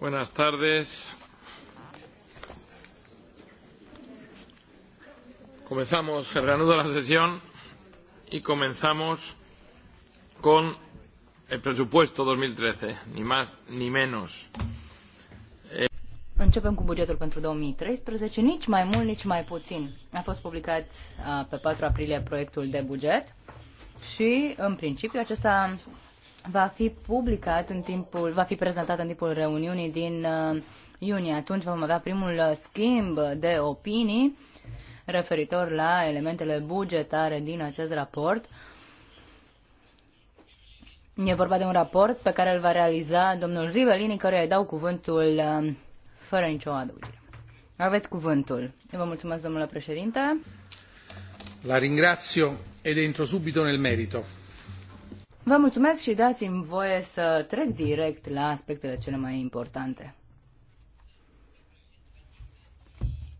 Buenas tardes. Comenzamos, reanudo la sesión y comenzamos con el presupuesto 2013, ni más ni menos. Eh, începem cu bugetul pentru 2013, nici mai mult, nici mai puțin. A fost publicat uh, pe 4 aprilie proiectul de buget și, în principiu, acesta va fi publicat în timpul, va fi prezentat în timpul reuniunii din uh, iunie. Atunci vom avea primul uh, schimb de opinii referitor la elementele bugetare din acest raport. E vorba de un raport pe care îl va realiza domnul Rivelini, căruia îi dau cuvântul uh, fără nicio adăugire. Aveți cuvântul. Vă mulțumesc, domnule președinte. La ringrazio ed entro subito nel merito. Vă mulțumesc și dați-mi voie să trec direct la aspectele cele mai importante.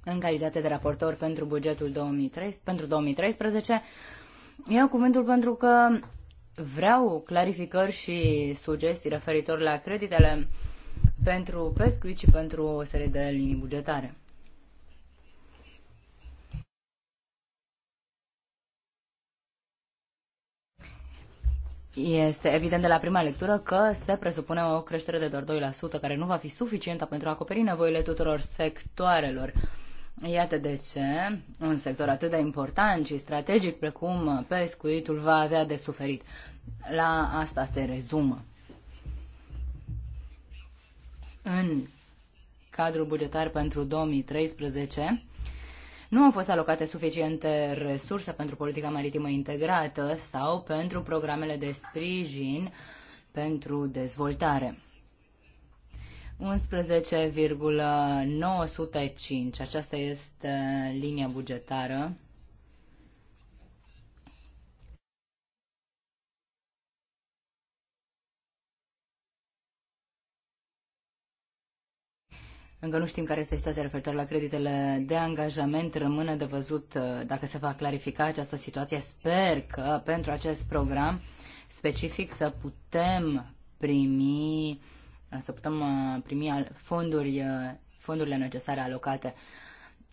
În calitate de raportor pentru bugetul 2013, pentru 2013, iau cuvântul pentru că vreau clarificări și sugestii referitor la creditele pentru pescuit și pentru o serie de linii bugetare. Este evident de la prima lectură că se presupune o creștere de doar 2%, care nu va fi suficientă pentru a acoperi nevoile tuturor sectoarelor. Iată de ce un sector atât de important și strategic precum pescuitul va avea de suferit. La asta se rezumă. În cadrul bugetar pentru 2013, nu au fost alocate suficiente resurse pentru politica maritimă integrată sau pentru programele de sprijin pentru dezvoltare. 11,905. Aceasta este linia bugetară Încă nu știm care este situația referitor la creditele de angajament. Rămâne de văzut uh, dacă se va clarifica această situație. Sper că pentru acest program specific să putem primi uh, să putem uh, primi fonduri, fondurile necesare alocate.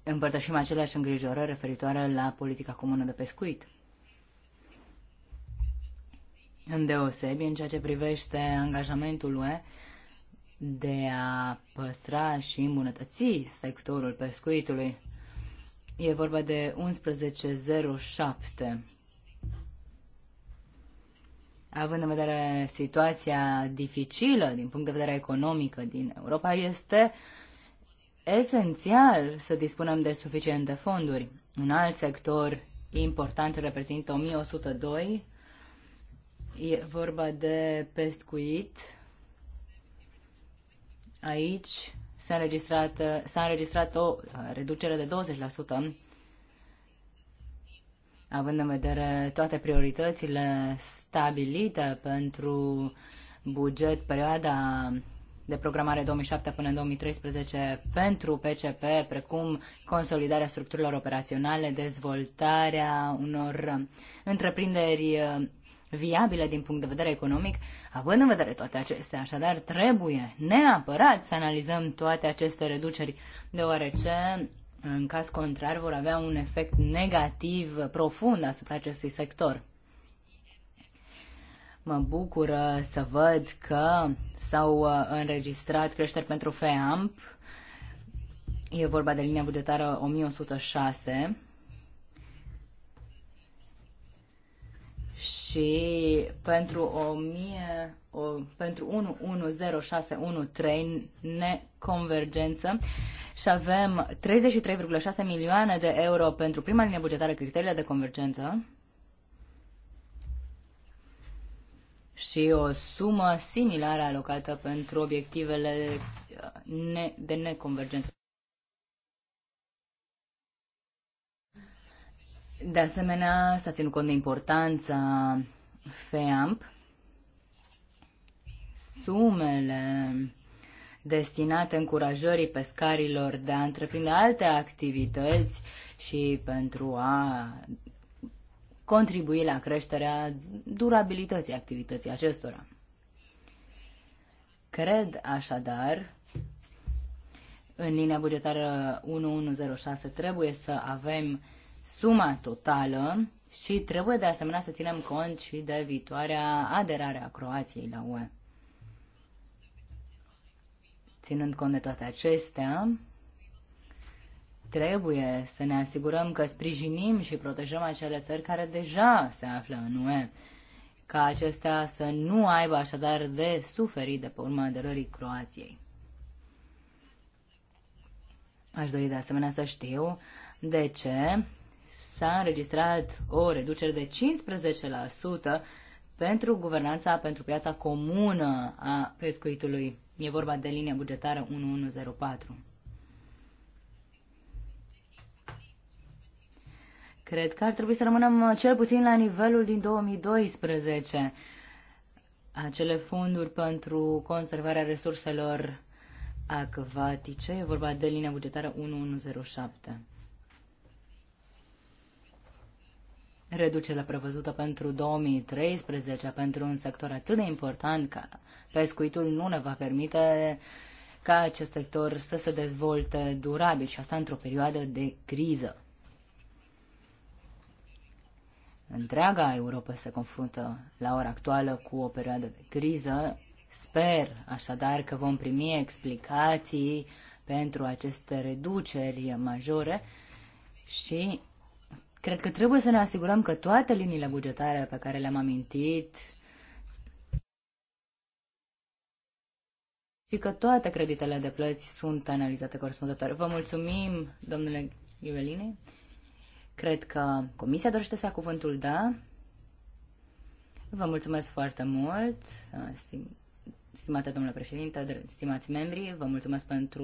Împărtășim aceleași îngrijorări referitoare la politica comună de pescuit. Îndeosebi în ceea ce privește angajamentul UE, de a păstra și îmbunătăți sectorul pescuitului. E vorba de 1107. Având în vedere situația dificilă din punct de vedere economică din Europa, este esențial să dispunem de suficiente fonduri. Un alt sector important reprezintă 1102. E vorba de pescuit Aici s-a înregistrat, s-a înregistrat o reducere de 20%, având în vedere toate prioritățile stabilite pentru buget perioada de programare 2007 până în 2013 pentru PCP, precum consolidarea structurilor operaționale, dezvoltarea unor întreprinderi viabile din punct de vedere economic, având în vedere toate acestea. Așadar, trebuie neapărat să analizăm toate aceste reduceri, deoarece, în caz contrar, vor avea un efect negativ profund asupra acestui sector. Mă bucură uh, să văd că s-au uh, înregistrat creșteri pentru FEAMP. E vorba de linia bugetară 1106 și pentru 1000, o, pentru 110613 neconvergență și avem 33,6 milioane de euro pentru prima linie bugetară criteriile de convergență și o sumă similară alocată pentru obiectivele de neconvergență. De asemenea, s-a ținut cont de importanța FEAMP. Sumele destinate încurajării pescarilor de a întreprinde alte activități și pentru a contribui la creșterea durabilității activității acestora. Cred așadar, în linia bugetară 1106 trebuie să avem suma totală și trebuie de asemenea să ținem cont și de viitoarea aderare a Croației la UE. Ținând cont de toate acestea, trebuie să ne asigurăm că sprijinim și protejăm acele țări care deja se află în UE, ca acestea să nu aibă așadar de suferit de pe urma aderării Croației. Aș dori de asemenea să știu de ce s-a înregistrat o reducere de 15% pentru guvernanța pentru piața comună a pescuitului. E vorba de linia bugetară 1104. Cred că ar trebui să rămânem cel puțin la nivelul din 2012. Acele fonduri pentru conservarea resurselor acvatice, e vorba de linia bugetară 1107. reducerea prevăzută pentru 2013 pentru un sector atât de important ca pescuitul nu ne va permite ca acest sector să se dezvolte durabil și asta într-o perioadă de criză. Întreaga Europa se confruntă la ora actuală cu o perioadă de criză. Sper așadar că vom primi explicații pentru aceste reduceri majore și Cred că trebuie să ne asigurăm că toate liniile bugetare pe care le-am amintit și că toate creditele de plăți sunt analizate corespunzătoare. Vă mulțumim, domnule Ghiuveline. Cred că comisia dorește să ia cuvântul, da? Vă mulțumesc foarte mult, stim, stimate domnule președinte, stimați membri, vă mulțumesc pentru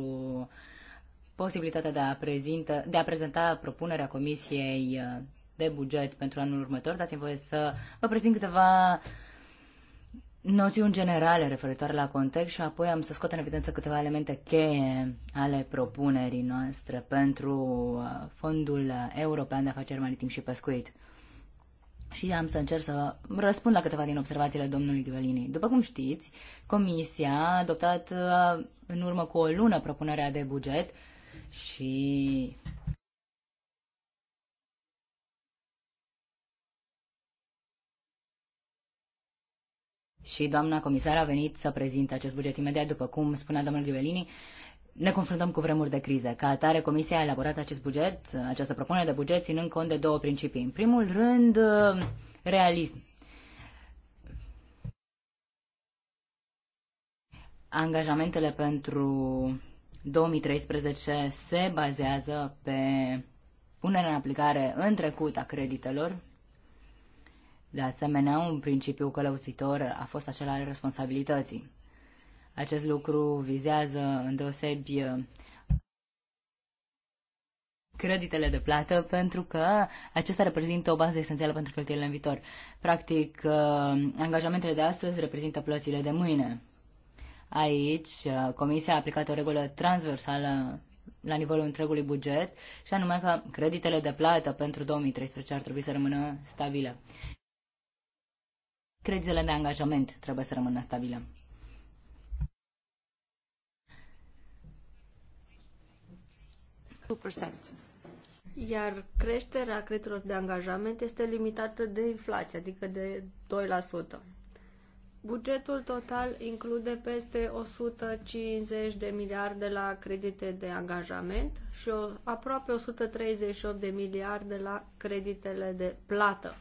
posibilitatea de a, prezintă, de a prezenta propunerea Comisiei uh, de buget pentru anul următor. Dați-mi voie să vă prezint câteva noțiuni generale referitoare la context și apoi am să scot în evidență câteva elemente cheie ale propunerii noastre pentru uh, Fondul European de Afaceri Maritim și Pescuit. Și am să încerc să răspund la câteva din observațiile domnului Ghiolini. După cum știți, Comisia a adoptat uh, în urmă cu o lună propunerea de buget și și doamna comisar a venit să prezinte acest buget imediat, după cum spunea domnul Ghivelini, ne confruntăm cu vremuri de criză. Ca atare, Comisia a elaborat acest buget, această propunere de buget, ținând cont de două principii. În primul rând, realism. Angajamentele pentru 2013 se bazează pe punerea în aplicare în trecut a creditelor. De asemenea, un principiu călăuzitor a fost acela al responsabilității. Acest lucru vizează îndeosebi creditele de plată pentru că acesta reprezintă o bază esențială pentru cheltuielile în viitor. Practic, angajamentele de astăzi reprezintă plățile de mâine. Aici, uh, Comisia a aplicat o regulă transversală la nivelul întregului buget, și anume că creditele de plată pentru 2013 ar trebui să rămână stabile. Creditele de angajament trebuie să rămână stabile. Iar creșterea creditelor de angajament este limitată de inflație, adică de 2%. Bugetul total include peste 150 de miliarde la credite de angajament și o, aproape 138 de miliarde la creditele de plată.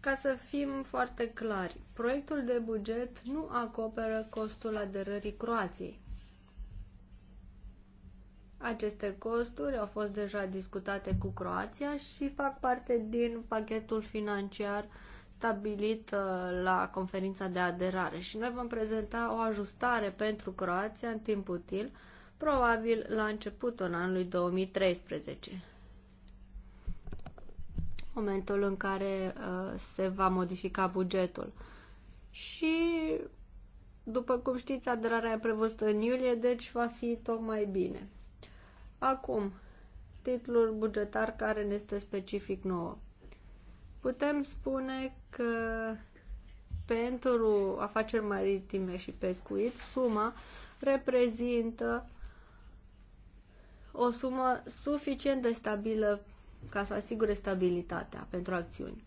Ca să fim foarte clari, proiectul de buget nu acoperă costul aderării Croației. Aceste costuri au fost deja discutate cu Croația și fac parte din pachetul financiar uh, stabilit uh, la conferința de aderare și noi vom prezenta o ajustare pentru Croația în timp util, probabil la începutul anului 2013 momentul în care uh, se va modifica bugetul. Și, după cum știți, aderarea e prevăzută în iulie, deci va fi tocmai bine. Acum, titlul bugetar care ne este specific nouă putem spune că pentru afaceri maritime și pescuit, suma reprezintă o sumă suficient de stabilă ca să asigure stabilitatea pentru acțiuni.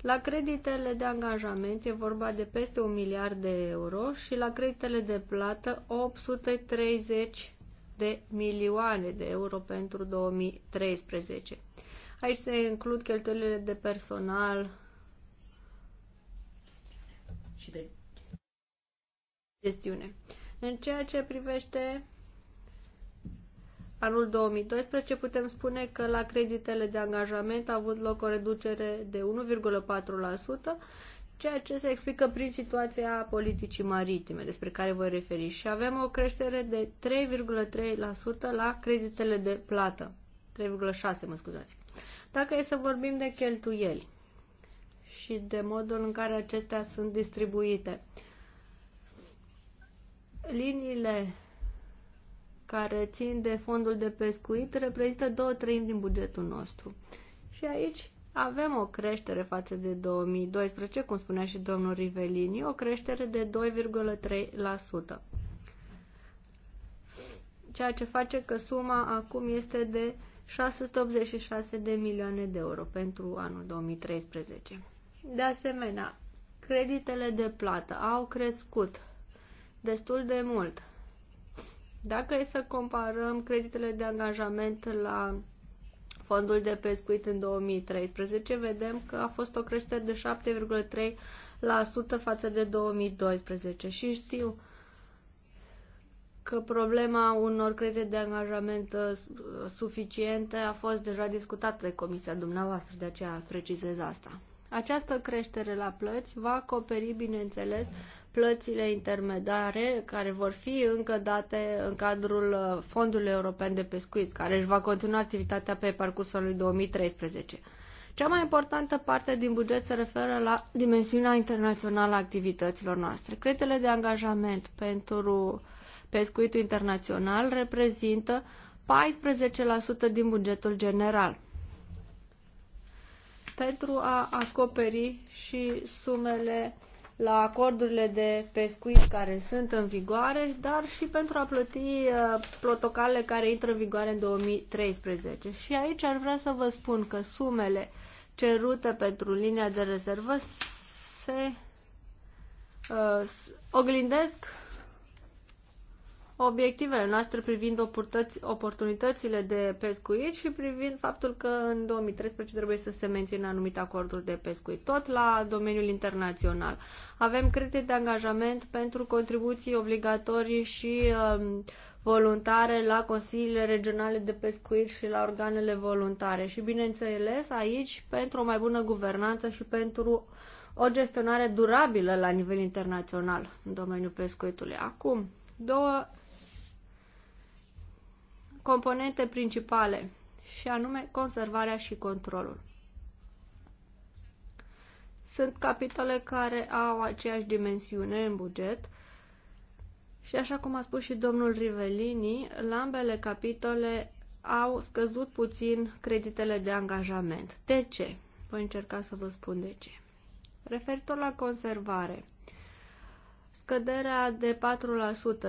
La creditele de angajament e vorba de peste un miliard de euro și la creditele de plată 830 de milioane de euro pentru 2013. Aici se includ cheltuielile de personal și de gestiune. În ceea ce privește anul 2012 putem spune că la creditele de angajament a avut loc o reducere de 1,4%, ceea ce se explică prin situația politicii maritime, despre care voi referi. Și avem o creștere de 3,3% la creditele de plată. 3,6, mă scuzați. Dacă e să vorbim de cheltuieli și de modul în care acestea sunt distribuite, liniile care țin de fondul de pescuit reprezintă două treimi din bugetul nostru. Și aici avem o creștere față de 2012, cum spunea și domnul Rivelini, o creștere de 2,3%. Ceea ce face că suma acum este de 686 de milioane de euro pentru anul 2013. De asemenea, creditele de plată au crescut destul de mult. Dacă e să comparăm creditele de angajament la fondul de pescuit în 2013, vedem că a fost o creștere de 7,3% față de 2012 și știu că problema unor credite de angajament uh, uh, suficiente a fost deja discutată de comisia dumneavoastră, de aceea precizez asta. Această creștere la plăți va acoperi, bineînțeles, plățile intermediare care vor fi încă date în cadrul uh, Fondului European de Pescuit, care își va continua activitatea pe parcursul lui 2013. Cea mai importantă parte din buget se referă la dimensiunea internațională a activităților noastre. Creditele de angajament pentru uh, pescuitul internațional reprezintă 14% din bugetul general pentru a acoperi și sumele la acordurile de pescuit care sunt în vigoare, dar și pentru a plăti uh, protocoalele care intră în vigoare în 2013. Și aici ar vrea să vă spun că sumele cerute pentru linia de rezervă se uh, oglindesc obiectivele noastre privind oportunitățile de pescuit și privind faptul că în 2013 trebuie să se mențină anumite acorduri de pescuit, tot la domeniul internațional. Avem credite de angajament pentru contribuții obligatorii și um, voluntare la consiliile regionale de pescuit și la organele voluntare. Și bineînțeles, aici pentru o mai bună guvernanță și pentru o gestionare durabilă la nivel internațional în domeniul pescuitului. Acum, două componente principale, și anume conservarea și controlul. Sunt capitole care au aceeași dimensiune în buget și așa cum a spus și domnul Rivelini, la ambele capitole au scăzut puțin creditele de angajament. De ce? Voi încerca să vă spun de ce. Referitor la conservare, Scăderea de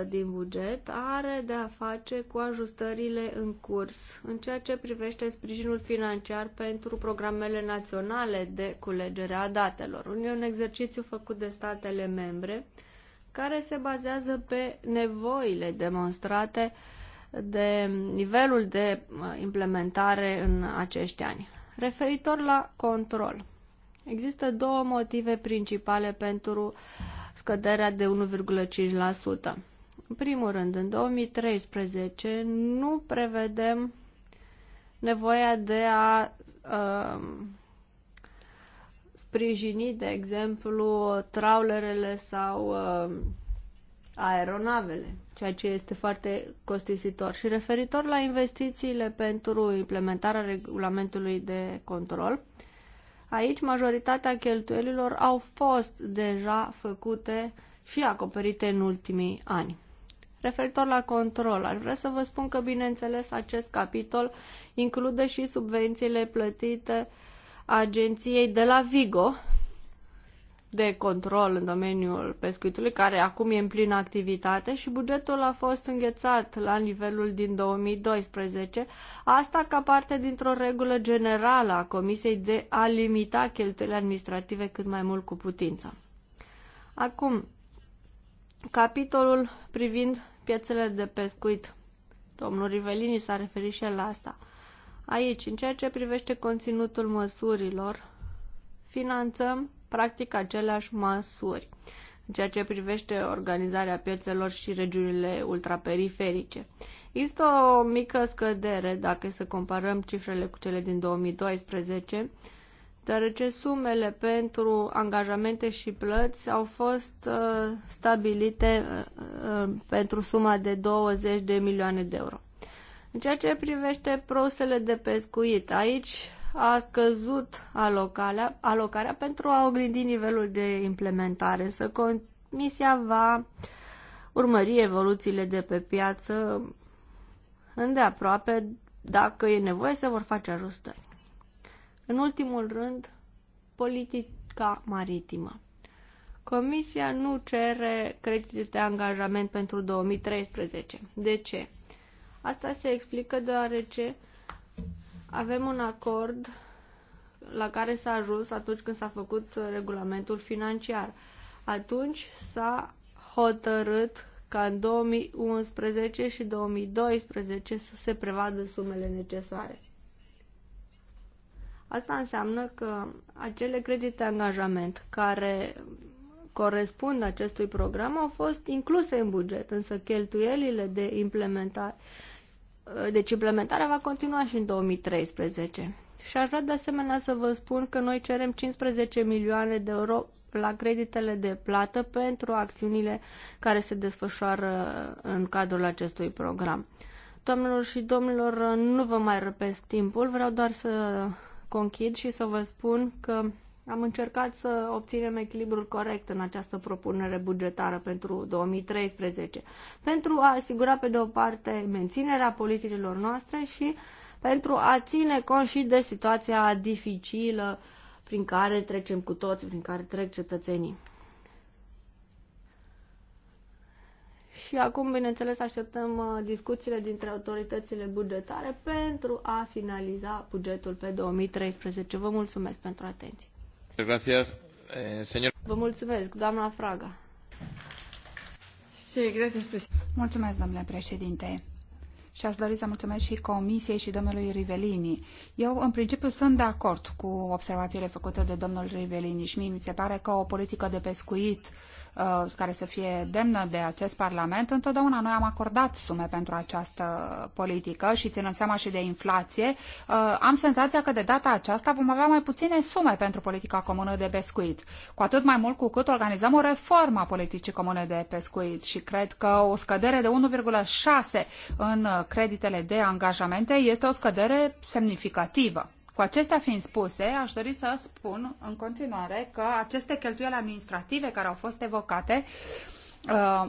4% din buget are de a face cu ajustările în curs în ceea ce privește sprijinul financiar pentru programele naționale de culegere a datelor. E un exercițiu făcut de statele membre care se bazează pe nevoile demonstrate de nivelul de implementare în acești ani. Referitor la control, există două motive principale pentru uh, scăderea de 1,5%. În primul rând, în 2013 nu prevedem nevoia de a uh, sprijini, de exemplu, traulerele sau uh, aeronavele, ceea ce este foarte costisitor. Și referitor la investițiile pentru implementarea regulamentului de control, uh, Aici majoritatea cheltuielilor au fost deja făcute și acoperite în ultimii ani. Referitor la control, aș vrea să vă spun că, bineînțeles, acest capitol include și subvențiile plătite agenției de la Vigo de control în domeniul pescuitului, care acum e în plină activitate și bugetul a fost înghețat la nivelul din 2012, asta ca parte dintr-o regulă generală a Comisiei de a limita cheltuielile administrative cât mai mult cu putință. Acum, capitolul privind piețele de pescuit. Domnul Rivelini s-a referit și el la asta. Aici, în ceea ce privește conținutul măsurilor, finanțăm practic aceleași măsuri în ceea ce privește organizarea piețelor și regiunile ultraperiferice. Există o mică scădere dacă să comparăm cifrele cu cele din 2012, deoarece sumele pentru angajamente și plăți au fost uh, stabilite uh, uh pentru suma de 20 de milioane de euro. În ceea ce privește prosele de pescuit, aici a scăzut alocarea, alocarea pentru a oglindi nivelul de implementare, să comisia va urmări evoluțiile de pe piață îndeaproape, dacă e nevoie se vor face ajustări. În ultimul rând, politica maritimă. Comisia nu cere credite de angajament pentru 2013. De ce? Asta se explică deoarece avem un acord la care s-a ajuns atunci când s-a făcut regulamentul financiar. Atunci s-a hotărât ca în 2011 și 2012 să se prevadă sumele necesare. Asta înseamnă că acele credite angajament care corespund acestui program au fost incluse în buget, însă cheltuielile de implementare Uh, deci implementarea va continua și în 2013. Și aș vrea de asemenea să vă spun că noi cerem 15 milioane de euro la creditele de plată pentru acțiunile care se desfășoară în cadrul acestui program. Doamnelor și domnilor, nu vă mai răpesc timpul, vreau doar să conchid și să vă spun că am încercat să obținem echilibrul corect în această propunere bugetară pentru 2013, pentru a asigura, pe de o parte, menținerea politicilor noastre și pentru a ține cont și de situația dificilă prin care trecem cu toți, prin care trec cetățenii. Și acum, bineînțeles, așteptăm uh, discuțiile dintre autoritățile bugetare pentru a finaliza bugetul pe 2013. Vă mulțumesc pentru atenție. Gracias, eh, señor. Vă mulțumesc, doamna Fraga. Mulțumesc, domnule președinte și aș dori să mulțumesc și Comisiei și domnului Rivelini. Eu, în principiu, sunt de acord cu observațiile făcute de domnul Rivelini și mie mi se pare că o politică de pescuit uh, care să fie demnă de acest Parlament, întotdeauna noi am acordat sume pentru această politică și ținând seama și de inflație, uh, am senzația că de data aceasta vom avea mai puține sume pentru politica comună de pescuit. Cu atât mai mult cu cât organizăm o reformă a politicii comune de pescuit și cred că o scădere de 1,6 în uh, creditele de angajamente este o scădere semnificativă. Cu acestea fiind spuse, aș dori să spun în continuare că aceste cheltuieli administrative care au fost evocate, uh,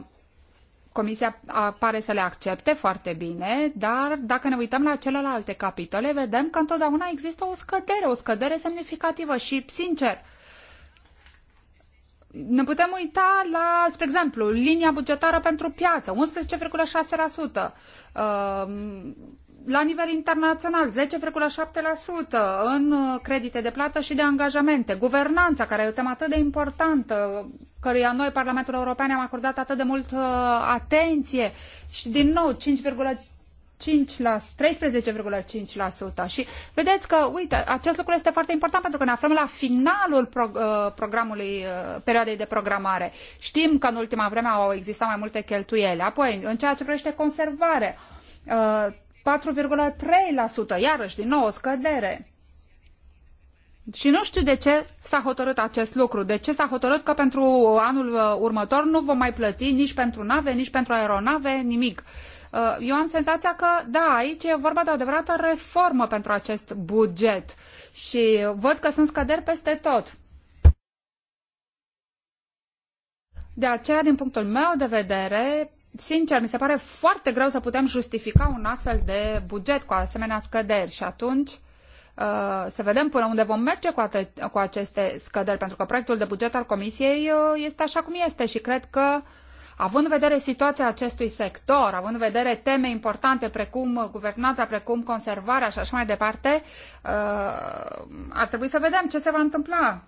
Comisia pare să le accepte foarte bine, dar dacă ne uităm la celelalte capitole, vedem că întotdeauna există o scădere, o scădere semnificativă și, sincer, ne putem uita la, spre exemplu, linia bugetară pentru piață, 11,6%. Ehm, la nivel internațional, 10,7% în uh, credite de plată și de angajamente. Guvernanța, care e o temă atât de importantă, căruia noi, Parlamentul European, am acordat atât de mult uh, atenție și, din nou, 13,5%. Și vedeți că, uite, acest lucru este foarte important pentru că ne aflăm la finalul uh, programului, uh, perioadei de programare. Știm că în ultima vreme au existat mai multe cheltuieli. Apoi, în ceea ce privește conservare, 4,3%, uh, iarăși, din nou, o scădere. Și nu știu de ce s-a hotărât acest lucru, de ce s-a hotărât că pentru anul următor nu vom mai plăti nici pentru nave, nici pentru aeronave, nimic. Uh, Uh, eu am senzația că, da, aici e vorba de o adevărată reformă pentru acest buget și văd că sunt scăderi peste tot. De aceea, din punctul meu de vedere, sincer, mi se pare foarte greu să putem justifica un astfel de buget cu asemenea scăderi și atunci uh, să vedem până unde vom merge cu, cu aceste scăderi, pentru că proiectul de buget al Comisiei uh, este așa cum este și cred că uh, Având în vedere situația acestui sector, având în vedere teme importante precum guvernanța, precum conservarea și așa mai departe, uh, ar trebui să vedem ce se va întâmpla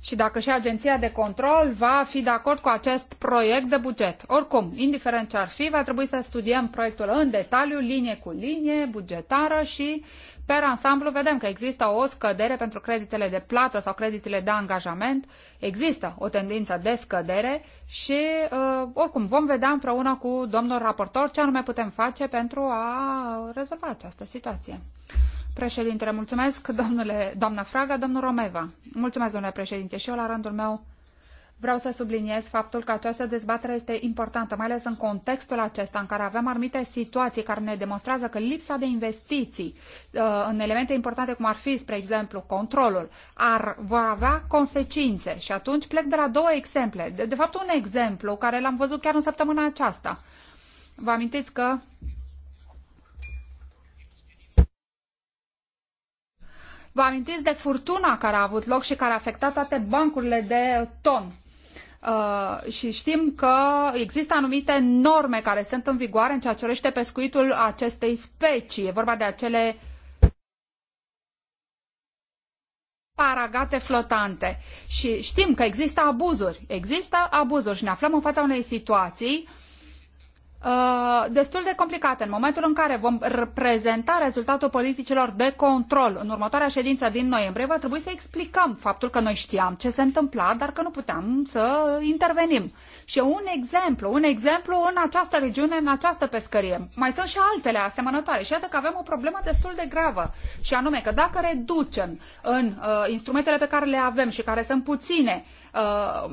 și dacă și agenția de control va fi de acord cu acest proiect de buget. Oricum, indiferent ce ar fi, va trebui să studiem proiectul în detaliu, linie cu linie, bugetară și Per ansamblu vedem că există o scădere pentru creditele de plată sau creditele de angajament, există o tendință de scădere și uh, oricum vom vedea împreună cu domnul raportor ce anume putem face pentru a rezolva această situație. Președintele, mulțumesc, domnule, doamna Fraga, domnul Romeva. Mulțumesc, domnule președinte, și eu la rândul meu Vreau să subliniez faptul că această dezbatere este importantă, mai ales în contextul acesta în care avem anumite situații care ne demonstrează că lipsa de investiții uh, în elemente importante, cum ar fi, spre exemplu, controlul, ar, vor avea consecințe. Și atunci plec de la două exemple. De, de fapt, un exemplu care l-am văzut chiar în săptămâna aceasta. Vă amintiți că Vă amintiți de furtuna care a avut loc și care a afectat toate bancurile de ton Uh, și știm că există anumite norme care sunt în vigoare în ceea ce urește pescuitul acestei specii. E vorba de acele paragate flotante. Și știm că există abuzuri. Există abuzuri și ne aflăm în fața unei situații uh, Uh, destul de complicate. În momentul în care vom prezenta rezultatul politicilor de control în următoarea ședință din noiembrie, va trebui să explicăm faptul că noi știam ce se întâmpla, dar că nu puteam să intervenim. Și un exemplu, un exemplu în această regiune, în această pescărie. Mai sunt și altele asemănătoare. Și iată că avem o problemă destul de gravă. Și anume că dacă reducem în uh, instrumentele pe care le avem și care sunt puține uh,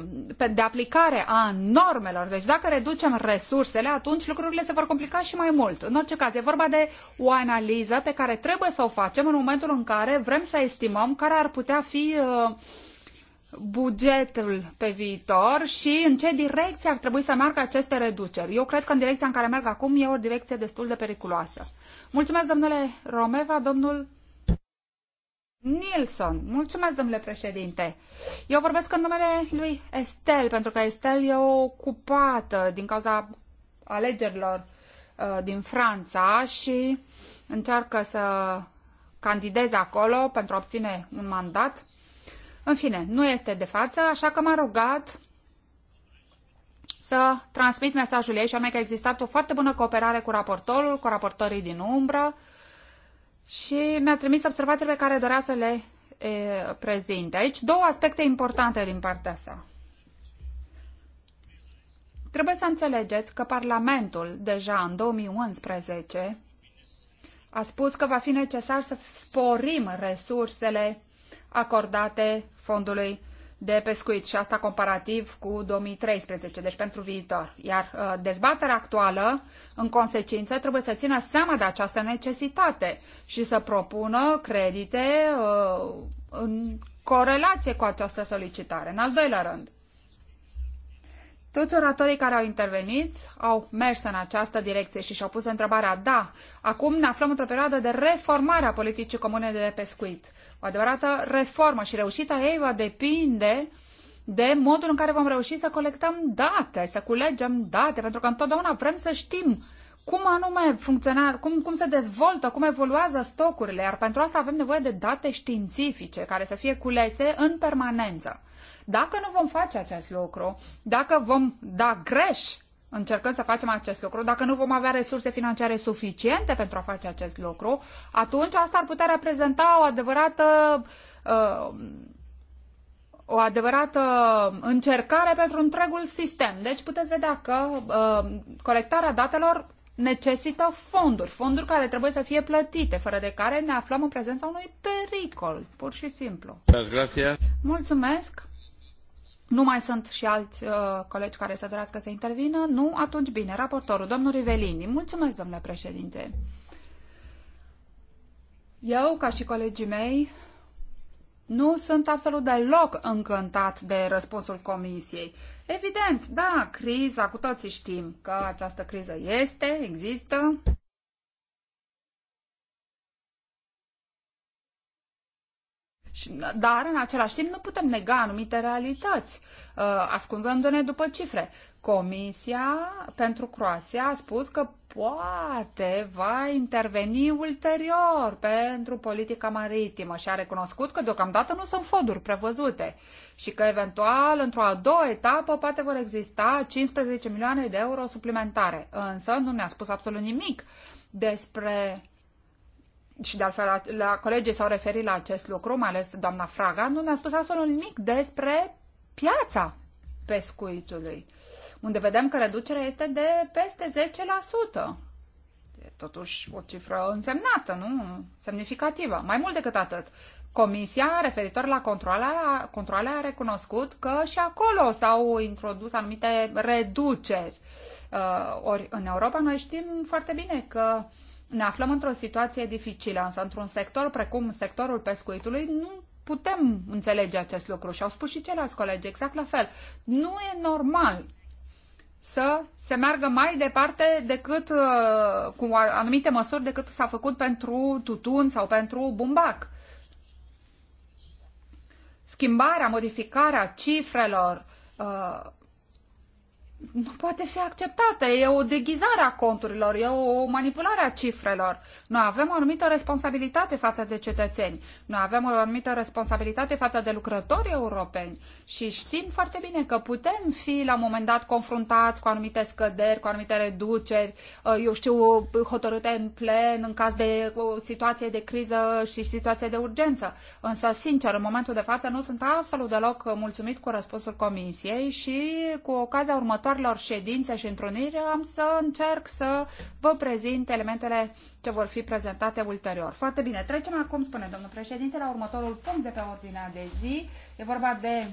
de aplicare a normelor, deci dacă reducem resursele, atunci atunci lucrurile se vor complica și mai mult. În orice caz, e vorba de o analiză pe care trebuie să o facem în momentul în care vrem să estimăm care ar putea fi uh, bugetul pe viitor și în ce direcție ar trebui să meargă aceste reduceri. Eu cred că în direcția în care merg acum e o direcție destul de periculoasă. Mulțumesc, domnule Romeva, domnul Nilsson. Mulțumesc, domnule președinte. Eu vorbesc în numele lui Estel, pentru că Estel e ocupată din cauza alegerilor uh, din Franța și încearcă să candideze acolo pentru a obține un mandat. În fine, nu este de față, așa că m-a rugat să transmit mesajul ei și anume că a existat o foarte bună cooperare cu raportorul, cu raportorii din umbră și mi-a trimis observațiile pe care dorea să le e, prezinte. Aici două aspecte importante din partea sa. Trebuie să înțelegeți că Parlamentul, deja în 2011, a spus că va fi necesar să sporim resursele acordate fondului de pescuit și asta comparativ cu 2013, deci pentru viitor. Iar uh, dezbaterea actuală, în consecință, trebuie să țină seama de această necesitate și să propună credite uh, în corelație cu această solicitare. În al doilea rând, toți oratorii care au intervenit au mers în această direcție și și-au pus întrebarea, da, acum ne aflăm într-o perioadă de reformare a politicii comune de pescuit. O adevărată reformă și reușita ei va depinde de modul în care vom reuși să colectăm date, să culegem date, pentru că întotdeauna vrem să știm cum anume funcționează, cum, cum se dezvoltă, cum evoluează stocurile, iar pentru asta avem nevoie de date științifice care să fie culese în permanență. Dacă nu vom face acest lucru, dacă vom da greș încercând să facem acest lucru, dacă nu vom avea resurse financiare suficiente pentru a face acest lucru, atunci asta ar putea reprezenta o adevărată uh, o adevărată încercare pentru întregul sistem. Deci puteți vedea că uh, colectarea datelor necesită fonduri, fonduri care trebuie să fie plătite, fără de care ne aflăm în prezența unui pericol, pur și simplu. Mulțumesc. Nu mai sunt și alți uh, colegi care să dorească să intervină? Nu? Atunci bine. Raportorul, domnul Rivelini. Mulțumesc, domnule președinte. Eu, ca și colegii mei, nu sunt absolut deloc încântat de răspunsul comisiei. Evident, da, criza, cu toții știm că această criză este, există. Dar, în același timp, nu putem nega anumite realități, uh, ascunzându-ne după cifre. Comisia pentru Croația a spus că poate va interveni ulterior pentru politica maritimă și a recunoscut că deocamdată nu sunt fonduri prevăzute și că eventual într-o a doua etapă poate vor exista 15 milioane de euro suplimentare. Însă nu ne-a spus absolut nimic despre și de altfel la, la colegii s-au referit la acest lucru, mai ales doamna Fraga, nu ne-a spus absolut nimic despre piața pescuitului unde vedem că reducerea este de peste 10%. E totuși o cifră însemnată, nu? Semnificativă. Mai mult decât atât, Comisia, referitor la controle, controle, a recunoscut că și acolo s-au introdus anumite reduceri. Uh, ori în Europa noi știm foarte bine că ne aflăm într-o situație dificilă, însă într-un sector precum sectorul pescuitului nu putem înțelege acest lucru și au spus și ceilalți colegi exact la fel. Nu e normal să se meargă mai departe decât uh, cu anumite măsuri decât s-a făcut pentru tutun sau pentru bumbac. Schimbarea, modificarea cifrelor, uh, nu poate fi acceptată. E o deghizare a conturilor, e o manipulare a cifrelor. Noi avem o anumită responsabilitate față de cetățeni, noi avem o anumită responsabilitate față de lucrătorii europeni și știm foarte bine că putem fi la un moment dat confruntați cu anumite scăderi, cu anumite reduceri, uh, eu știu, hotărâte în plen în caz de o uh, situație de criză și situație de urgență. Însă, sincer, în momentul de față nu sunt absolut deloc mulțumit cu răspunsul Comisiei și cu ocazia următoare următoarelor ședințe și întruniri am să încerc să vă prezint elementele ce vor fi prezentate ulterior. Foarte bine, trecem acum, spune domnul președinte, la următorul punct de pe ordinea de zi. E vorba de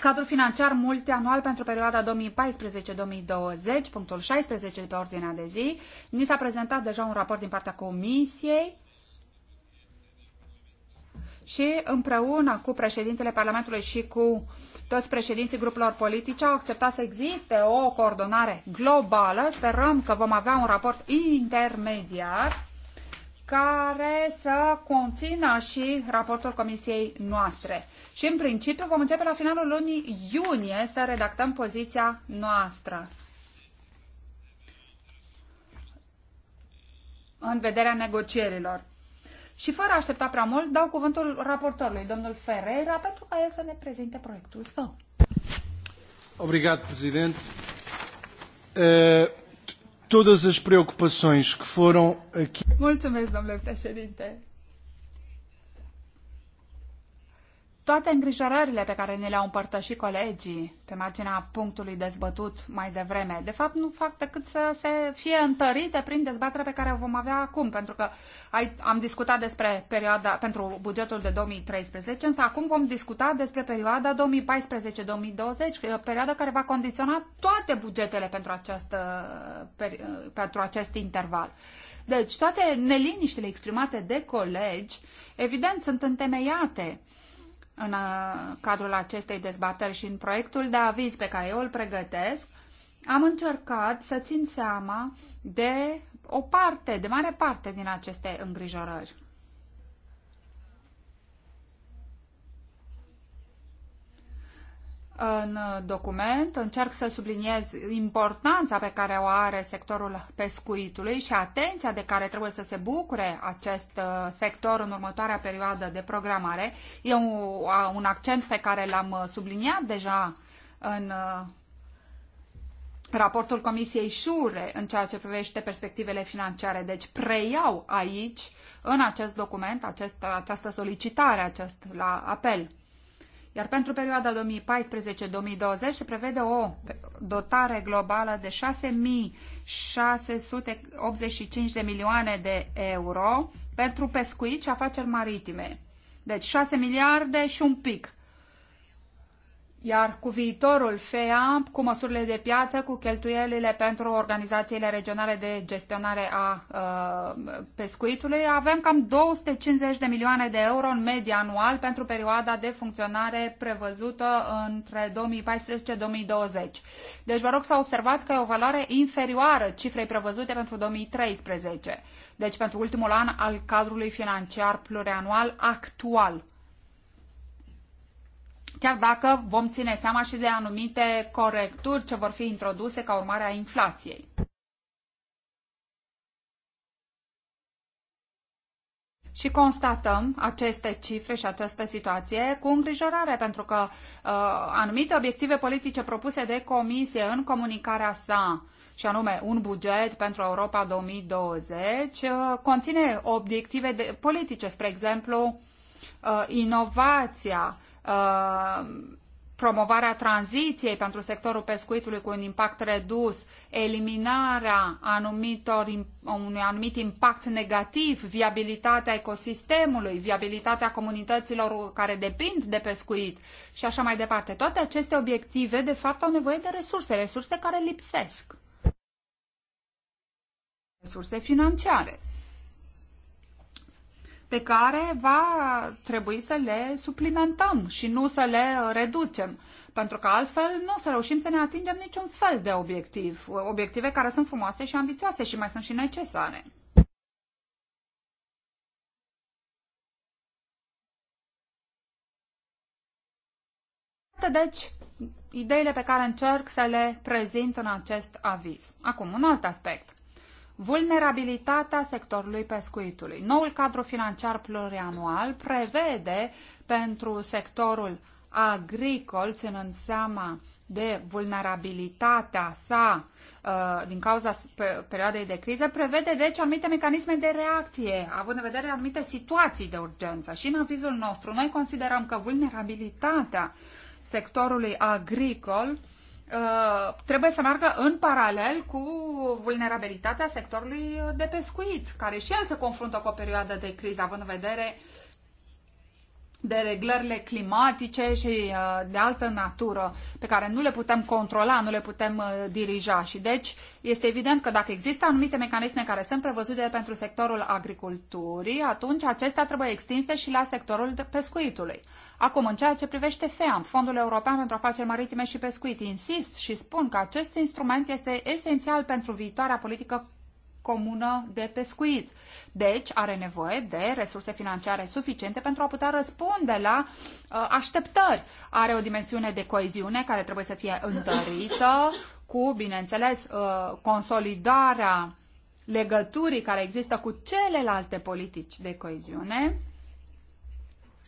Cadrul financiar multianual pentru perioada 2014-2020, punctul 16 de pe ordinea de zi. Ni s-a prezentat deja un raport din partea Comisiei și împreună cu președintele Parlamentului și cu toți președinții grupurilor politice au acceptat să existe o coordonare globală. Sperăm că vom avea un raport intermediar care să conțină și raportul comisiei noastre. Și în principiu vom începe la finalul lunii iunie să redactăm poziția noastră. în vederea negocierilor. Și fără a aștepta prea mult, dau cuvântul raportorului, domnul Ferreira, pentru ca el să ne prezinte proiectul său. Obrigado, Presidente. Uh, todas as preocupações que foram aqui. Mulțumesc, domnule președinte. toate îngrijorările pe care ne le-au împărtășit colegii pe marginea punctului dezbătut mai devreme, de fapt nu fac decât să se fie întărite prin dezbaterea pe care o vom avea acum, pentru că am discutat despre perioada pentru bugetul de 2013, însă acum vom discuta despre perioada 2014-2020, perioada care va condiționa toate bugetele pentru, această, uh, uh, pentru acest interval. Deci toate neliniștile exprimate de colegi, evident, sunt întemeiate în uh, cadrul acestei dezbateri și în proiectul de aviz pe care eu îl pregătesc, am încercat să țin seama de o parte, de mare parte din aceste îngrijorări. în document, încerc să subliniez importanța pe care o are sectorul pescuitului și atenția de care trebuie să se bucure acest uh, sector în următoarea perioadă de programare. E un accent pe care l-am uh, subliniat deja în uh, raportul Comisiei Șure în ceea ce privește perspectivele financiare. Deci preiau aici, în acest document, acest, această solicitare, acest la apel. Iar pentru perioada 2014-2020 se prevede o dotare globală de 6.685 de milioane de euro pentru pescuit și afaceri maritime. Deci 6 miliarde și un pic iar cu viitorul FEA, cu măsurile de piață, cu cheltuielile pentru organizațiile regionale de gestionare a uh, pescuitului, avem cam 250 de milioane de euro în medie anual pentru perioada de funcționare prevăzută între 2014-2020. Deci vă rog să observați că e o valoare inferioară cifrei prevăzute pentru 2013, deci pentru ultimul an al cadrului financiar plurianual actual chiar dacă vom ține seama și de anumite corecturi ce vor fi introduse ca urmare a inflației. și constatăm aceste cifre și această situație cu îngrijorare, pentru că uh, anumite obiective politice propuse de Comisie în comunicarea sa, și anume un buget pentru Europa 2020, uh, conține obiective de, politice, spre exemplu, uh, inovația, Uh, promovarea tranziției pentru sectorul pescuitului cu un impact redus, eliminarea anumitor, unui anumit impact negativ, viabilitatea ecosistemului, viabilitatea comunităților care depind de pescuit și așa mai departe. Toate aceste obiective, de fapt, au nevoie de resurse, resurse care lipsesc. Resurse financiare pe care va trebui să le suplimentăm și nu să le reducem, pentru că altfel nu o să reușim să ne atingem niciun fel de obiectiv, obiective care sunt frumoase și ambițioase și mai sunt și necesare. Deci, ideile pe care încerc să le prezint în acest aviz. Acum, un alt aspect vulnerabilitatea sectorului pescuitului. Noul cadru financiar plurianual prevede pentru sectorul agricol, ținând seama de vulnerabilitatea sa uh, din cauza perioadei de criză, prevede deci anumite mecanisme de reacție, având în vedere anumite situații de urgență. Și în avizul nostru, noi considerăm că vulnerabilitatea sectorului agricol uh, Uh, trebuie să meargă în paralel cu vulnerabilitatea sectorului de pescuit, care și el se confruntă cu o perioadă de criză, având în vedere uh, de reglările climatice și uh, de altă natură pe care nu le putem controla, nu le putem uh, dirija. Și deci este evident că dacă există anumite mecanisme care sunt prevăzute pentru sectorul agriculturii, atunci acestea trebuie extinse și la sectorul pescuitului. Acum, în ceea ce privește FEAM, Fondul European pentru Afaceri Maritime și Pescuit, insist și spun că acest instrument este esențial pentru viitoarea politică comună de pescuit. Deci are nevoie de resurse financiare suficiente pentru a putea răspunde la uh, așteptări. Are o dimensiune de coeziune care trebuie să fie întărită cu, bineînțeles, uh, consolidarea legăturii care există cu celelalte politici de coeziune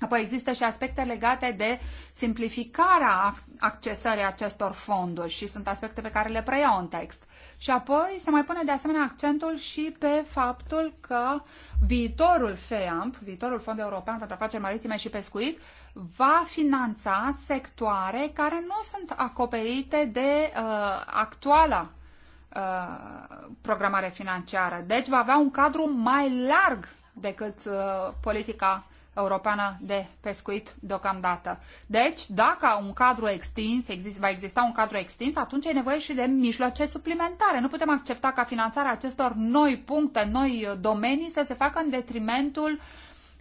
Apoi există și aspecte legate de simplificarea accesării acestor fonduri și sunt aspecte pe care le preiau în text. Și apoi se mai pune de asemenea accentul și pe faptul că viitorul FEAMP, viitorul Fond European pentru Afaceri Maritime și Pescuit, va finanța sectoare care nu sunt acoperite de uh, actuala uh, programare financiară. Deci va avea un cadru mai larg decât uh, politica Europeană de Pescuit deocamdată. Deci, dacă un cadru extins, exist, va exista un cadru extins, atunci e nevoie și de mijloace suplimentare. Nu putem accepta ca finanțarea acestor noi puncte, noi uh, domenii să se facă în detrimentul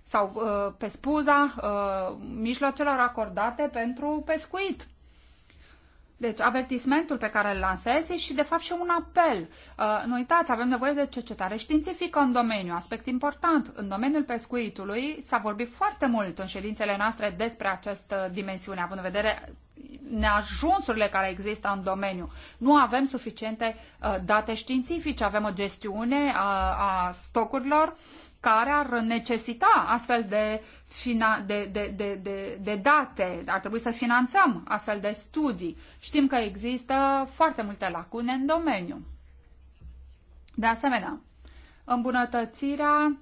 sau uh, pe spuza uh, mijloacelor acordate pentru pescuit. Deci, avertismentul pe care îl lansez e și, de fapt, și un apel. Uh, nu uitați, avem nevoie de cercetare științifică în domeniu, aspect important. În domeniul pescuitului s-a vorbit foarte mult în ședințele noastre despre această dimensiune, având în vedere neajunsurile care există în domeniu. Nu avem suficiente uh, date științifice, avem o gestiune a, uh, a stocurilor uh, care ar necesita astfel de, de, de, de, de, de date. Ar trebui să finanțăm astfel de studii. Știm că există foarte multe lacune în domeniu. De asemenea, îmbunătățirea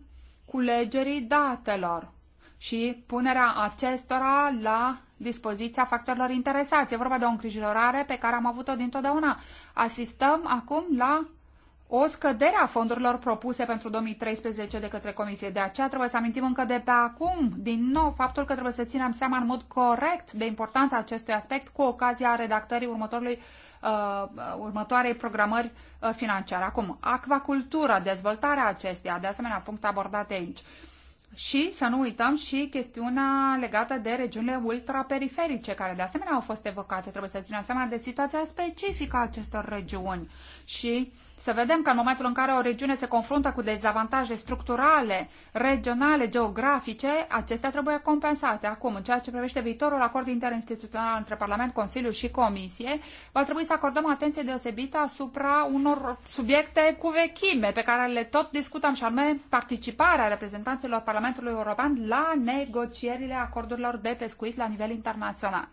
culegerii datelor și punerea acestora la dispoziția factorilor interesați. E vorba de o îngrijorare pe care am avut-o dintotdeauna. Asistăm acum la o scădere a fondurilor propuse pentru 2013 de către Comisie. De aceea trebuie să amintim încă de pe acum, din nou, faptul că trebuie să ținem seama în mod corect de importanța acestui aspect cu ocazia redactării următorului, uh, următoarei programări uh, financiare. Acum, acvacultura, dezvoltarea acesteia, de asemenea, punct abordat aici. Și să nu uităm și chestiunea legată de regiunile ultraperiferice, care de asemenea au fost evocate. Trebuie să ținem seama de situația specifică a acestor regiuni și uh, să vedem că în momentul în care o regiune se confruntă cu dezavantaje structurale, regionale, geografice, acestea trebuie compensate. Acum, în ceea ce privește viitorul acord interinstituțional între Parlament, Consiliu și Comisie, va trebui să acordăm atenție deosebită asupra unor subiecte cu vechime pe care le tot discutăm și anume participarea reprezentanților Parlamentului European la negocierile acordurilor de pescuit la nivel internațional.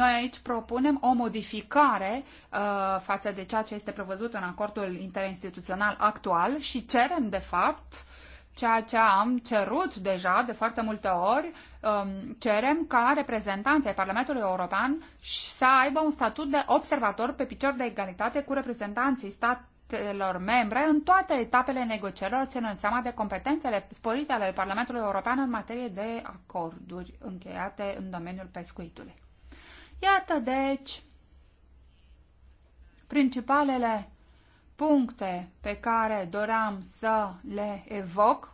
Noi aici propunem o modificare uh, față de ceea ce este prevăzut în acordul interinstituțional actual și cerem, de fapt, ceea ce am cerut deja de foarte multe ori, um, cerem ca reprezentanții ai Parlamentului European să aibă un statut de observator pe picior de egalitate cu reprezentanții stat, statelor membre în toate etapele negocierilor, ținând seama de competențele sporite ale Parlamentului European în materie de acorduri încheiate în domeniul pescuitului. Iată, deci, principalele puncte pe care doream să le evoc.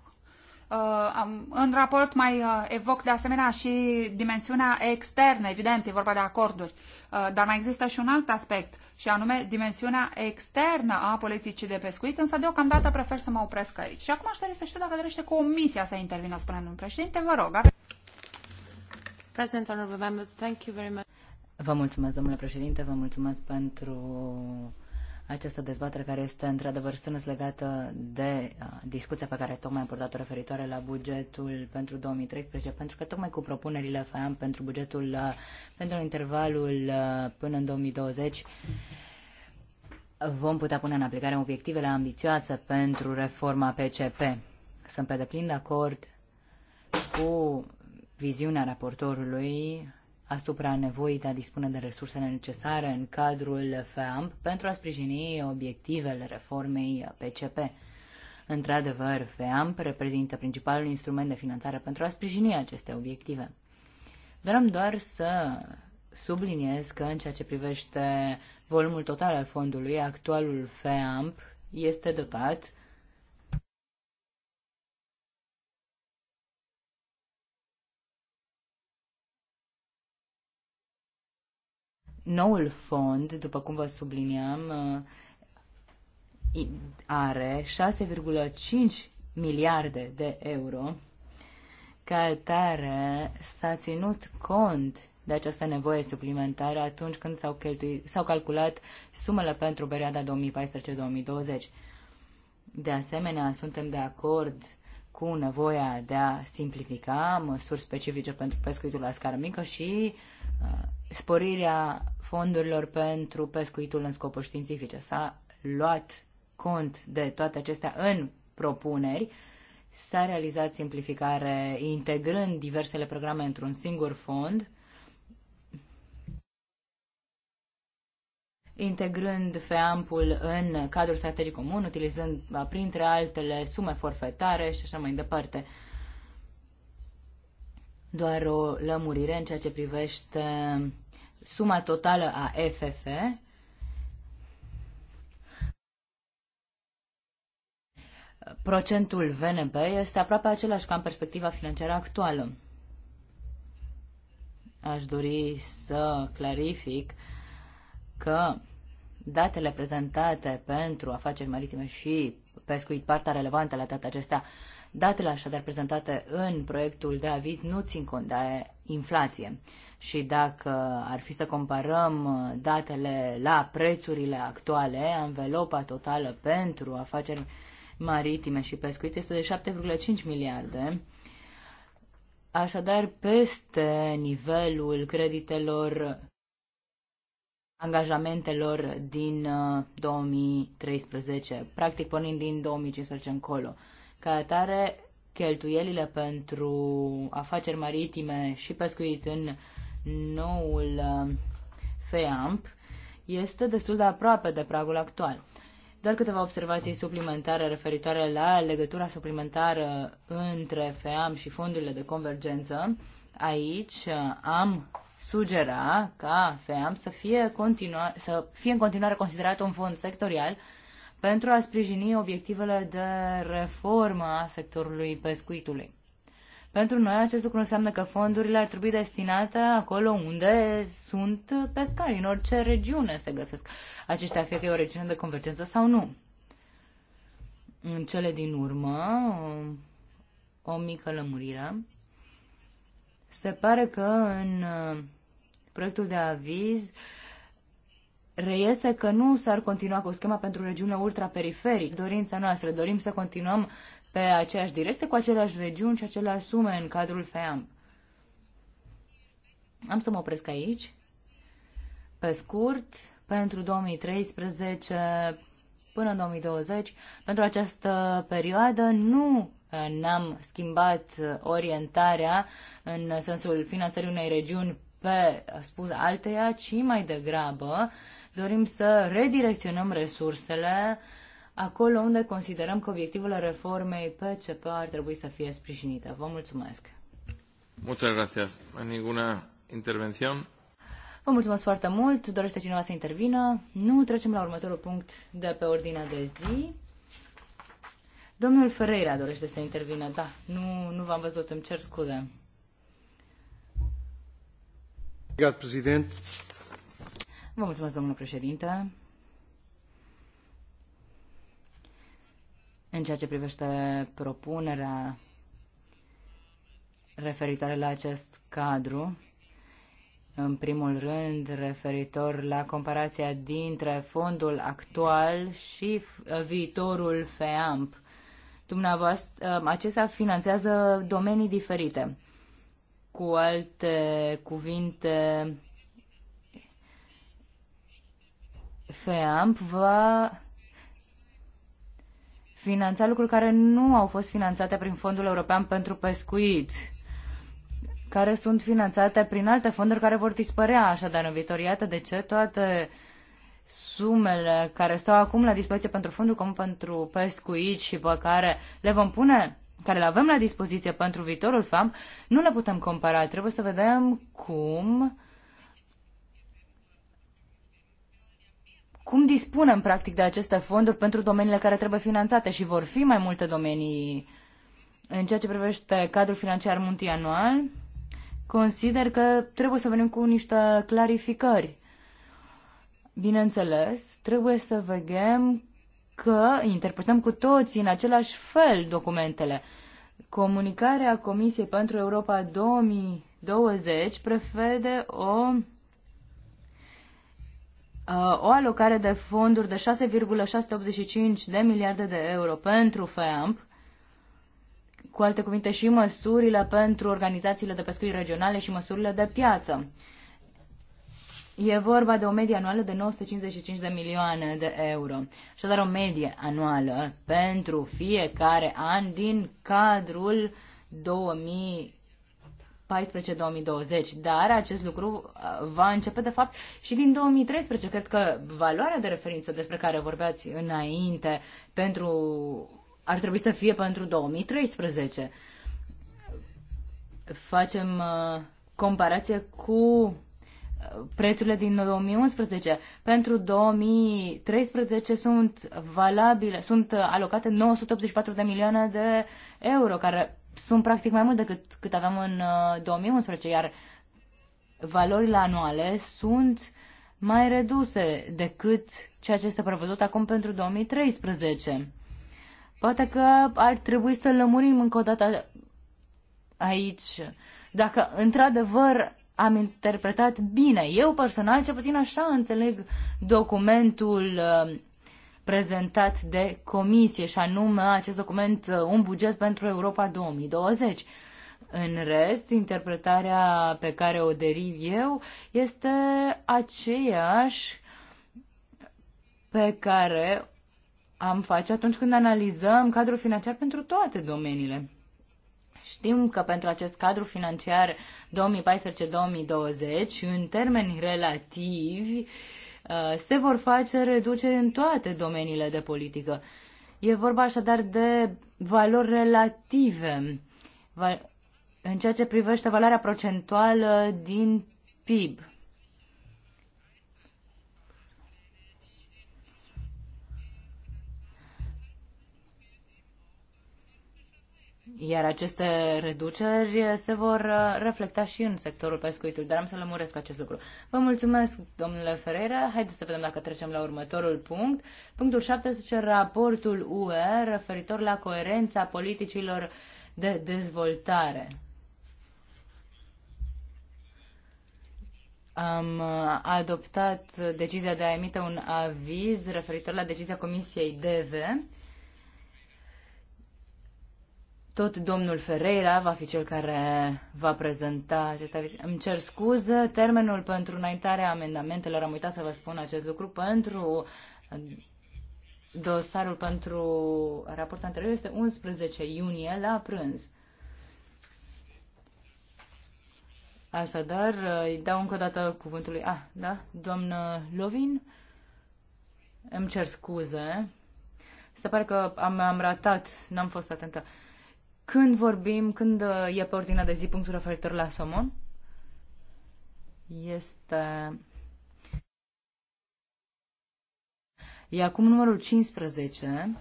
Uh, în raport mai uh, evoc de asemenea și dimensiunea externă, evident, e vorba de acorduri, uh, dar mai există și un alt aspect, și anume dimensiunea externă a politicii de pescuit, însă deocamdată prefer să mă opresc aici. Și acum aș dori să știu dacă dorește comisia să intervină, spune un președinte, vă rog. President, honorable members, thank you very much. Vă mulțumesc, domnule președinte, vă mulțumesc pentru această dezbatere care este într-adevăr strâns legată de uh, discuția pe care tocmai am purtat-o referitoare la bugetul pentru 2013, pentru că tocmai cu propunerile FAM pentru bugetul uh, pentru intervalul uh, până în 2020 vom putea pune în aplicare obiectivele ambițioase pentru reforma PCP. Sunt pe deplin de acord cu viziunea raportorului asupra nevoii de a dispune de resursele necesare în cadrul FEAMP pentru a sprijini obiectivele reformei PCP. Într-adevăr, FEAMP reprezintă principalul instrument de finanțare pentru a sprijini aceste obiective. Doream doar să subliniez că în ceea ce privește volumul total al fondului, actualul FEAMP este dotat Noul fond, după cum vă subliniam, uh, are 6,5 miliarde de euro. Ca atare s-a ținut cont de această nevoie suplimentară atunci când s-au, s-au calculat sumele pentru perioada 2014-2020. De asemenea, suntem de acord cu nevoia de a simplifica măsuri specifice pentru pescuitul la scară mică și uh, sporirea fondurilor pentru pescuitul în scopuri științifice. S-a luat cont de toate acestea în propuneri, s-a realizat simplificare integrând diversele programe într-un singur fond, integrând FEAMP-ul în cadrul strategic comun, utilizând, uh, printre altele, sume forfetare și așa mai departe. Doar o lămurire în ceea ce privește suma totală a FF. Procentul VNB este aproape același ca în perspectiva financiară actuală. Aș dori să clarific că datele prezentate pentru afaceri maritime și pescuit, partea relevantă la toate acestea, datele așadar prezentate în proiectul de aviz nu țin cont de inflație. Și dacă ar fi să comparăm datele la prețurile actuale, anvelopa totală pentru afaceri maritime și pescuit este de 7,5 miliarde, așadar peste nivelul creditelor angajamentelor din 2013, uh, practic pornind din 2015 încolo. Ca atare, cheltuielile pentru afaceri maritime și pescuit în noul uh, FEAMP este destul de aproape de pragul actual. Doar câteva observații suplimentare referitoare la legătura suplimentară între FEAM și fondurile de convergență. Aici uh, am sugera ca FEAM să fie, continua, să fie în continuare considerat un fond sectorial pentru a sprijini obiectivele de reformă a sectorului pescuitului. Pentru noi acest lucru înseamnă că fondurile ar trebui destinate acolo unde sunt pescari, în orice regiune se găsesc aceștia, fie că e o regiune de convergență sau nu. În cele din urmă, o, mică lămurire. Se pare că în uh, proiectul de aviz reiese că nu s-ar continua cu schema pentru regiunea ultraperiferică. Dorința noastră, dorim să continuăm pe aceeași directe cu aceleași regiuni și aceleași sume în cadrul FEAM. Am să mă opresc aici. Pe scurt, pentru 2013 până în 2020, pentru această perioadă nu Uh, n-am schimbat uh, orientarea în sensul finanțării unei regiuni pe spus alteia, ci mai degrabă dorim să redirecționăm resursele acolo unde considerăm că obiectivele reformei PCP ar trebui să fie sprijinite. Vă mulțumesc! Muchas gracias. Ninguna intervención? Vă mulțumesc foarte mult. Dorește cineva să intervină? Nu. Trecem la următorul punct de pe ordinea de zi. Domnul Ferreira dorește să intervină, da. Nu, nu v-am văzut, îmi cer scuze. Obrigado, Vă mulțumesc, domnul președinte. În ceea ce privește propunerea referitoare la acest cadru, în primul rând referitor la comparația dintre fondul actual și viitorul FEAMP, dumneavoastră, um, acestea finanțează domenii diferite. Cu alte cuvinte, FEAMP va finanța lucruri care nu au fost finanțate prin Fondul European pentru Pescuit, care sunt finanțate prin alte fonduri care vor dispărea așadar în viitor. Iată de ce toate uh, sumele care stau acum la dispoziție pentru fondul comun pentru pescuit și pe care le vom pune care le avem la dispoziție pentru viitorul FAM, nu le putem compara. Trebuie să vedem cum cum dispunem practic de aceste fonduri pentru domeniile care trebuie finanțate și vor fi mai multe domenii în ceea ce privește cadrul financiar multianual. Consider că trebuie să venim cu niște clarificări Bineînțeles, trebuie să vegem că interpretăm cu toții în același fel documentele. Comunicarea Comisiei pentru Europa 2020 prevede o uh, o alocare de fonduri de 6,685 de miliarde de euro pentru FEAMP, cu alte cuvinte și măsurile pentru organizațiile de pescuit regionale și măsurile de piață. E vorba de o medie anuală de 955 de milioane de euro. Așadar, o medie anuală pentru fiecare an din cadrul 2000 2014-2020, dar acest lucru uh, va începe de fapt și din 2013. Cred că valoarea de referință despre care vorbeați înainte pentru ar trebui să fie pentru 2013. Facem uh, comparație cu prețurile din 2011. Pentru 2013 sunt valabile, sunt alocate 984 de milioane de euro, care sunt practic mai mult decât cât aveam în 2011, uh, iar valorile anuale sunt mai reduse decât ceea ce este prevăzut acum pentru 2013. Poate că ar trebui să lămurim încă o dată aici dacă într-adevăr am interpretat bine. Eu personal, cel puțin așa înțeleg documentul uh, prezentat de comisie și anume acest document uh, un buget pentru Europa 2020. În rest, interpretarea pe care o deriv eu este aceeași pe care am face atunci când analizăm cadrul financiar pentru toate domeniile. Știm că pentru acest cadru financiar 2014-2020, în termeni relativi, uh, se vor face reduceri în toate domeniile de politică. E vorba așadar de valori relative în ceea ce privește valoarea procentuală din PIB. Iar aceste reduceri se vor uh, reflecta și în sectorul pescuitului, dar am să lămuresc acest lucru. Vă mulțumesc, domnule Ferreira. Haideți să vedem dacă trecem la următorul punct. Punctul 17, raportul UE referitor la coerența politicilor de dezvoltare. Am uh, adoptat decizia de a emite un aviz referitor la decizia Comisiei DV tot domnul Ferreira va fi cel care va prezenta acest aviz. Îmi cer scuze, termenul pentru înaintarea amendamentelor, am uitat să vă spun acest lucru, pentru dosarul pentru raportul anterior este 11 iunie la prânz. Așadar, îi dau încă o dată cuvântul lui. Ah, da, doamnă Lovin, îmi cer scuze. Se pare că am, am ratat, n-am fost atentă. Uh, când vorbim, când uh, e pe ordinea de zi punctul referitor la somon? Este... E acum numărul 15.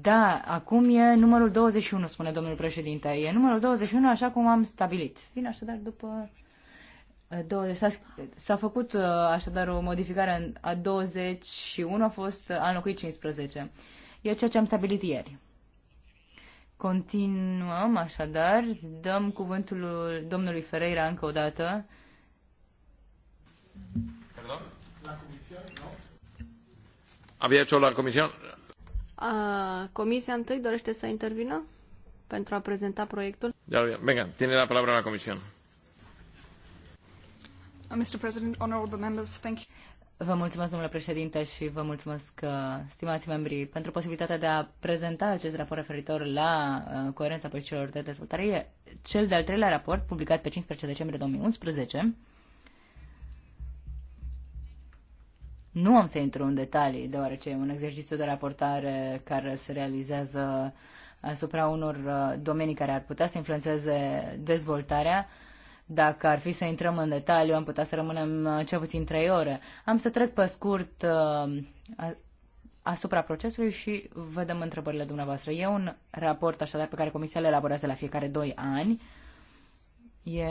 Da, acum e numărul 21, spune domnul președinte. E numărul 21 așa cum am stabilit. Vine așadar după 20. Uh, s-a, făcut uh, așadar o modificare a 21, a fost anul 15. E ceea ce am stabilit ieri. Continuăm, așadar, dăm cuvântul domnului Ferreira încă o dată. Pardon? La comisión, no? Había hecho la comisie? Uh, comisia întâi dorește să intervină pentru a prezenta proiectul. Ya Venga, tine la palabra la comisie. Uh, Mr. President, honorable members, thank you. Vă mulțumesc, domnule președinte, și vă mulțumesc, uh, stimați membrii pentru posibilitatea de a prezenta acest raport referitor la uh, coerența politicilor de dezvoltare. E cel de-al treilea raport, publicat pe 15 decembrie 2011. Nu am să intru în detalii, deoarece e un exercițiu de raportare care se realizează asupra unor uh, domenii care ar putea să influențeze dezvoltarea. Dacă ar fi să intrăm în detaliu, am putea să rămânem uh, cel puțin trei ore. Am să trec pe scurt uh, asupra procesului și vedem întrebările dumneavoastră. E un raport așadar pe care Comisia le elaborează la fiecare doi ani. E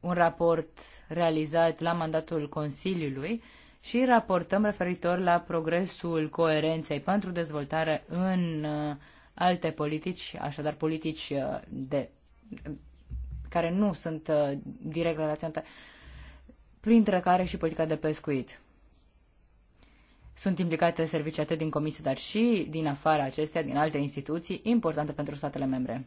un raport realizat la mandatul Consiliului și raportăm referitor la progresul coerenței pentru dezvoltare în uh, alte politici, așadar politici de care nu sunt uh, direct relaționate, printre care și politica de pescuit. Sunt implicate servicii atât din comisie, dar și din afara acestea, din alte instituții importante pentru statele membre.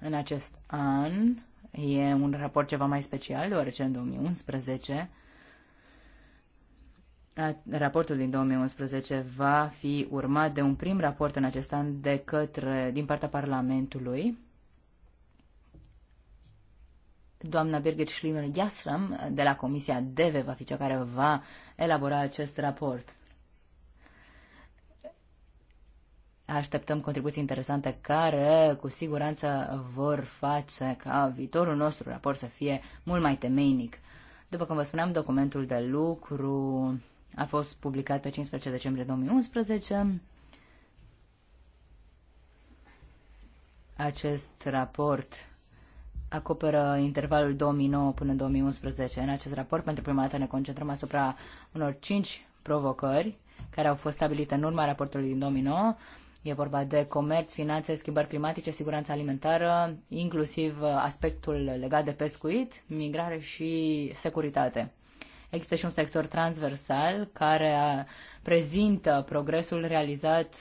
În acest an e un raport ceva mai special, deoarece în 2011 Raportul din 2011 va fi urmat de un prim raport în acest an de către, din partea Parlamentului. Doamna Birgit Schlimmer Jasram de la Comisia DEVE va fi cea care va elabora acest raport. Așteptăm contribuții interesante care cu siguranță vor face ca viitorul nostru raport să fie mult mai temeinic. După cum vă spuneam, documentul de lucru a fost publicat pe 15 decembrie 2011. Acest raport acoperă intervalul 2009 până 2011. În acest raport, pentru prima dată, ne concentrăm asupra unor cinci provocări care au fost stabilite în urma raportului din 2009. E vorba de comerț, finanțe, schimbări climatice, siguranță alimentară, inclusiv aspectul legat de pescuit, migrare și securitate. Există și un sector transversal care prezintă progresul realizat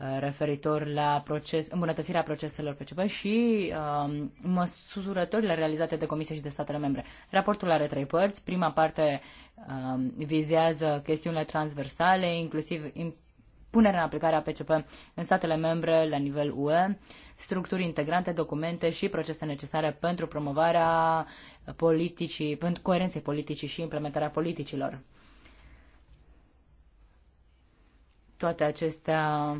uh, referitor la proces, îmbunătățirea proceselor PCP și um, măsurătorile realizate de Comisie și de statele membre. Raportul are trei părți. Prima parte um, vizează chestiunile transversale, inclusiv punerea în aplicare a PCP în statele membre la nivel UE, structuri integrante, documente și procese necesare pentru promovarea politicii, pentru coerenței politicii și implementarea politicilor. Toate acestea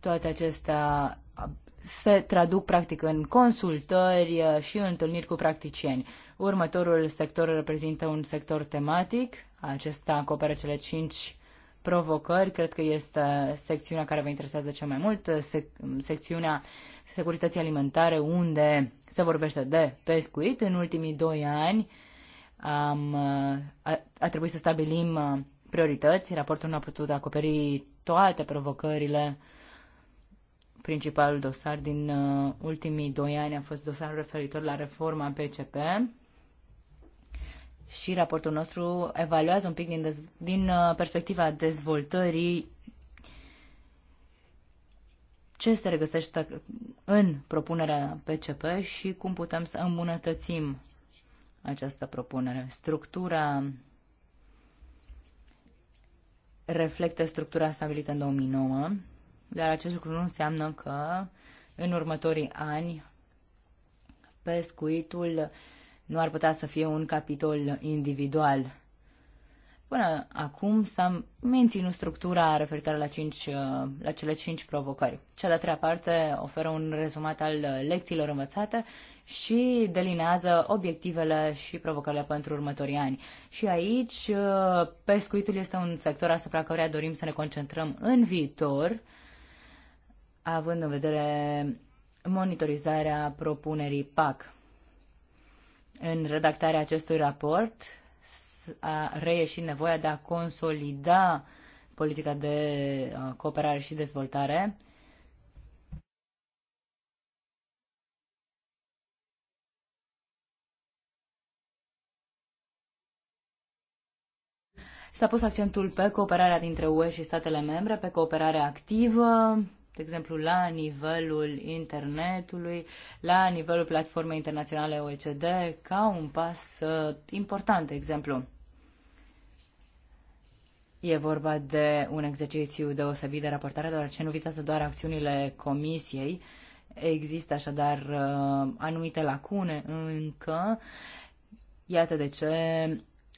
toate acestea se traduc practic în consultări și întâlniri cu practicieni. Următorul sector reprezintă un sector tematic acesta acoperă cele cinci provocări. Cred că este secțiunea care vă interesează cel mai mult, sec- secțiunea securității alimentare, unde se vorbește de pescuit. În ultimii doi ani am, a, a trebuit să stabilim uh, priorități. Raportul nu a putut acoperi toate provocările. Principalul dosar din uh, ultimii doi ani a fost dosarul referitor la reforma PCP și raportul nostru evaluează un pic din, din uh, perspectiva dezvoltării ce se regăsește în propunerea PCP și cum putem să îmbunătățim această propunere. Structura reflectă structura stabilită în 2009, dar acest lucru nu înseamnă că în următorii ani pescuitul nu ar putea să fie un capitol individual. Până acum s-a menținut structura referitoare la, cinci, uh, la cele cinci provocări. Cea de-a treia parte oferă un rezumat al lecțiilor învățate și delinează obiectivele și provocările pentru următorii ani. Și aici uh, pescuitul este un sector asupra căruia dorim să ne concentrăm în viitor, având în vedere monitorizarea propunerii PAC. În redactarea acestui raport a reieșit nevoia de a consolida politica de uh, cooperare și dezvoltare. S-a pus accentul pe cooperarea dintre UE și statele membre, pe cooperarea activă, de exemplu, la nivelul internetului, la nivelul platformei internaționale OECD, ca un pas uh, important, de exemplu. E vorba de un exercițiu deosebit de raportare, deoarece nu vizează doar acțiunile comisiei. Există așadar uh, anumite lacune încă. Iată de ce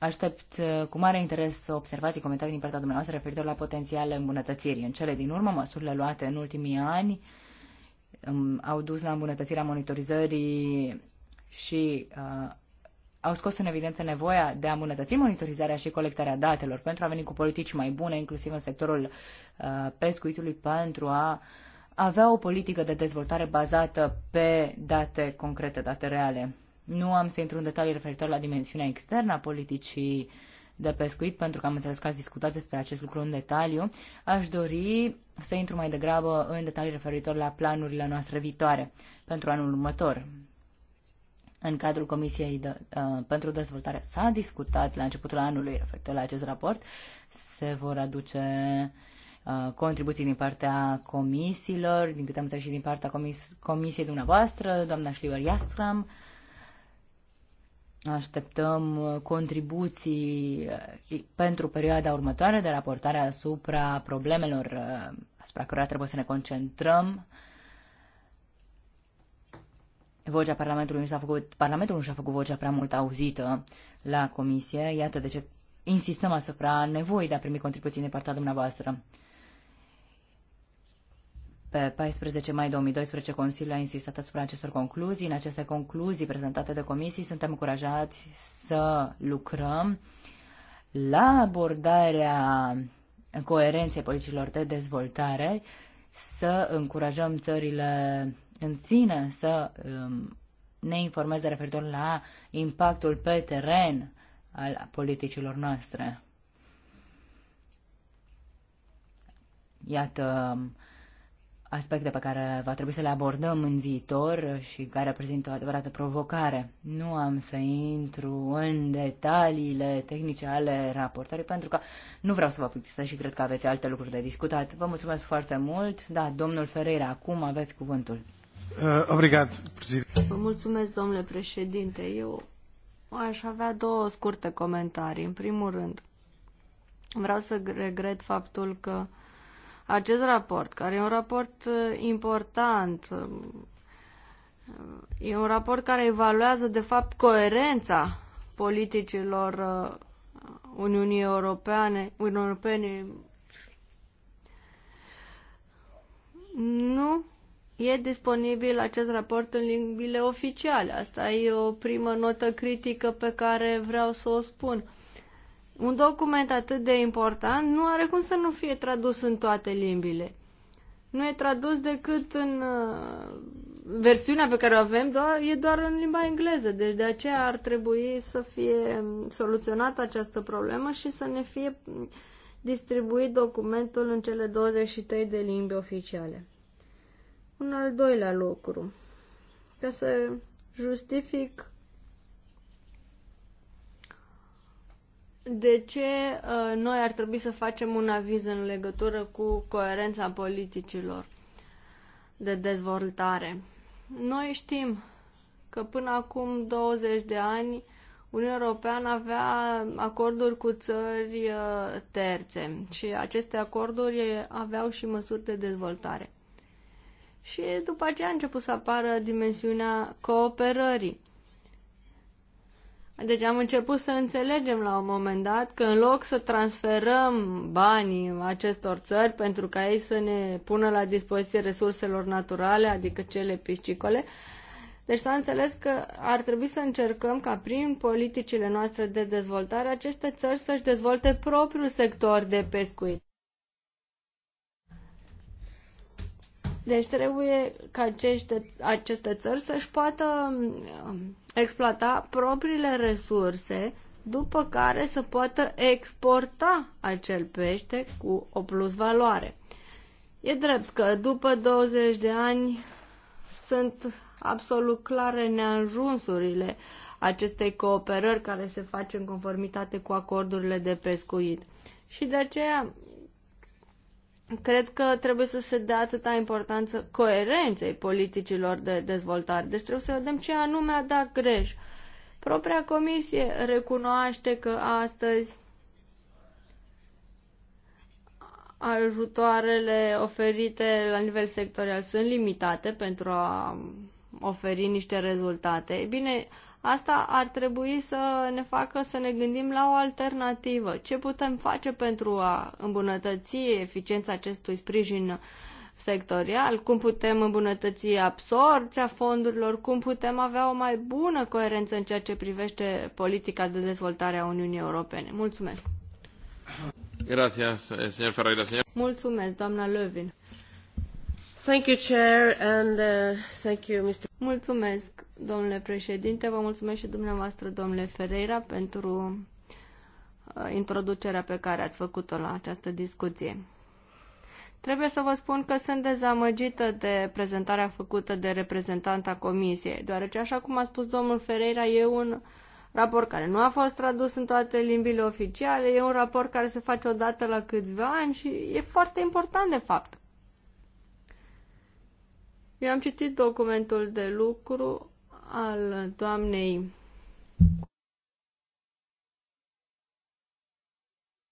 Aștept uh, cu mare interes observații, comentarii din partea dumneavoastră referitor la potențiale îmbunătățiri. În cele din urmă, măsurile luate în ultimii ani um, au dus la îmbunătățirea monitorizării și uh, au scos în evidență nevoia de a îmbunătăți monitorizarea și colectarea datelor pentru a veni cu politici mai bune, inclusiv în sectorul uh, pescuitului, pentru a avea o politică de dezvoltare bazată pe date concrete, date reale. Nu am să intru în detalii referitor la dimensiunea externă a politicii de pescuit, pentru că am înțeles că ați discutat despre acest lucru în detaliu. Aș dori să intru mai degrabă în detalii referitor la planurile noastre viitoare pentru anul următor. În cadrul Comisiei de, uh, pentru Dezvoltare s-a discutat la începutul anului referitor la acest raport. Se vor aduce uh, contribuții din partea comisiilor, din câte am înțeles și din partea comis- comisiei dumneavoastră, doamna Șlior Iastram, uh, Așteptăm uh, contribuții uh, pentru perioada următoare de raportare asupra problemelor uh, asupra cărora trebuie să ne concentrăm. Vocea Parlamentului nu s-a făcut, Parlamentul nu și-a făcut vocea prea mult auzită la comisie. Iată de ce insistăm asupra nevoii de a primi contribuții din partea dumneavoastră. Pe 14 mai 2012, Consiliul a insistat asupra acestor concluzii. În aceste concluzii prezentate de comisii suntem încurajați să lucrăm la abordarea coerenței politicilor de dezvoltare, să încurajăm țările în sine să um, ne informeze referitor la impactul pe teren al politicilor noastre. Iată, aspecte pe care va trebui să le abordăm în viitor și care reprezintă o adevărată provocare. Nu am să intru în detaliile tehnice ale raportării pentru că nu vreau să vă plictisesc și cred că aveți alte lucruri de discutat. Vă mulțumesc foarte mult. Da, domnul Ferreira, acum aveți cuvântul. Uh, obrigat, Vă mulțumesc, domnule președinte. Eu aș avea două scurte comentarii. În primul rând, vreau să regret faptul că acest raport, care e un raport uh, important, uh, e un raport care evaluează, de fapt, coerența politicilor uh, Uniunii Europeane, Uniunii Europene, nu e disponibil acest raport în limbile oficiale. Asta e o primă notă critică pe care vreau să o spun. Un document atât de important nu are cum să nu fie tradus în toate limbile. Nu e tradus decât în uh, versiunea pe care o avem, doar, e doar în limba engleză. Deci de aceea ar trebui să fie um, soluționată această problemă și să ne fie um, distribuit documentul în cele 23 de limbi oficiale. Un al doilea lucru. Ca să justific de ce uh, noi ar trebui să facem un aviz în legătură cu coerența politicilor de dezvoltare? Noi știm că până acum 20 de ani Uniunea Europeană avea acorduri cu țări uh, terțe și aceste acorduri aveau și măsuri de dezvoltare. Și după aceea a început să apară dimensiunea cooperării. Deci am început să înțelegem la un moment dat că în loc să transferăm banii acestor țări pentru ca ei să ne pună la dispoziție resurselor naturale, adică cele piscicole, deci s-a înțeles că ar trebui să încercăm ca prin politicile noastre de dezvoltare aceste țări să-și dezvolte propriul sector de pescuit. Deci trebuie ca aceste aceste țări să-și poată um, exploata propriile resurse, după care să poată exporta acel pește cu o plus valoare. E drept că după 20 de ani sunt absolut clare neajunsurile acestei cooperări care se face în conformitate cu acordurile de pescuit. Și de aceea cred că trebuie să se dea atâta importanță coerenței politicilor de dezvoltare. Deci trebuie să vedem ce anume a dat greș. Propria comisie recunoaște că astăzi ajutoarele oferite la nivel sectorial sunt limitate pentru a oferi niște rezultate. E bine, Asta ar trebui să ne facă să ne gândim la o alternativă. Ce putem face pentru a îmbunătăți eficiența acestui sprijin sectorial, cum putem îmbunătăți absorpția fondurilor, cum putem avea o mai bună coerență în ceea ce privește politica de dezvoltare a Uniunii Europene. Mulțumesc! Mulțumesc, doamna Lövin. Uh, mulțumesc, domnule președinte, vă mulțumesc și dumneavoastră, domnule Ferreira, pentru uh, introducerea pe care ați făcut-o la această discuție. Trebuie să vă spun că sunt dezamăgită de prezentarea făcută de reprezentanta comisiei, deoarece, așa cum a spus domnul Ferreira, e un raport care nu a fost tradus în toate limbile oficiale, e un raport care se face odată la câțiva ani și e foarte important, de fapt. Eu am citit documentul de lucru al doamnei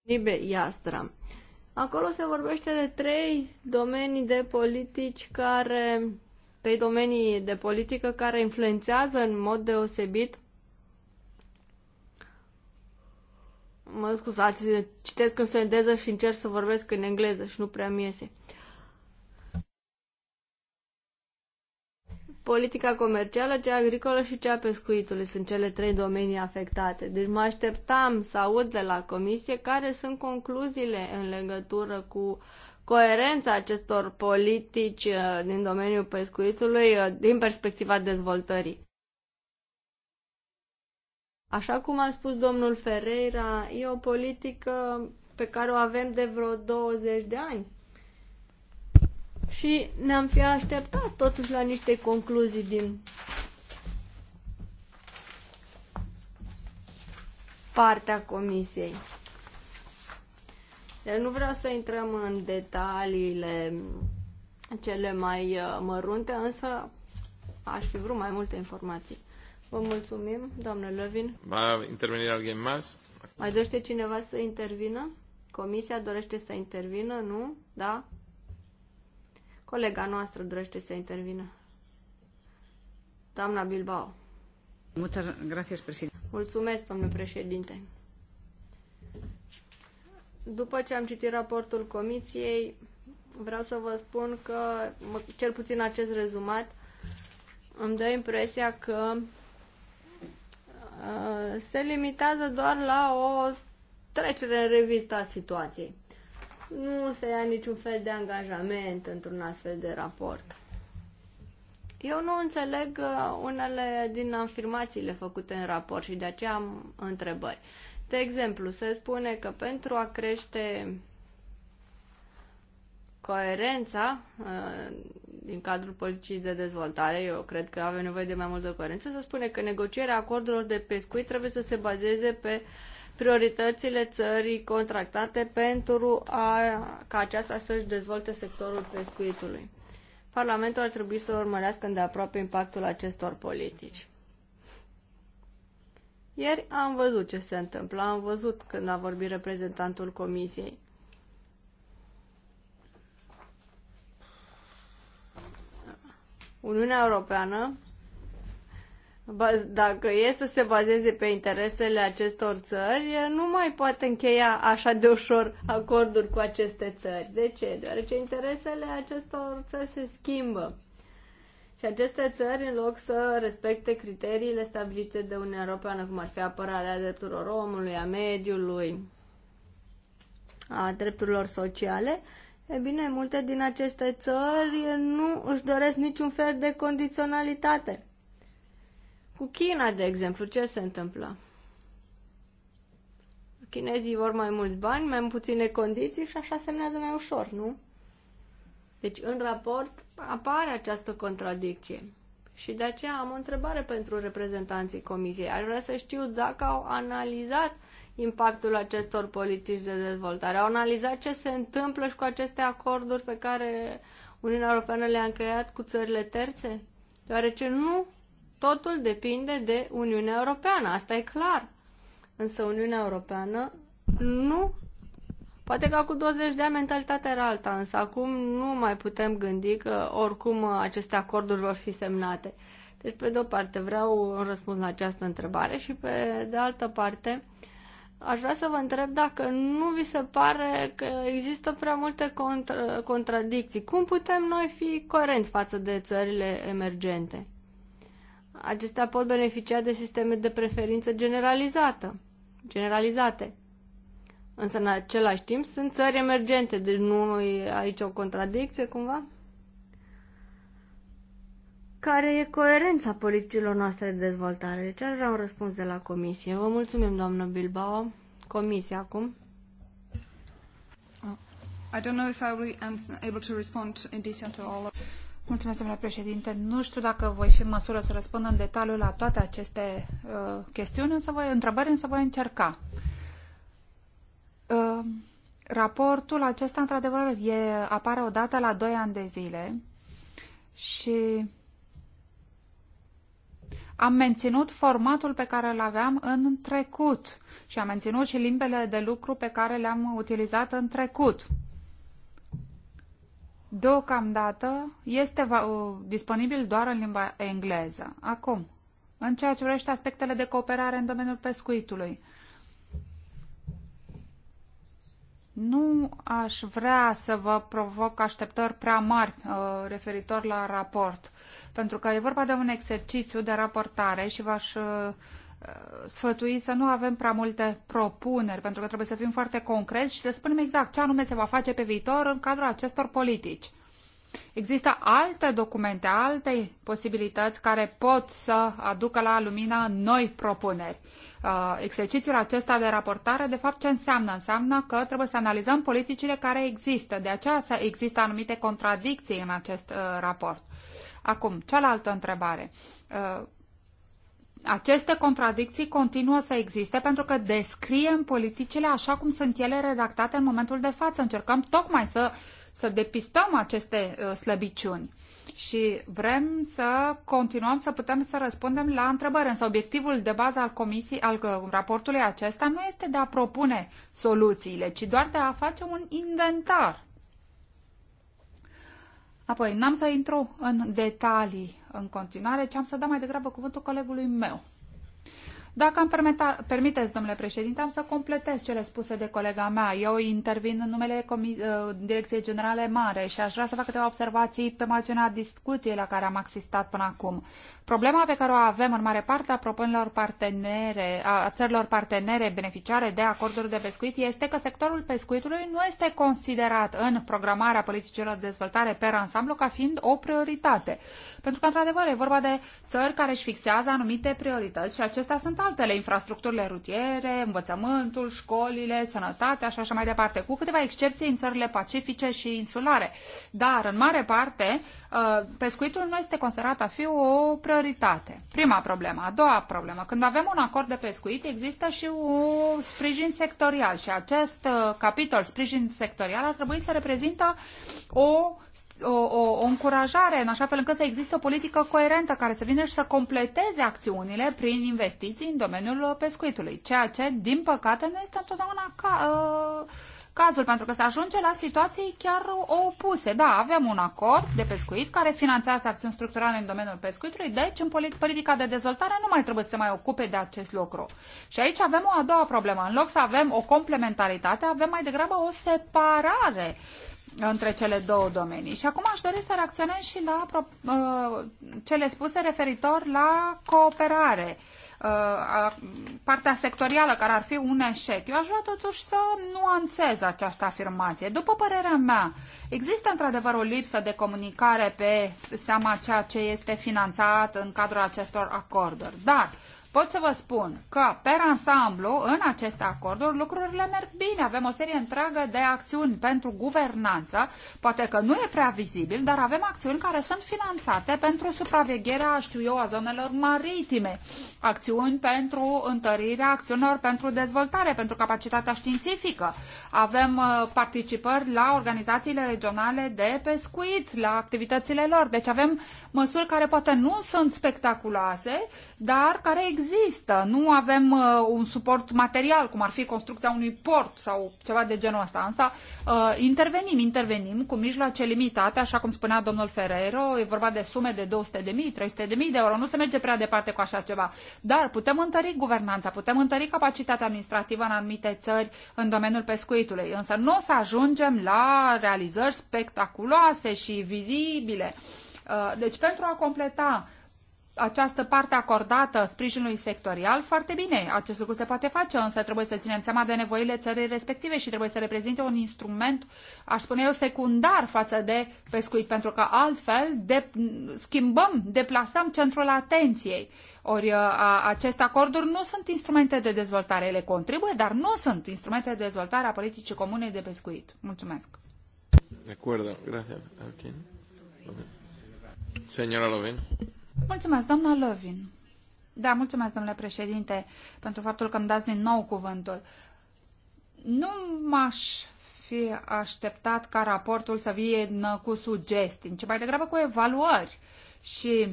Nibe Iastra. Acolo se vorbește de trei domenii de politici care trei domenii de politică care influențează în mod deosebit Mă scuzați, citesc în suedeză și încerc să vorbesc în engleză și nu prea mi iese. Uh, politica comercială, cea agricolă și cea pescuitului sunt cele trei domenii afectate. Deci mă așteptam să aud de la comisie care sunt concluziile în legătură cu coerența acestor politici uh, din domeniul pescuitului uh, din perspectiva dezvoltării. Așa cum a spus domnul Ferreira, e o politică pe care o avem de vreo 20 de ani și ne-am fi așteptat totuși la niște concluzii din partea comisiei. Deci nu vreau să intrăm în detaliile cele mai uh, mărunte, însă aș fi vrut mai multe informații. Vă mulțumim, doamnă Lăvin. Va interveni alguien más? Mai dorește cineva să intervină? Comisia dorește să intervină, nu? Da? Colega noastră dorește să intervină. Doamna Bilbao. Muchas gracias, Mulțumesc, domnule președinte. După ce am citit raportul comisiei, vreau să vă spun că, cel puțin acest rezumat, îmi dă impresia că uh, se limitează doar la o trecere în revista situației nu se ia niciun fel de angajament într-un astfel de raport. Eu nu înțeleg uh, unele din afirmațiile făcute în raport și de aceea am întrebări. De exemplu, se spune că pentru a crește coerența uh, din cadrul politicii de dezvoltare, eu cred că avem nevoie de mai multă coerență, se spune că negocierea acordurilor de pescuit trebuie să se bazeze pe uh, prioritățile țării contractate pentru a, ca aceasta să-și dezvolte sectorul pescuitului. Parlamentul ar trebui să urmărească îndeaproape impactul acestor politici. Ieri am văzut ce se întâmplă, am văzut când a vorbit reprezentantul comisiei. Uniunea Europeană dacă e să se bazeze pe interesele acestor țări, nu mai poate încheia așa de ușor acorduri cu aceste țări. De ce? Deoarece interesele acestor țări se schimbă. Și aceste țări, în loc să respecte criteriile stabilite de Uniunea Europeană, cum ar fi apărarea drepturilor omului, a mediului, a drepturilor sociale, E bine, multe din aceste țări nu își doresc niciun fel de condiționalitate. Cu China, de exemplu, ce se întâmplă? Chinezii vor mai mulți bani, mai puține condiții și așa semnează mai ușor, nu? Deci în raport apare această contradicție. Și de aceea am o întrebare pentru reprezentanții Comisiei. Aș vrea să știu dacă au analizat impactul acestor politici de dezvoltare. Au analizat ce se întâmplă și cu aceste acorduri pe care Uniunea Europeană le-a încheiat cu țările terțe? Deoarece nu Totul depinde de Uniunea Europeană, asta e clar. Însă Uniunea Europeană nu. Poate că cu 20 de ani mentalitatea era alta, însă acum nu mai putem gândi că oricum aceste acorduri vor fi semnate. Deci, pe de o parte, vreau un răspuns la această întrebare și, pe de altă parte, aș vrea să vă întreb dacă nu vi se pare că există prea multe contra- contradicții. Cum putem noi fi coerenți față de țările emergente? acestea pot beneficia de sisteme de preferință generalizată, generalizate. Însă, în același timp, sunt țări emergente, deci nu e aici o contradicție, cumva? Care e coerența politicilor noastre de dezvoltare? Deci ar vrea un răspuns de la Comisie. Vă mulțumim, doamnă Bilbao. Comisie acum. I don't know if I will be able to respond in detail to all of Mulțumesc, domnule președinte. Nu știu dacă voi fi în măsură să răspund în detaliu la toate aceste uh, chestiuni, însă voi, întrebări, însă voi încerca. Uh, raportul acesta, într-adevăr, e, apare odată la 2 ani de zile și am menținut formatul pe care îl aveam în trecut și am menținut și limbele de lucru pe care le-am utilizat în trecut. Deocamdată este uh, disponibil doar în limba engleză. Acum, în ceea ce vrește aspectele de cooperare în domeniul pescuitului, nu aș vrea să vă provoc așteptări prea mari uh, referitor la raport, pentru că e vorba de un exercițiu de raportare și v-aș uh, sfătui să nu avem prea multe propuneri, pentru că trebuie să fim foarte concreți și să spunem exact ce anume se va face pe viitor în cadrul acestor politici. Există alte documente, alte posibilități care pot să aducă la lumină noi propuneri. Uh, exercițiul acesta de raportare, de fapt, ce înseamnă? Înseamnă că trebuie să analizăm politicile care există. De aceea există anumite contradicții în acest uh, raport. Acum, cealaltă întrebare. Uh, aceste contradicții continuă să existe pentru că descriem politicile așa cum sunt ele redactate în momentul de față. Încercăm tocmai să, să depistăm aceste uh, slăbiciuni și vrem să continuăm să putem să răspundem la întrebări. Însă obiectivul de bază al comisiei, al uh, raportului acesta nu este de a propune soluțiile, ci doar de a face un inventar. Apoi, n-am să intru în detalii în continuare, ci am să dau mai degrabă cuvântul colegului meu. Dacă îmi permita, permiteți, domnule președinte, am să completez cele spuse de colega mea. Eu intervin în numele uh, Direcției Generale Mare și aș vrea să fac câteva observații pe marginea discuției la care am asistat până acum. Problema pe care o avem în mare parte a propunerilor partenere, a țărilor partenere beneficiare de acorduri de pescuit este că sectorul pescuitului nu este considerat în programarea politicilor de dezvoltare per ansamblu ca fiind o prioritate. Pentru că, într-adevăr, e vorba de țări care își fixează anumite priorități și acestea sunt altele, infrastructurile rutiere, învățământul, școlile, sănătatea și așa mai departe, cu câteva excepții în țările pacifice și insulare. Dar, în mare parte, uh, pescuitul nu este considerat a fi o prioritate. Prima problemă. A doua problemă. Când avem un acord de pescuit, există și un sprijin sectorial și acest uh, capitol, sprijin sectorial, ar trebui să reprezintă o o, o, o încurajare în așa fel încât să existe o politică coerentă care să vină și să completeze acțiunile prin investiții în domeniul pescuitului, ceea ce, din păcate, nu este întotdeauna ca, uh, cazul, pentru că se ajunge la situații chiar opuse. Da, avem un acord de pescuit care finanțează acțiuni structurale în domeniul pescuitului, deci în politica de dezvoltare nu mai trebuie să se mai ocupe de acest lucru. Și aici avem o a doua problemă. În loc să avem o complementaritate, avem mai degrabă o separare între cele două domenii. Și acum aș dori să reacționez și la uh, cele spuse referitor la cooperare, uh, partea sectorială care ar fi un eșec. Eu aș vrea totuși să nuanțez această afirmație. După părerea mea, există într-adevăr o lipsă de comunicare pe seama ceea ce este finanțat în cadrul acestor acorduri, dar pot să vă spun că, per ansamblu, în aceste acorduri, lucrurile merg bine. Avem o serie întreagă de acțiuni pentru guvernanță. Poate că nu e prea vizibil, dar avem acțiuni care sunt finanțate pentru supravegherea, știu eu, a zonelor maritime. Acțiuni pentru întărirea acțiunilor pentru dezvoltare, pentru capacitatea științifică avem uh, participări la organizațiile regionale de pescuit, la activitățile lor. Deci avem măsuri care poate nu sunt spectaculoase, dar care există. Nu avem uh, un suport material, cum ar fi construcția unui port sau ceva de genul ăsta, însă uh, intervenim, intervenim cu mijloace limitate, așa cum spunea domnul Ferrero, e vorba de sume de 200 de mii, 300 de mii de euro, nu se merge prea departe cu așa ceva. Dar putem întări guvernanța, putem întări capacitatea administrativă în anumite țări în domeniul pescuit pescuitului, însă nu o să ajungem la realizări spectaculoase și vizibile. Uh, deci, pentru a completa această parte acordată sprijinului sectorial, foarte bine, acest lucru se poate face, însă trebuie să ținem seama de nevoile țării respective și trebuie să reprezinte un instrument, aș spune eu, secundar față de pescuit, pentru că altfel de, schimbăm, deplasăm centrul atenției. Ori uh, aceste acorduri nu sunt instrumente de dezvoltare, ele contribuie, dar nu sunt instrumente de dezvoltare a politicii comune de pescuit. Mulțumesc. De acordo, gracias. Okay. Señora Lovin. Mulțumesc, doamna Lovin. Da, mulțumesc, domnule președinte, pentru faptul că îmi dați din nou cuvântul. Nu m-aș fi așteptat ca raportul să vină cu sugestii, ci mai degrabă cu evaluări. Și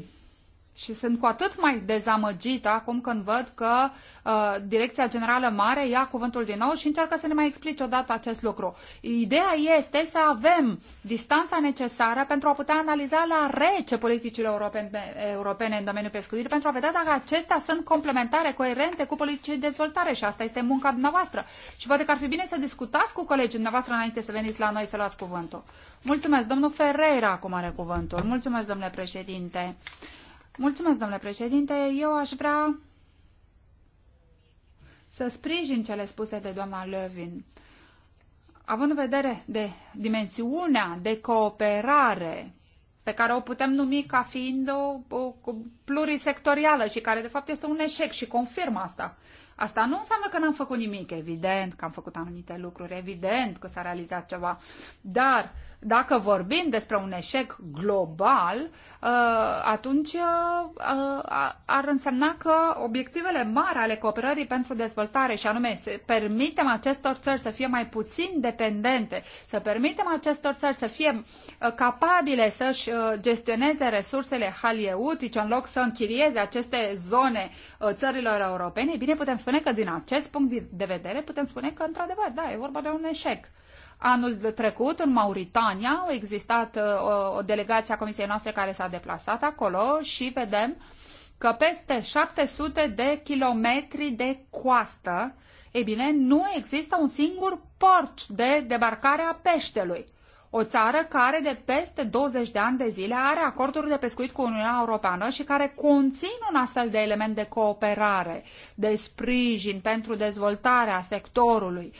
și sunt cu atât mai dezamăgită acum când văd că uh, Direcția Generală Mare ia cuvântul din nou și încearcă să ne mai explice odată acest lucru. Ideea este să avem distanța necesară pentru a putea analiza la rece politicile europene, europene în domeniul pescuitului, pentru a vedea dacă acestea sunt complementare, coerente cu politicii de dezvoltare și asta este munca dumneavoastră. Și poate că ar fi bine să discutați cu colegii dumneavoastră înainte să veniți la noi să luați cuvântul. Mulțumesc, domnul Ferreira acum are cuvântul. Mulțumesc, domnule președinte. Mulțumesc, domnule președinte. Eu aș vrea să sprijin cele spuse de doamna Lövin. Având în vedere de dimensiunea de cooperare pe care o putem numi ca fiind o, o, o plurisectorială și care de fapt este un eșec și confirmă asta. Asta nu înseamnă că n-am făcut nimic, evident că am făcut anumite lucruri, evident că s-a realizat ceva, dar dacă vorbim despre un eșec global, uh, atunci uh, uh, ar însemna că obiectivele mari ale cooperării pentru dezvoltare, și anume să permitem acestor țări să fie mai puțin dependente, să permitem acestor țări să fie capabile să-și gestioneze resursele halieutice în loc să închirieze aceste zone țărilor europene, bine, putem spune că din acest punct de vedere putem spune că, într-adevăr, da, e vorba de un eșec. Anul trecut, în Mauritania, a existat uh, o, delegație a comisiei noastre care s-a deplasat acolo și vedem că peste 700 de kilometri de coastă, e bine, nu există un singur port de debarcare a peștelui. O țară care de peste 20 de ani de zile are acorduri de pescuit cu Uniunea Europeană și care conțin un astfel de element de cooperare, de sprijin pentru dezvoltarea sectorului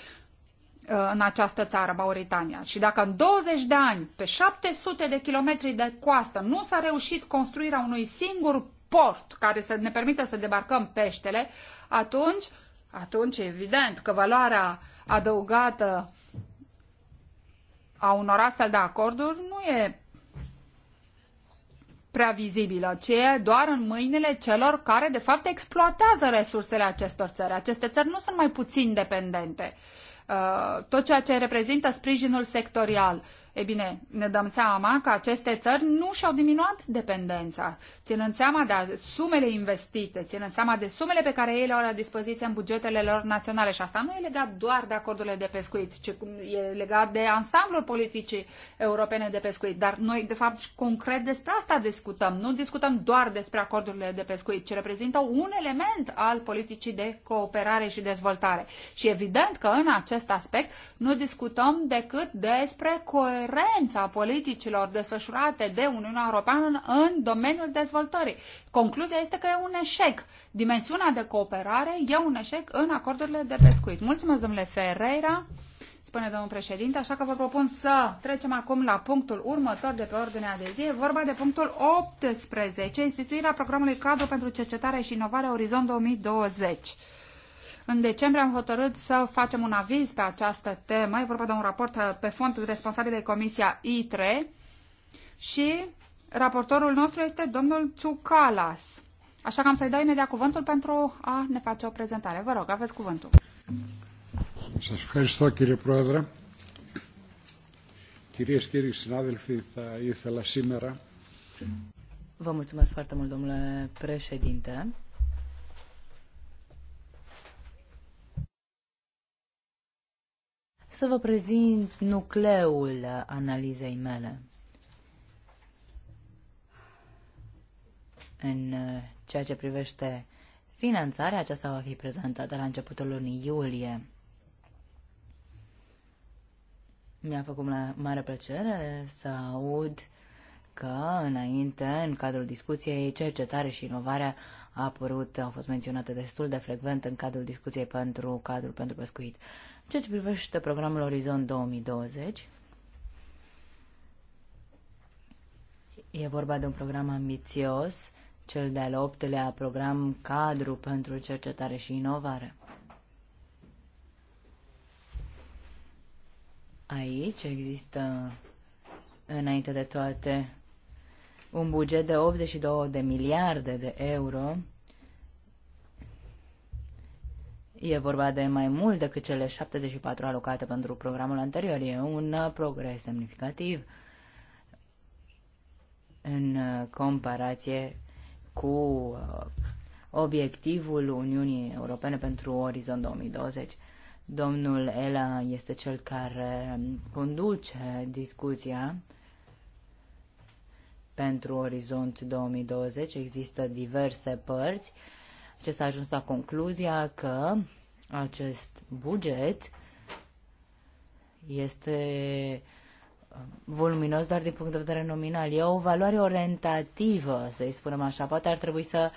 Uh, în această țară, Mauritania. Și dacă în 20 de ani, pe 700 de kilometri de coastă, nu s-a reușit construirea unui singur port care să ne permită să debarcăm peștele, atunci, atunci evident că valoarea adăugată a unor astfel de acorduri nu e prea vizibilă, ci e doar în mâinile celor care, de fapt, exploatează resursele acestor țări. Aceste țări nu sunt mai puțin dependente Uh, tot ceea ce reprezintă sprijinul sectorial E bine, ne dăm seama că aceste țări nu și-au diminuat dependența, ținând seama de sumele investite, ținând seama de sumele pe care ei le au la dispoziție în bugetele lor naționale. Și asta nu e legat doar de acordurile de pescuit, ci e legat de ansamblul politicii europene de pescuit. Dar noi, de fapt, concret despre asta discutăm. Nu discutăm doar despre acordurile de pescuit, ci reprezintă un element al politicii de cooperare și dezvoltare. Și evident că în acest aspect nu discutăm decât despre coerență coerență politicilor desfășurate de Uniunea Europeană în domeniul dezvoltării. Concluzia este că e un eșec. Dimensiunea de cooperare e un eșec în acordurile de pescuit. Mulțumesc, domnule Ferreira, spune domnul președinte, așa că vă propun să trecem acum la punctul următor de pe ordinea de zi. vorba de punctul 18, instituirea programului cadru pentru cercetare și inovare Orizont 2020. În decembrie am hotărât să facem un aviz pe această temă. E vorba de un raport uh, pe fond responsabil de Comisia I3 și raportorul nostru este domnul Tsukalas. Așa că am să-i dau imediat cuvântul pentru a ne face o prezentare. Vă rog, aveți cuvântul. Vă mulțumesc foarte mult, domnule președinte. să vă prezint nucleul analizei mele. În uh, ceea ce privește finanțarea, aceasta va fi prezentată la începutul lunii iulie. Mi-a făcut mare plăcere să aud că înainte, în cadrul discuției, cercetare și inovarea a apărut, au fost menționate destul de frecvent în cadrul discuției pentru cadrul pentru pescuit. Ceea ce privește programul Orizont 2020, e vorba de un program ambițios, cel de-al optelea program cadru pentru cercetare și inovare. Aici există, înainte de toate, un buget de 82 de miliarde de euro E vorba de mai mult decât cele 74 alocate pentru programul anterior. E un uh, progres semnificativ în uh, comparație cu uh, obiectivul Uniunii Europene pentru Orizont 2020. Domnul Ela este cel care um, conduce discuția pentru Orizont 2020. Există diverse părți acesta a ajuns la concluzia că acest buget este um, voluminos doar din punct de vedere nominal. E o valoare orientativă, să-i spunem așa. Poate ar trebui să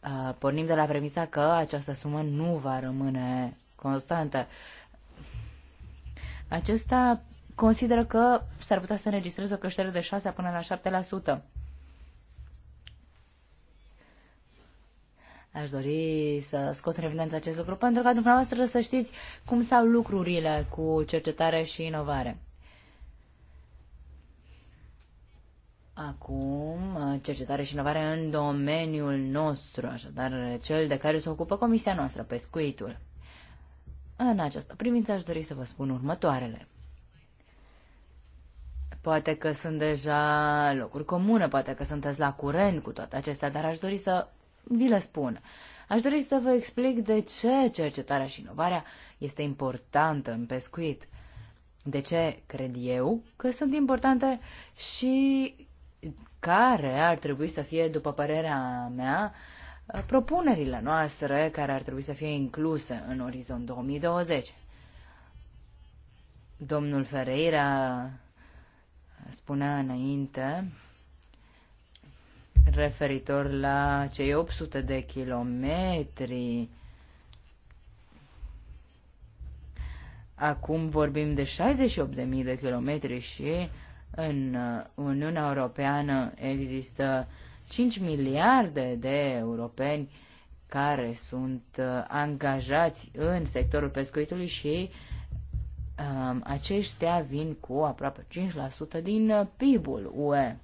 uh, pornim de la premisa că această sumă nu va rămâne constantă. Acesta consideră că s-ar putea să înregistreze o creștere de 6 până la Aș dori să scot în evidență acest lucru pentru ca dumneavoastră să știți cum stau lucrurile cu cercetare și inovare. Acum, cercetare și inovare în domeniul nostru, așadar cel de care se ocupă comisia noastră, pescuitul. În această privință aș dori să vă spun următoarele. Poate că sunt deja locuri comune, poate că sunteți la curent cu toate acestea, dar aș dori să vi le spun. Aș dori să vă explic de ce cercetarea și inovarea este importantă în pescuit. De ce cred eu că sunt importante și care ar trebui să fie, după părerea mea, propunerile noastre care ar trebui să fie incluse în orizont 2020. Domnul Ferreira spunea înainte referitor la cei 800 de kilometri. Acum vorbim de 68.000 de kilometri și în Uniunea Europeană există 5 miliarde de europeni care sunt uh, angajați în sectorul pescuitului și um, aceștia vin cu aproape 5% din PIB-ul UE.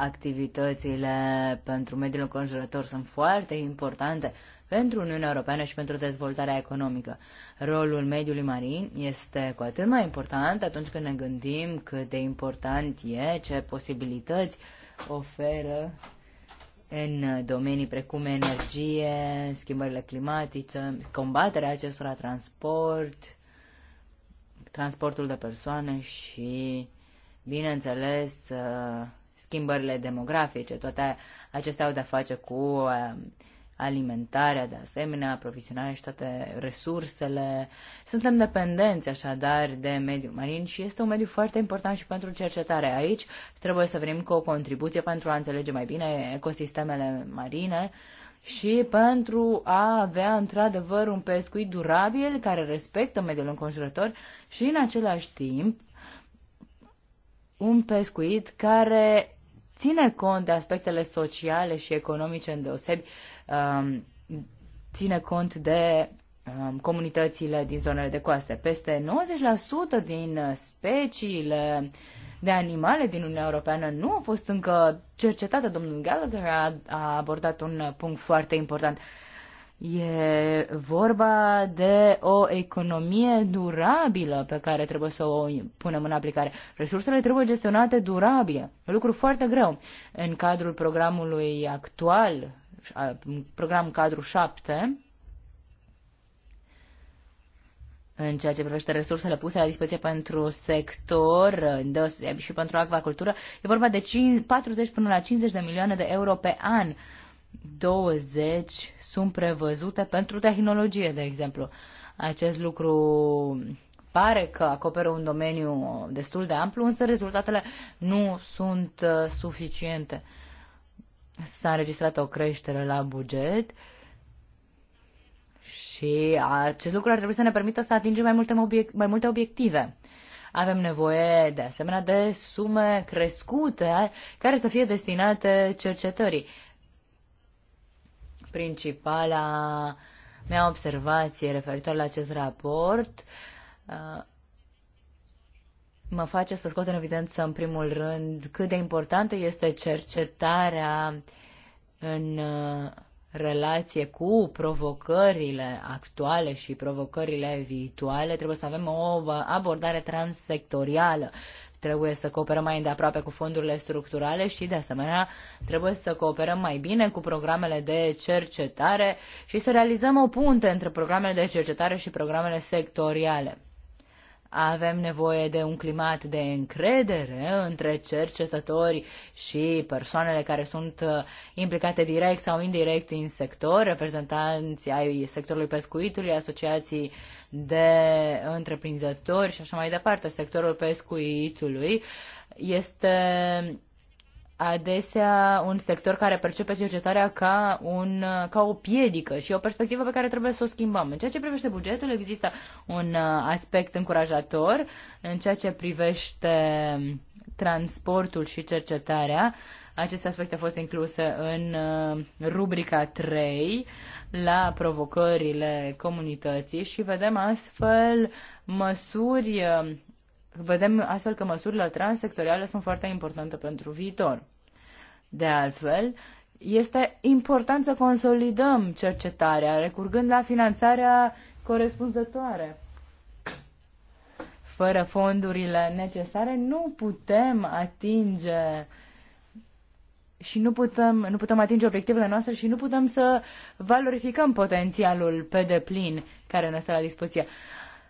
Activitățile pentru mediul înconjurător sunt foarte importante pentru Uniunea Europeană și pentru dezvoltarea economică. Rolul mediului marin este cu atât mai important atunci când ne gândim cât de important e, ce posibilități oferă în domenii precum energie, schimbările climatice, combaterea acestora, transport, transportul de persoane și, bineînțeles, schimbările demografice. Toate acestea au de-a face cu um, alimentarea, de asemenea, aprovisionarea și toate resursele. Suntem dependenți, așadar, de mediul marin și este un mediu foarte important și pentru cercetare. Aici trebuie să venim cu o contribuție pentru a înțelege mai bine ecosistemele marine și pentru a avea într-adevăr un pescuit durabil care respectă mediul înconjurător și în același timp un pescuit care ține cont de aspectele sociale și economice îndeosebi, um, ține cont de um, comunitățile din zonele de coaste. Peste 90% din speciile de animale din Uniunea Europeană nu au fost încă cercetate. Domnul Gallagher a, a abordat un punct foarte important. E vorba de o economie durabilă pe care trebuie să o punem în aplicare. Resursele trebuie gestionate durabil, lucru foarte greu. În cadrul programului actual, program cadru 7, în ceea ce privește resursele puse la dispoziție pentru sector și pentru acvacultură, e vorba de 40 până la 50 de milioane de euro pe an 20 sunt prevăzute pentru tehnologie, de exemplu. Acest lucru pare că acoperă un domeniu destul de amplu, însă rezultatele nu sunt uh, suficiente. S-a înregistrat o creștere la buget și acest lucru ar trebui să ne permită să atingem mai multe, obiect- mai multe obiective. Avem nevoie, de asemenea, de sume crescute care să fie destinate cercetării principala mea observație referitor la acest raport uh, mă face să scot în evidență, în primul rând, cât de importantă este cercetarea în uh, relație cu provocările actuale și provocările viitoare, trebuie să avem o abordare transsectorială. Trebuie să cooperăm mai îndeaproape cu fondurile structurale și, de asemenea, trebuie să cooperăm mai bine cu programele de cercetare și să realizăm o punte între programele de cercetare și programele sectoriale. Avem nevoie de un climat de încredere între cercetători și persoanele care sunt uh, implicate direct sau indirect în sector, reprezentanții ai sectorului pescuitului, asociații uh, de întreprinzători și așa mai departe. Sectorul pescuitului este adesea un sector care percepe cercetarea ca, un, ca o piedică și o perspectivă pe care trebuie să o schimbăm. În ceea ce privește bugetul, există un uh, aspect încurajator. În ceea ce privește transportul și cercetarea, acest aspect a fost inclus în uh, rubrica 3 la provocările comunității și vedem astfel măsuri, vedem astfel că măsurile transsectoriale sunt foarte importante pentru viitor. De altfel, este important să consolidăm cercetarea, recurgând la finanțarea corespunzătoare. Fără fondurile necesare nu putem atinge și nu putem, nu putem atinge obiectivele noastre și nu putem să valorificăm potențialul pe deplin care ne stă la dispoziție.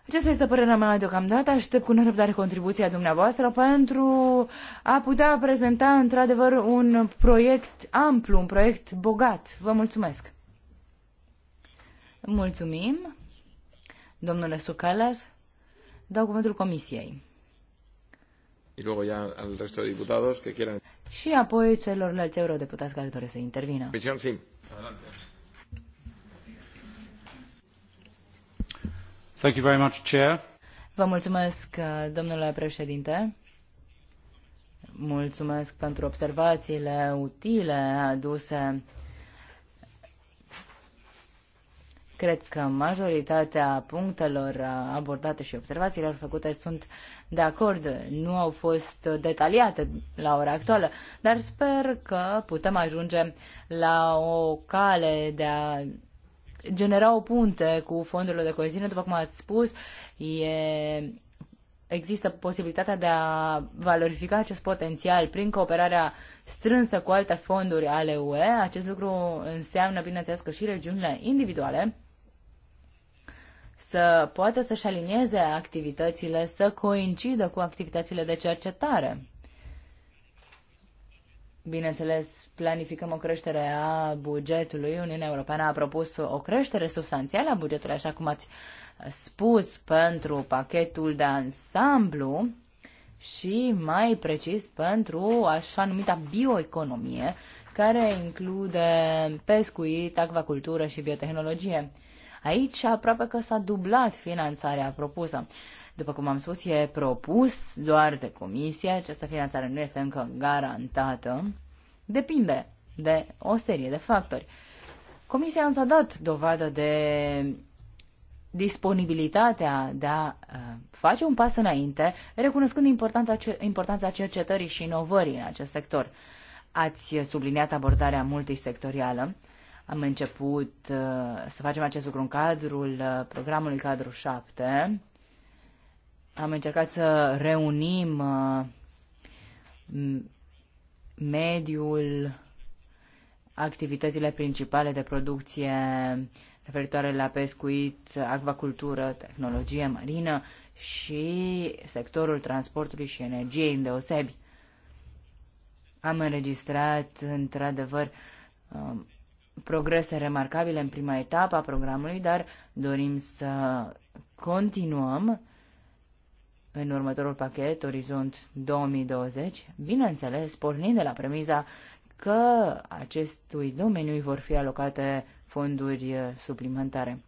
Aceasta este părerea mea deocamdată. Aștept cu nerăbdare contribuția dumneavoastră pentru a putea prezenta într-adevăr un proiect amplu, un proiect bogat. Vă mulțumesc! Mulțumim, domnule Sucalas. Dau cuvântul comisiei. Și, apoi al resto de care quieran și apoi celorlalți eurodeputați care doresc să intervină. Thank you very much, Chair. Vă mulțumesc, domnule președinte. Mulțumesc pentru observațiile utile aduse. Cred că majoritatea punctelor abordate și observațiilor făcute sunt de acord. Nu au fost detaliate la ora actuală, dar sper că putem ajunge la o cale de a genera o punte cu fondurile de coeziune, după cum ați spus, e există posibilitatea de a valorifica acest potențial prin cooperarea strânsă cu alte fonduri ale UE. Acest lucru înseamnă, bineînțeles, că și regiunile individuale să poată să-și alinieze activitățile, să coincidă cu activitățile de cercetare. Bineînțeles, planificăm o creștere a bugetului. Uniunea Europeană a propus o creștere substanțială a bugetului, așa cum ați spus, pentru pachetul de ansamblu și mai precis pentru așa numita bioeconomie, care include pescuit, acvacultură și biotehnologie. Aici aproape că s-a dublat finanțarea propusă. După cum am spus, e propus doar de comisie, această finanțare nu este încă garantată. Depinde de o serie de factori. Comisia însă a dat dovadă de disponibilitatea de a uh, face un pas înainte, recunoscând importanța cercetării și inovării în acest sector. Ați subliniat abordarea multisectorială. Am început uh, să facem acest lucru în cadrul uh, programului Cadru 7. Am încercat să reunim uh, mediul, activitățile principale de producție referitoare la pescuit, acvacultură, tehnologie marină și sectorul transportului și energiei îndeosebi. Am înregistrat, într-adevăr, um, progrese remarcabile în prima etapă a programului, dar dorim să continuăm în următorul pachet, Orizont 2020, bineînțeles, pornind de la premiza că acestui domeniu vor fi alocate fonduri suplimentare.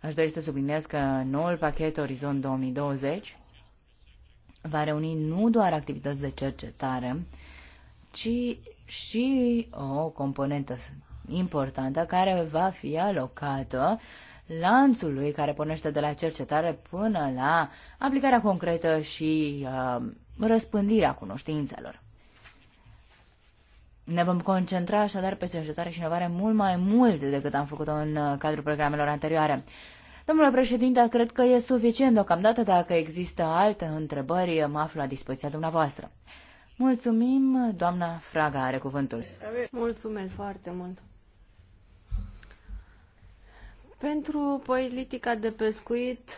Aș dori să subliniez că noul pachet Orizont 2020 va reuni nu doar activități de cercetare, ci și o componentă importantă care va fi alocată lanțului care pornește de la cercetare până la aplicarea concretă și uh, răspândirea cunoștințelor. Ne vom concentra așadar pe cercetare și inovare mult mai mult decât am făcut-o în uh, cadrul programelor anterioare. Domnule președinte, cred că e suficient deocamdată. Dacă există alte întrebări, mă aflu la dispoziția dumneavoastră. Mulțumim, doamna Fraga are cuvântul. Mulțumesc foarte mult. Pentru politica de pescuit,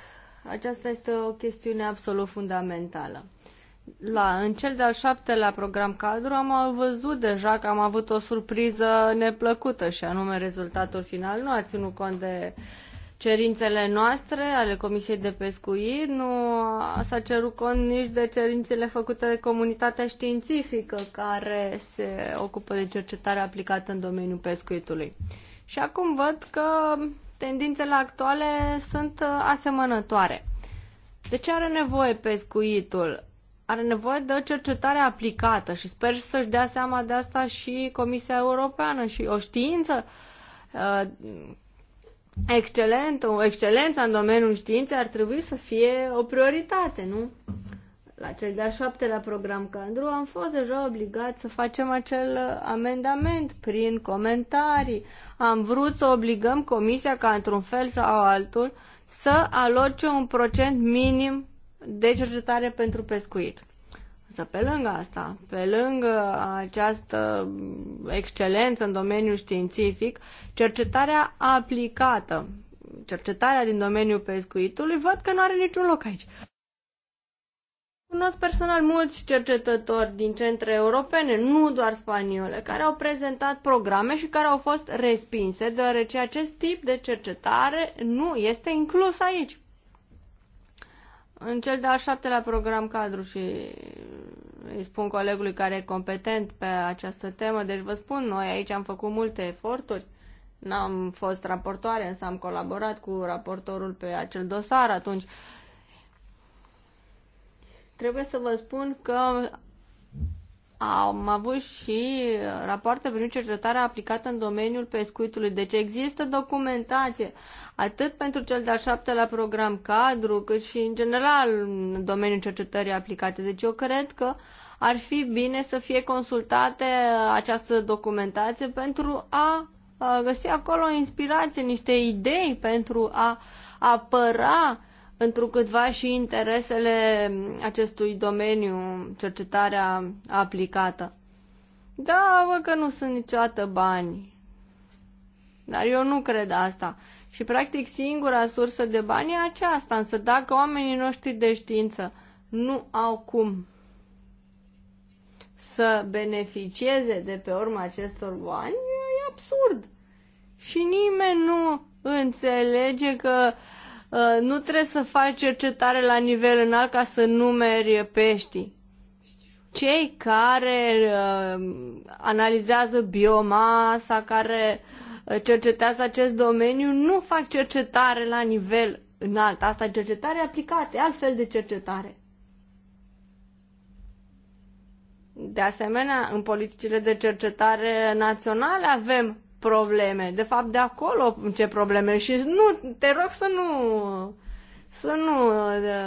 aceasta este o chestiune absolut fundamentală. La, în cel de-al șaptelea program cadru am văzut deja că am avut o surpriză neplăcută și anume rezultatul final nu a ținut cont de uh, cerințele noastre ale Comisiei de Pescuit, nu s-a cerut cont nici de cerințele făcute de comunitatea științifică care se ocupă de cercetare aplicată în domeniul pescuitului. Și acum văd că tendințele actuale sunt asemănătoare. De ce are nevoie pescuitul? Are nevoie de o cercetare aplicată și sper să-și dea seama de asta și Comisia Europeană și o știință uh, excelent, o excelență în domeniul științei ar trebui să fie o prioritate, nu? La cel de-al șaptelea program cadru am fost deja obligat să facem acel uh, amendament prin comentarii. Am vrut să obligăm comisia ca într-un fel sau altul să aloce un procent minim de cercetare pentru pescuit. Însă pe lângă asta, pe lângă această excelență în domeniul științific, cercetarea aplicată, cercetarea din domeniul pescuitului, văd că nu are niciun loc aici. Cunosc personal mulți cercetători din centre europene, nu doar spaniole, care au prezentat programe și care au fost respinse, deoarece acest tip de cercetare nu este inclus aici. În cel de-al șaptelea program cadru și îi spun colegului care e competent pe această temă, deci vă spun, noi aici am făcut multe eforturi, n-am fost raportoare, însă am colaborat cu raportorul pe acel dosar atunci. Trebuie să vă spun că am avut și rapoarte privind cercetarea aplicată în domeniul pescuitului. Deci există documentație atât pentru cel de-al șaptelea program cadru, cât și în general în domeniul cercetării aplicate. Deci eu cred că ar fi bine să fie consultate această documentație pentru a găsi acolo inspirație, niște idei pentru a apăra întrucâtva și interesele acestui domeniu, cercetarea aplicată. Da, vă că nu sunt niciodată bani. Dar eu nu cred asta. Și practic singura sursă de bani e aceasta, însă dacă oamenii noștri de știință nu au cum să beneficieze de pe urma acestor bani, e absurd. Și nimeni nu înțelege că uh, Uh, nu trebuie să faci cercetare la nivel înalt ca să numeri peștii. Cei care uh, analizează biomasa, care uh, cercetează acest domeniu, nu fac cercetare la nivel înalt. Asta e cercetare aplicată, altfel de cercetare. De asemenea, în politicile de cercetare naționale avem probleme. De fapt, de acolo ce probleme. Și nu, te rog să nu, să nu,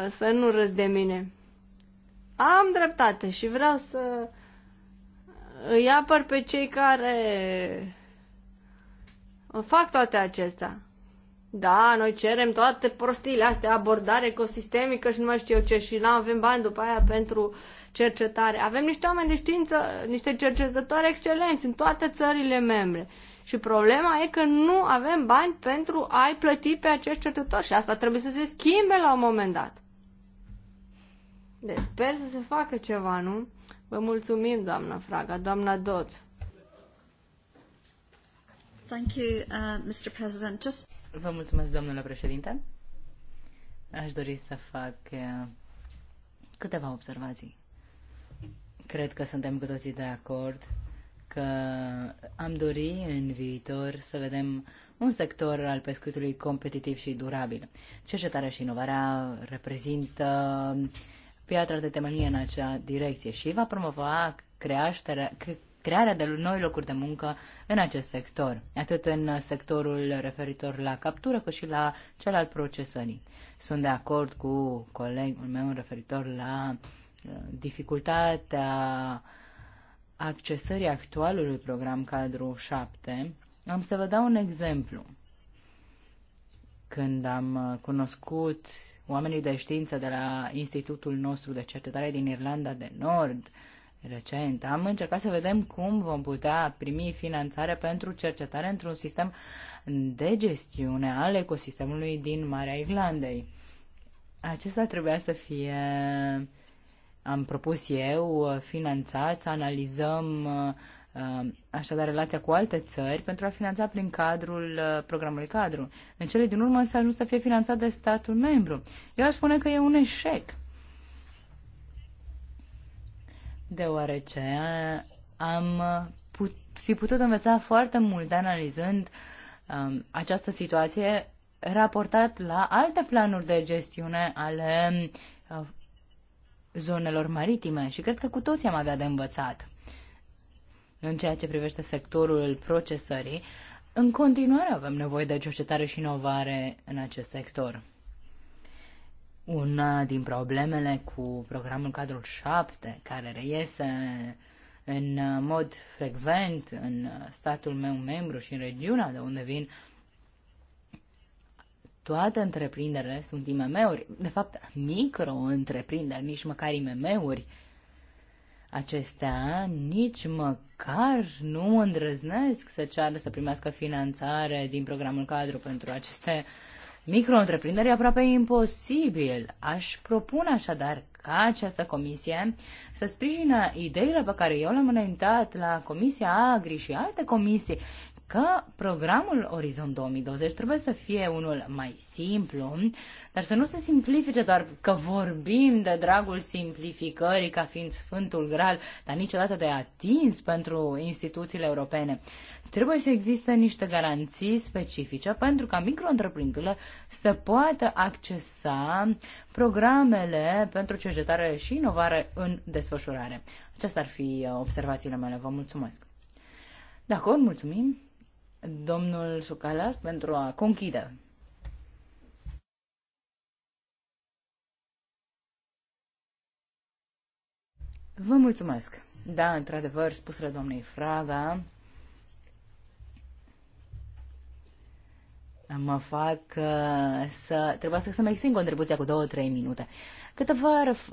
să nu râzi de mine. Am dreptate și vreau să îi apăr pe cei care fac toate acestea. Da, noi cerem toate prostiile astea, abordare ecosistemică și nu mai știu eu ce și nu avem bani după aia pentru cercetare. Avem niște oameni de știință, niște cercetători excelenți în toate țările membre. Și problema e că nu avem bani pentru a-i plăti pe acești cercetători și asta trebuie să se schimbe la un moment dat. Deci sper să se facă ceva, nu? Vă mulțumim, doamna Fraga, doamna Doț. Thank you, uh, Mr. President. Just... Vă mulțumesc, domnule președinte. Aș dori să fac uh, câteva observații. Cred că suntem cu toții de acord că am dori în viitor să vedem un sector al pescuitului competitiv și durabil. Cercetarea și inovarea reprezintă piatra de temelie în acea direcție și va promova creașterea, crearea de noi locuri de muncă în acest sector, atât în sectorul referitor la captură, cât și la cel al procesării. Sunt de acord cu colegul meu referitor la uh, dificultatea uh, accesării actualului program cadru 7, am să vă dau un exemplu. Când am uh, cunoscut oamenii de știință de la Institutul nostru de cercetare din Irlanda de Nord, recent, am încercat să vedem cum vom putea primi finanțare pentru cercetare într-un sistem de gestiune al ecosistemului din Marea Irlandei. Acesta trebuia să fie uh, am propus eu, să uh, analizăm uh, uh, așadar relația cu alte țări pentru a finanța prin cadrul programului cadru. În cele din urmă s-a ajuns să fie finanțat de statul membru. Eu aș spune că e un eșec. Deoarece am put, fi putut învăța foarte mult analizând um, această situație raportat la alte planuri de gestiune ale uh, zonelor maritime și cred că cu toții am avea de învățat în ceea ce privește sectorul procesării. În continuare avem nevoie de cercetare și inovare în acest sector. Una din problemele cu programul cadrul 7, care reiese în mod frecvent în statul meu membru și în regiunea de unde vin, toate întreprinderile sunt IMM-uri, de fapt micro-întreprinderi, nici măcar IMM-uri. Acestea nici măcar nu îndrăznesc să ceară să primească finanțare din programul cadru pentru aceste micro întreprinderi aproape imposibil. Aș propune așadar ca această comisie să sprijină ideile pe care eu le-am înaintat la Comisia Agri și alte comisii că programul Orizont 2020 trebuie să fie unul mai simplu, dar să nu se simplifice doar că vorbim de dragul simplificării ca fiind Sfântul Graal, dar niciodată de atins pentru instituțiile europene. Trebuie să existe niște garanții specifice pentru ca micro să poată accesa programele pentru cercetare și inovare în desfășurare. Acestea ar fi observațiile mele. Vă mulțumesc! De acord, mulțumim domnul Sucalas pentru a conchide. Vă mulțumesc. Da, într-adevăr, spusele doamnei Fraga, mă fac uh, să... Trebuia să, să extind contribuția cu două-trei minute. Câteva,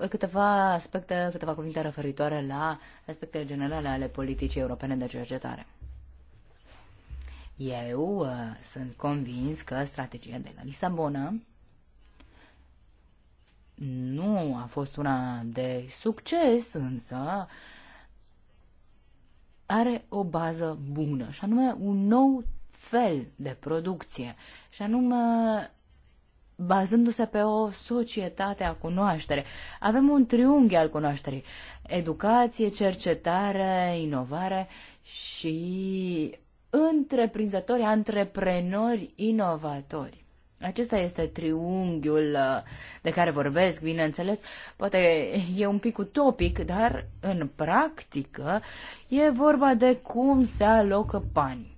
câteva aspecte, câteva cuvinte referitoare la aspectele generale ale politicii europene de cercetare. Eu uh, sunt convins că strategia de la Lisabona nu a fost una de succes, însă are o bază bună, și anume un nou fel de producție, și anume bazându-se pe o societate a cunoaștere. Avem un triunghi al cunoașterii. Educație, cercetare, inovare și întreprinzători, antreprenori inovatori. Acesta este triunghiul uh, de care vorbesc, bineînțeles. Poate e un pic utopic, dar în practică e vorba de cum se alocă bani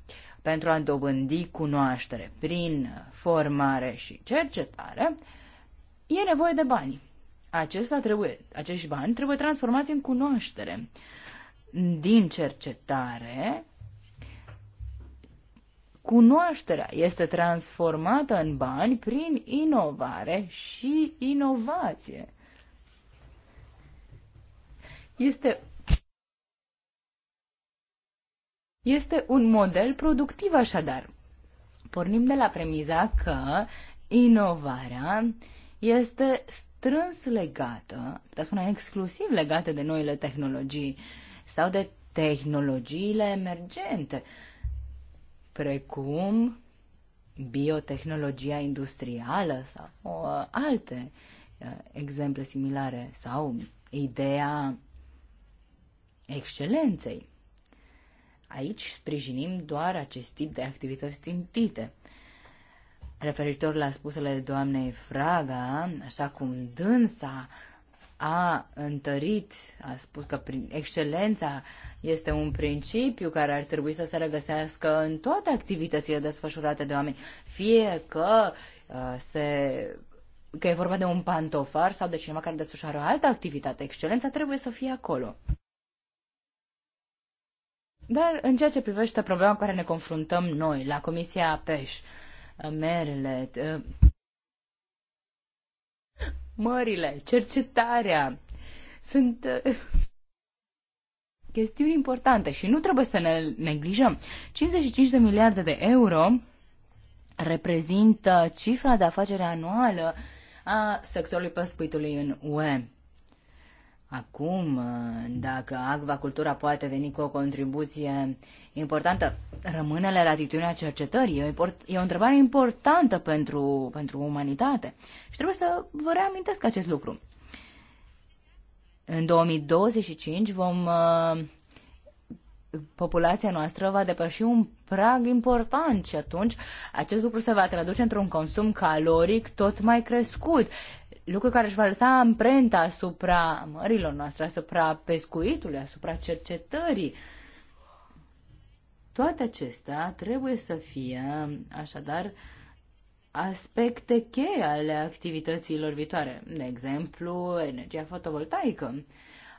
pentru a dobândi cunoaștere prin formare și cercetare, e nevoie de bani. Acesta trebuie, acești bani trebuie transformați în cunoaștere. Din cercetare cunoașterea este transformată în bani prin inovare și inovație. Este este un model productiv așadar. Pornim de la premiza că inovarea este strâns legată, putea spune exclusiv legată de noile tehnologii sau de tehnologiile emergente. Uh, precum biotehnologia industrială sau uh, alte uh, exemple similare sau ideea excelenței. Aici sprijinim doar acest tip de activități tintite. Referitor la spusele doamnei Fraga, așa cum dânsa a întărit, a spus că prin excelența este un principiu care ar trebui să se regăsească în toate activitățile desfășurate de oameni, fie că uh, se că e vorba de un pantofar sau de cineva care desfășoară o altă activitate. Excelența trebuie să fie acolo. Dar în ceea ce privește problema cu care ne confruntăm noi la Comisia PEș, merele, uh, mările, cercetarea. Sunt eh, chestiuni importante și nu trebuie să ne neglijăm. 55 de miliarde de euro reprezintă cifra de afacere anuală a sectorului pescuitului în UE. Acum, uh, dacă agvacultura poate veni cu o contribuție importantă, rămâne la latitudinea cercetării. E o, e o întrebare importantă pentru, pentru umanitate. Și trebuie să vă reamintesc acest lucru. În 2025 vom uh, populația noastră va depăși un prag important și atunci acest lucru se va traduce într-un consum caloric tot mai crescut lucru care își va lăsa amprenta asupra mărilor noastre, asupra pescuitului, asupra cercetării. Toate acestea trebuie să fie, așadar, aspecte cheie ale activităților viitoare, de exemplu, energia fotovoltaică.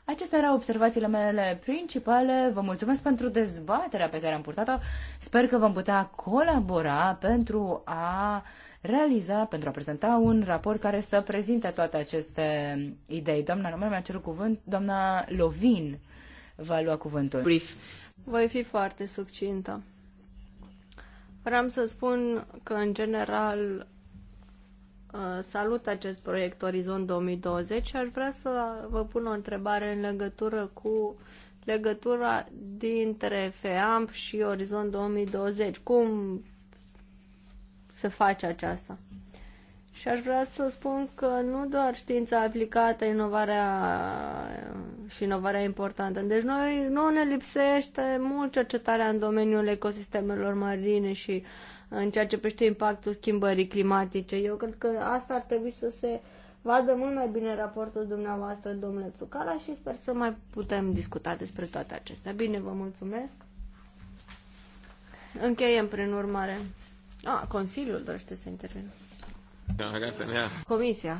Acestea erau observațiile mele principale. Vă mulțumesc pentru dezbaterea pe care am purtat-o. Sper că vom putea colabora pentru a realiza, pentru a prezenta un raport care să prezinte toate aceste idei. Doamna Roman mi-a cerut cuvânt, doamna Lovin va lua cuvântul. Brief. Voi fi foarte subcintă. Vreau să spun că, în general, uh, salut acest proiect Orizont 2020 și aș vrea să vă pun o întrebare în legătură cu legătura dintre FEAMP și Orizont 2020. Cum se face aceasta. Și aș vrea să spun că nu doar știința aplicată, inovarea uh, și inovarea importantă. Deci noi nu ne lipsește mult cercetarea în domeniul ecosistemelor marine și uh, în ceea ce pește impactul schimbării climatice. Eu cred că asta ar trebui să se vadă mult mai bine raportul dumneavoastră, domnule Tsucala, și sper să mai putem discuta despre toate acestea. Bine, vă mulțumesc. Încheiem prin urmare. A, Consiliul dorește să intervină. Da, Comisia.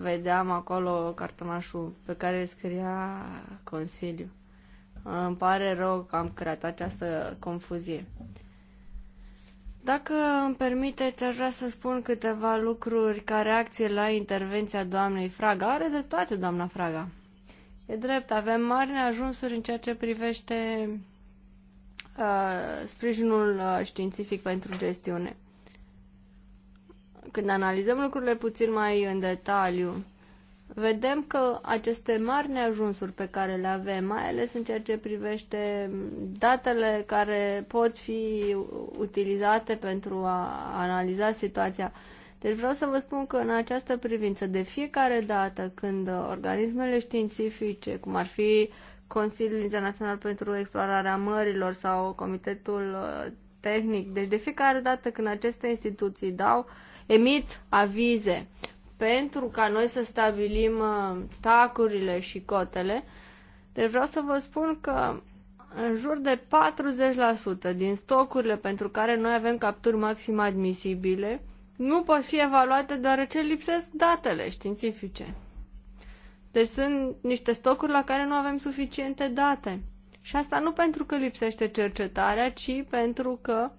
Vedeam acolo cartonașul pe care scria Consiliu. Îmi pare rău că am creat această confuzie. Dacă îmi permiteți, aș vrea să spun câteva lucruri ca reacție la intervenția doamnei Fraga. Are dreptate doamna Fraga. E drept, avem mari neajunsuri în ceea ce privește Uh, sprijinul uh, științific pentru gestiune. Când analizăm lucrurile puțin mai în detaliu, vedem că aceste mari neajunsuri pe care le avem, mai ales în ceea ce privește datele care pot fi utilizate pentru a analiza situația. Deci vreau să vă spun că în această privință, de fiecare dată când organismele științifice, cum ar fi Consiliul Internațional pentru Explorarea Mărilor sau Comitetul uh, Tehnic. Deci de fiecare dată când aceste instituții dau, emit avize pentru ca noi să stabilim uh, tacurile și cotele. Deci vreau să vă spun că în jur de 40% din stocurile pentru care noi avem capturi maxim admisibile nu pot fi evaluate deoarece lipsesc datele științifice. Deci sunt niște stocuri la care nu avem suficiente date. Și asta nu pentru că lipsește cercetarea, ci pentru că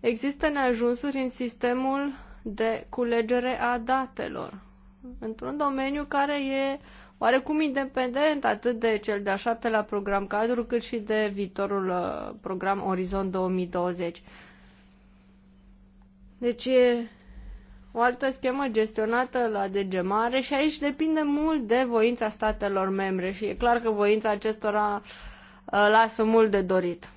există neajunsuri în sistemul de culegere a datelor. Într-un domeniu care e oarecum independent atât de cel de-a șaptelea program cadru, cât și de viitorul uh, program Orizont 2020. Deci e o altă schemă gestionată la DG Mare și aici depinde mult de voința statelor membre și e clar că voința acestora ă, lasă mult de dorit.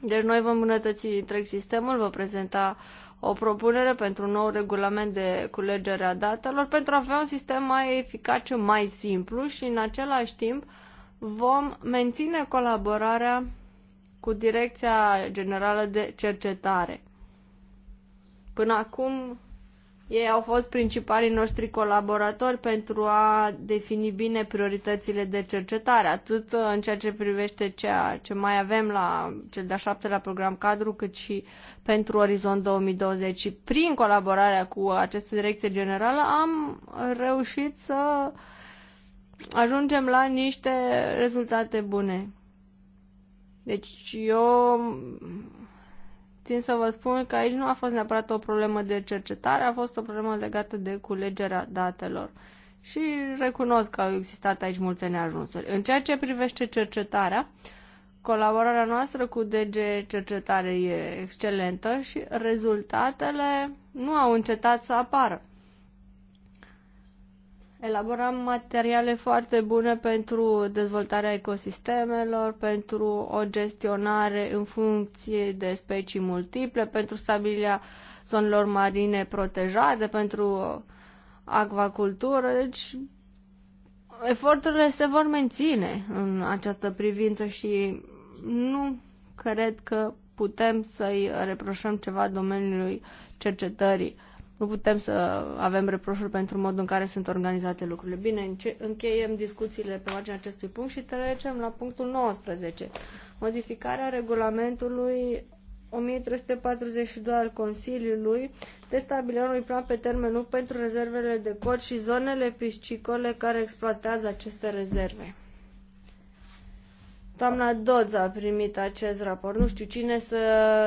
Deci noi vom îmbunătăți întreg sistemul, vă prezenta o propunere pentru un nou regulament de culegere a datelor pentru a avea un sistem mai eficace, mai simplu și în același timp vom menține colaborarea cu Direcția Generală de Cercetare Până acum, ei au fost principalii noștri colaboratori pentru a defini bine prioritățile de cercetare, atât în ceea ce privește ceea ce mai avem la cel de-a șaptelea program cadru, cât și pentru Orizont 2020. Și prin colaborarea cu această direcție generală am reușit să ajungem la niște rezultate bune. Deci eu țin să vă spun că aici nu a fost neapărat o problemă de cercetare, a fost o problemă legată de culegerea datelor. Și recunosc că au existat aici multe neajunsuri. În ceea ce privește cercetarea, colaborarea noastră cu DG Cercetare e excelentă și rezultatele nu au încetat să apară. Elaborăm materiale foarte bune pentru dezvoltarea ecosistemelor, pentru o gestionare în funcție de specii multiple, pentru stabilirea zonelor marine protejate, pentru acvacultură. Deci eforturile se vor menține în această privință și nu cred că putem să-i reproșăm ceva domeniului cercetării nu putem să avem reproșuri pentru modul în care sunt organizate lucrurile. Bine, încheiem discuțiile pe marginea acestui punct și trecem la punctul 19. Modificarea regulamentului 1342 al Consiliului de stabilire unui plan pe termen lung pentru rezervele de cot și zonele piscicole care exploatează aceste rezerve. Doamna Doza a primit acest raport. Nu știu cine să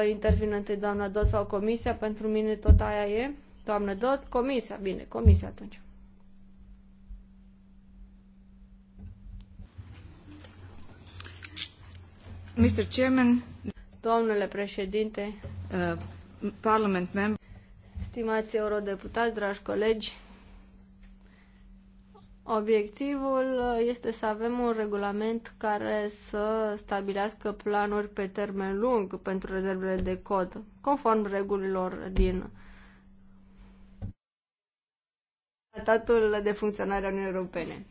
intervină întâi, doamna Doza sau comisia. Pentru mine tot aia e. Doamnă Doț, comisia, bine, comisia atunci. Mr. Chairman, Domnule președinte, uh, Parliament member, stimați eurodeputați, dragi colegi, Obiectivul uh, este să avem un regulament care să stabilească planuri pe termen lung pentru rezervele de cod, conform regulilor din Tratatul de funcționare a Uniunii Europene.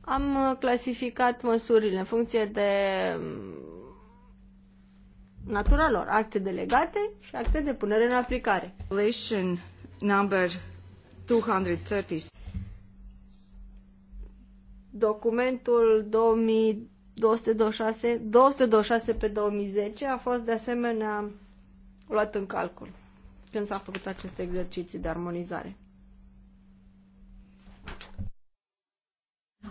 Am uh, clasificat măsurile în funcție de um, natura lor, acte delegate și acte de punere în aplicare. Relation number 230. Documentul 2000 226, 226 pe 2010 a fost de asemenea luat în calcul când s-a făcut aceste exerciții de armonizare.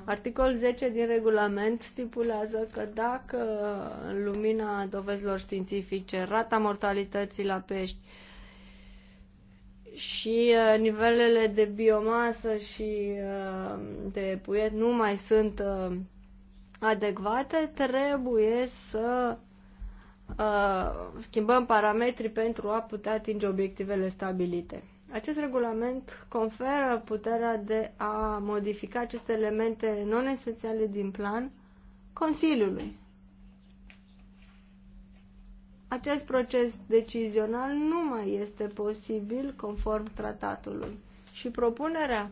Articol 10 din regulament stipulează că dacă în lumina dovezilor științifice rata mortalității la pești și uh, nivelele de biomasă și uh, de puiet nu mai sunt uh, adecvate, trebuie să uh, schimbăm parametrii pentru a putea atinge obiectivele stabilite. Acest regulament conferă puterea de a modifica aceste elemente non-esențiale din plan Consiliului. Acest proces decizional nu mai este posibil conform tratatului și propunerea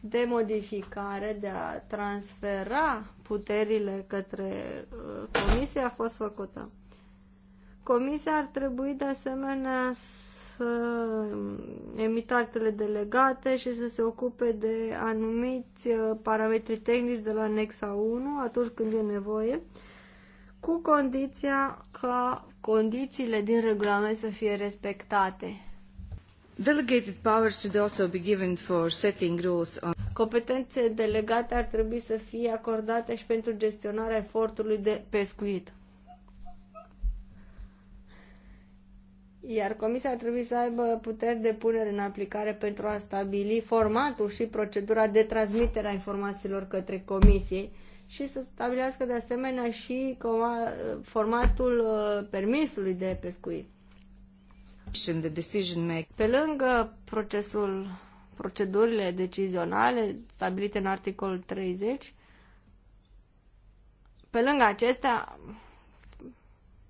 de modificare, de a transfera puterile către uh, comisie a fost făcută. Comisia ar trebui de asemenea să emită actele delegate și să se ocupe de anumiți uh, parametri tehnici de la Nexa 1 atunci când e nevoie, cu condiția ca condițiile din regulament să fie respectate. Delegated powers should also be given for setting rules on Competențe delegate ar trebui să fie acordate și pentru gestionarea efortului de pescuit. Iar comisia ar trebui să aibă puteri de punere în aplicare pentru a stabili formatul și procedura de transmitere a informațiilor către comisiei și să stabilească de asemenea și formatul uh, permisului de pescuit. Pe lângă procesul, procedurile decizionale stabilite în articolul 30, pe lângă acestea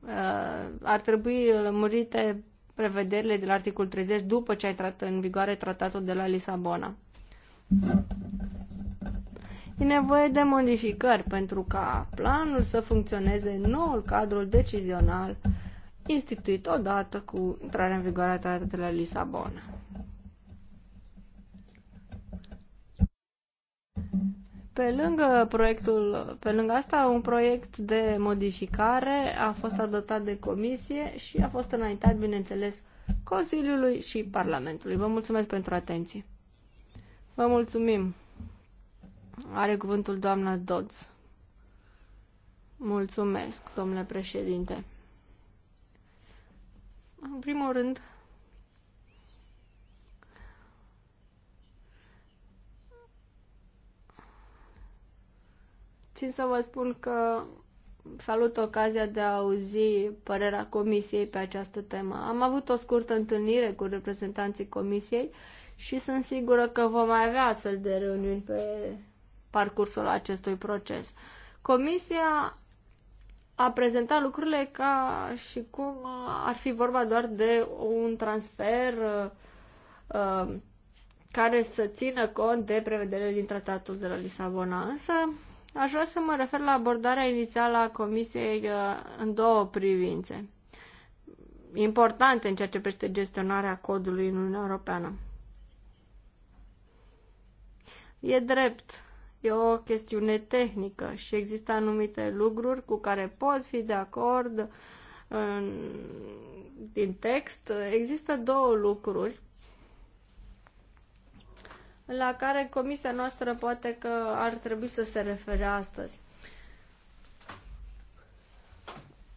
uh, ar trebui lămurite prevederile de la articolul 30 după ce a intrat în vigoare tratatul de la Lisabona. E nevoie de modificări pentru ca planul să funcționeze în noul cadrul decizional uh, instituit odată cu intrarea în vigoare a tratatului de la Lisabona. Pe lângă proiectul, pe lângă asta, un proiect de modificare a fost adoptat de comisie și a fost înaintat, bineînțeles, Consiliului și Parlamentului. Vă mulțumesc pentru atenție. Vă mulțumim. Are cuvântul doamna Dodds. Mulțumesc, domnule președinte. În primul rând, țin să vă spun că salut ocazia de a auzi părerea Comisiei pe această temă. Am avut o scurtă întâlnire cu reprezentanții Comisiei și sunt sigură că vom mai avea astfel de reuniuni pe parcursul acestui proces. Comisia a prezenta lucrurile ca și cum ar fi vorba doar de un transfer uh, care să țină cont de prevederile din tratatul de la Lisabona. Însă aș vrea să mă refer la abordarea inițială a Comisiei uh, în două privințe importante în ceea ce privește gestionarea codului în Uniunea Europeană. E drept E o chestiune tehnică și există anumite lucruri cu care pot fi de acord în, din text. Există două lucruri la care comisia noastră poate că ar trebui să se refere astăzi.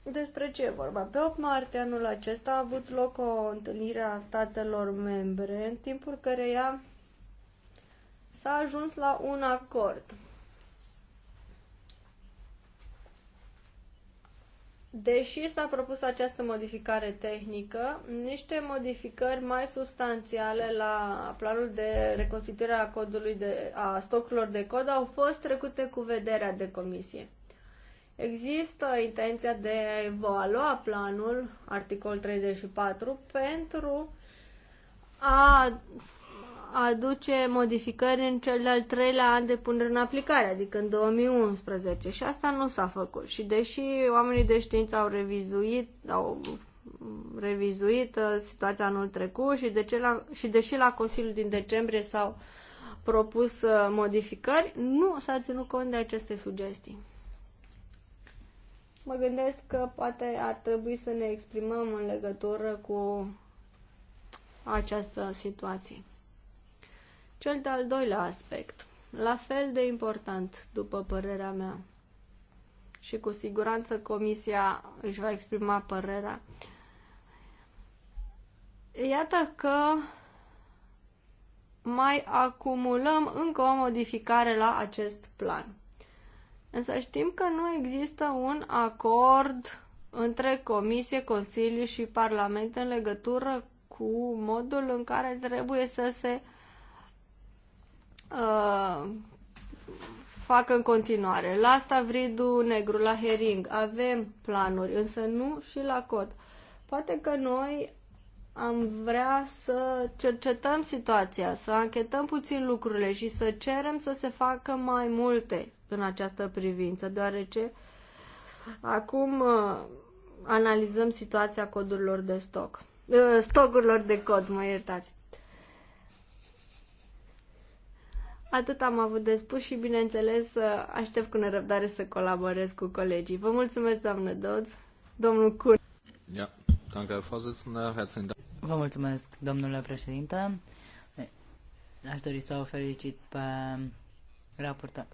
Despre ce e vorba? Pe 8 martie anul acesta a avut loc o întâlnire a statelor membre, în timpul căreia s-a ajuns la un acord. Deși s-a propus această modificare tehnică, niște modificări mai substanțiale la planul de reconstituire a, codului de, a stocurilor de cod au fost trecute cu vederea de comisie. Există intenția de a evalua planul, articol 34, pentru a aduce modificări în cel de-al treilea an de punere în aplicare, adică în 2011. Și asta nu s-a făcut. Și deși oamenii de știință au revizuit, au revizuit uh, situația anul trecut și, de ce la, și deși la Consiliul din decembrie s-au propus uh, modificări, nu s-a ținut cont de aceste sugestii. Mă gândesc că poate ar trebui să ne exprimăm în legătură cu această situație. Cel de-al doilea aspect, la fel de important, după părerea mea, și cu siguranță comisia își va exprima părerea. Iată că mai acumulăm încă o modificare la acest plan. Însă știm că nu există un acord între Comisie, Consiliu și Parlament în legătură cu modul în care trebuie să se Uh, fac în continuare. La Stavridu Negru, la Hering, avem planuri, însă nu și la Cot. Poate că noi am vrea să cercetăm situația, să anchetăm puțin lucrurile și să cerem să se facă mai multe în această privință, deoarece acum uh, analizăm situația codurilor de stoc. Uh, stocurilor de cod, mă iertați. Atât am avut de spus și, bineînțeles, aștept cu nerăbdare să colaborez cu colegii. Vă mulțumesc, doamnă Dodz, domnul Cur. Ja, danke, Vă mulțumesc, domnule președinte. Aș dori să o felicit pe raporta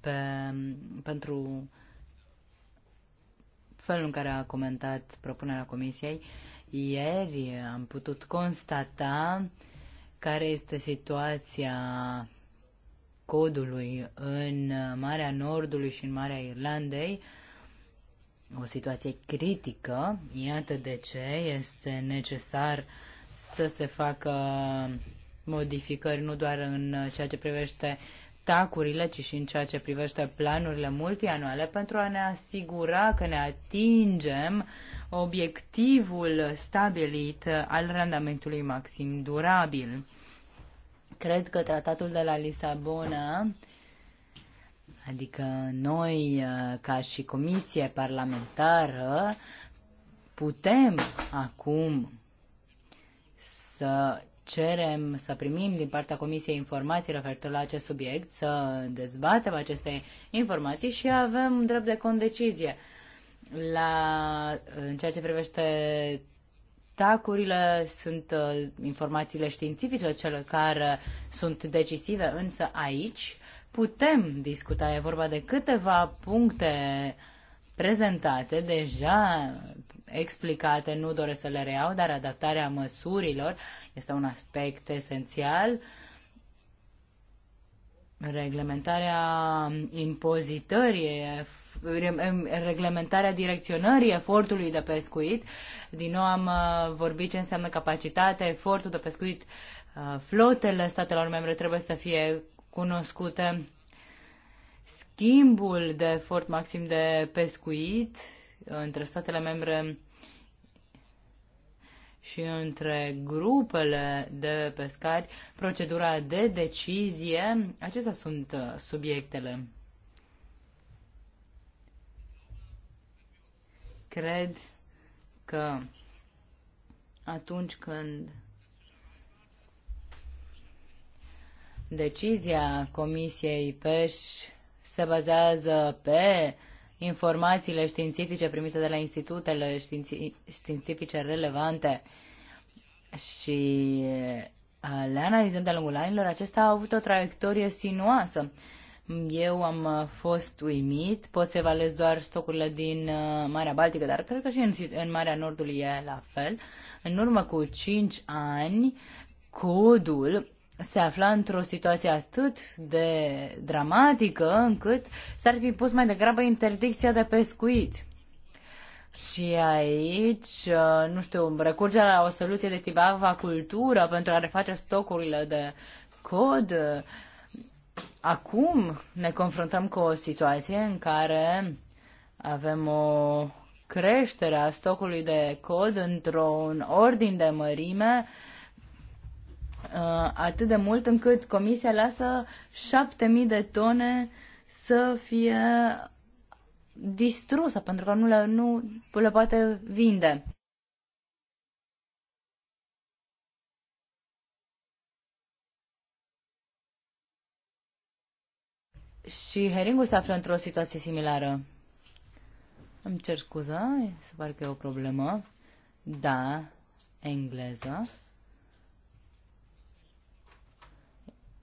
pe, pentru felul în care a comentat propunerea comisiei. Ieri am putut constata uh, care este situația codului în Marea Nordului și în Marea Irlandei, o situație critică. Iată de ce este necesar să se facă modificări nu doar în ceea ce privește tacurile, ci și în ceea ce privește planurile multianuale, pentru a ne asigura că ne atingem obiectivul stabilit al randamentului maxim durabil. Cred că tratatul de la Lisabona, adică noi ca și comisie parlamentară, putem acum să cerem să primim din partea Comisiei informații referitor la acest subiect, să dezbatem aceste informații și avem drept de condecizie. La, în ceea ce privește tacurile, sunt uh, informațiile științifice cele care sunt decisive, însă aici putem discuta. E vorba de câteva puncte prezentate deja explicate, nu doresc să le reiau, dar adaptarea măsurilor este un aspect esențial. Reglementarea impozitării, reglementarea direcționării efortului de pescuit. Din nou am uh, vorbit ce înseamnă capacitate, efortul de pescuit, uh, flotele statelor membre trebuie să fie cunoscute schimbul de efort maxim de pescuit între statele membre și între grupele de pescari, procedura de decizie, acestea sunt uh, subiectele. Cred că atunci când decizia Comisiei PEș se bazează pe informațiile științifice primite de la institutele științifice relevante și eh, le analizăm de-a lungul anilor, acesta a avut o traiectorie sinuoasă. Eu am eh, fost uimit, pot să evalez doar stocurile din eh, Marea Baltică, dar cred că și în, în Marea Nordului e la fel. În urmă cu 5 ani, codul se afla într-o situație atât de dramatică încât s-ar fi pus mai degrabă interdicția de pescuit. Și aici, uh, nu știu, recurge la o soluție de tip avacultură pentru a reface stocurile de cod. Acum ne confruntăm cu o situație în care avem o creștere a stocului de cod într-un ordin de mărime uh, Uh, atât de mult încât Comisia lasă 7000 de tone să fie distrusă pentru că nu le, nu le poate vinde. Și heringul se află într-o situație similară. Îmi cer scuză, se pare că e o problemă. Da, engleză.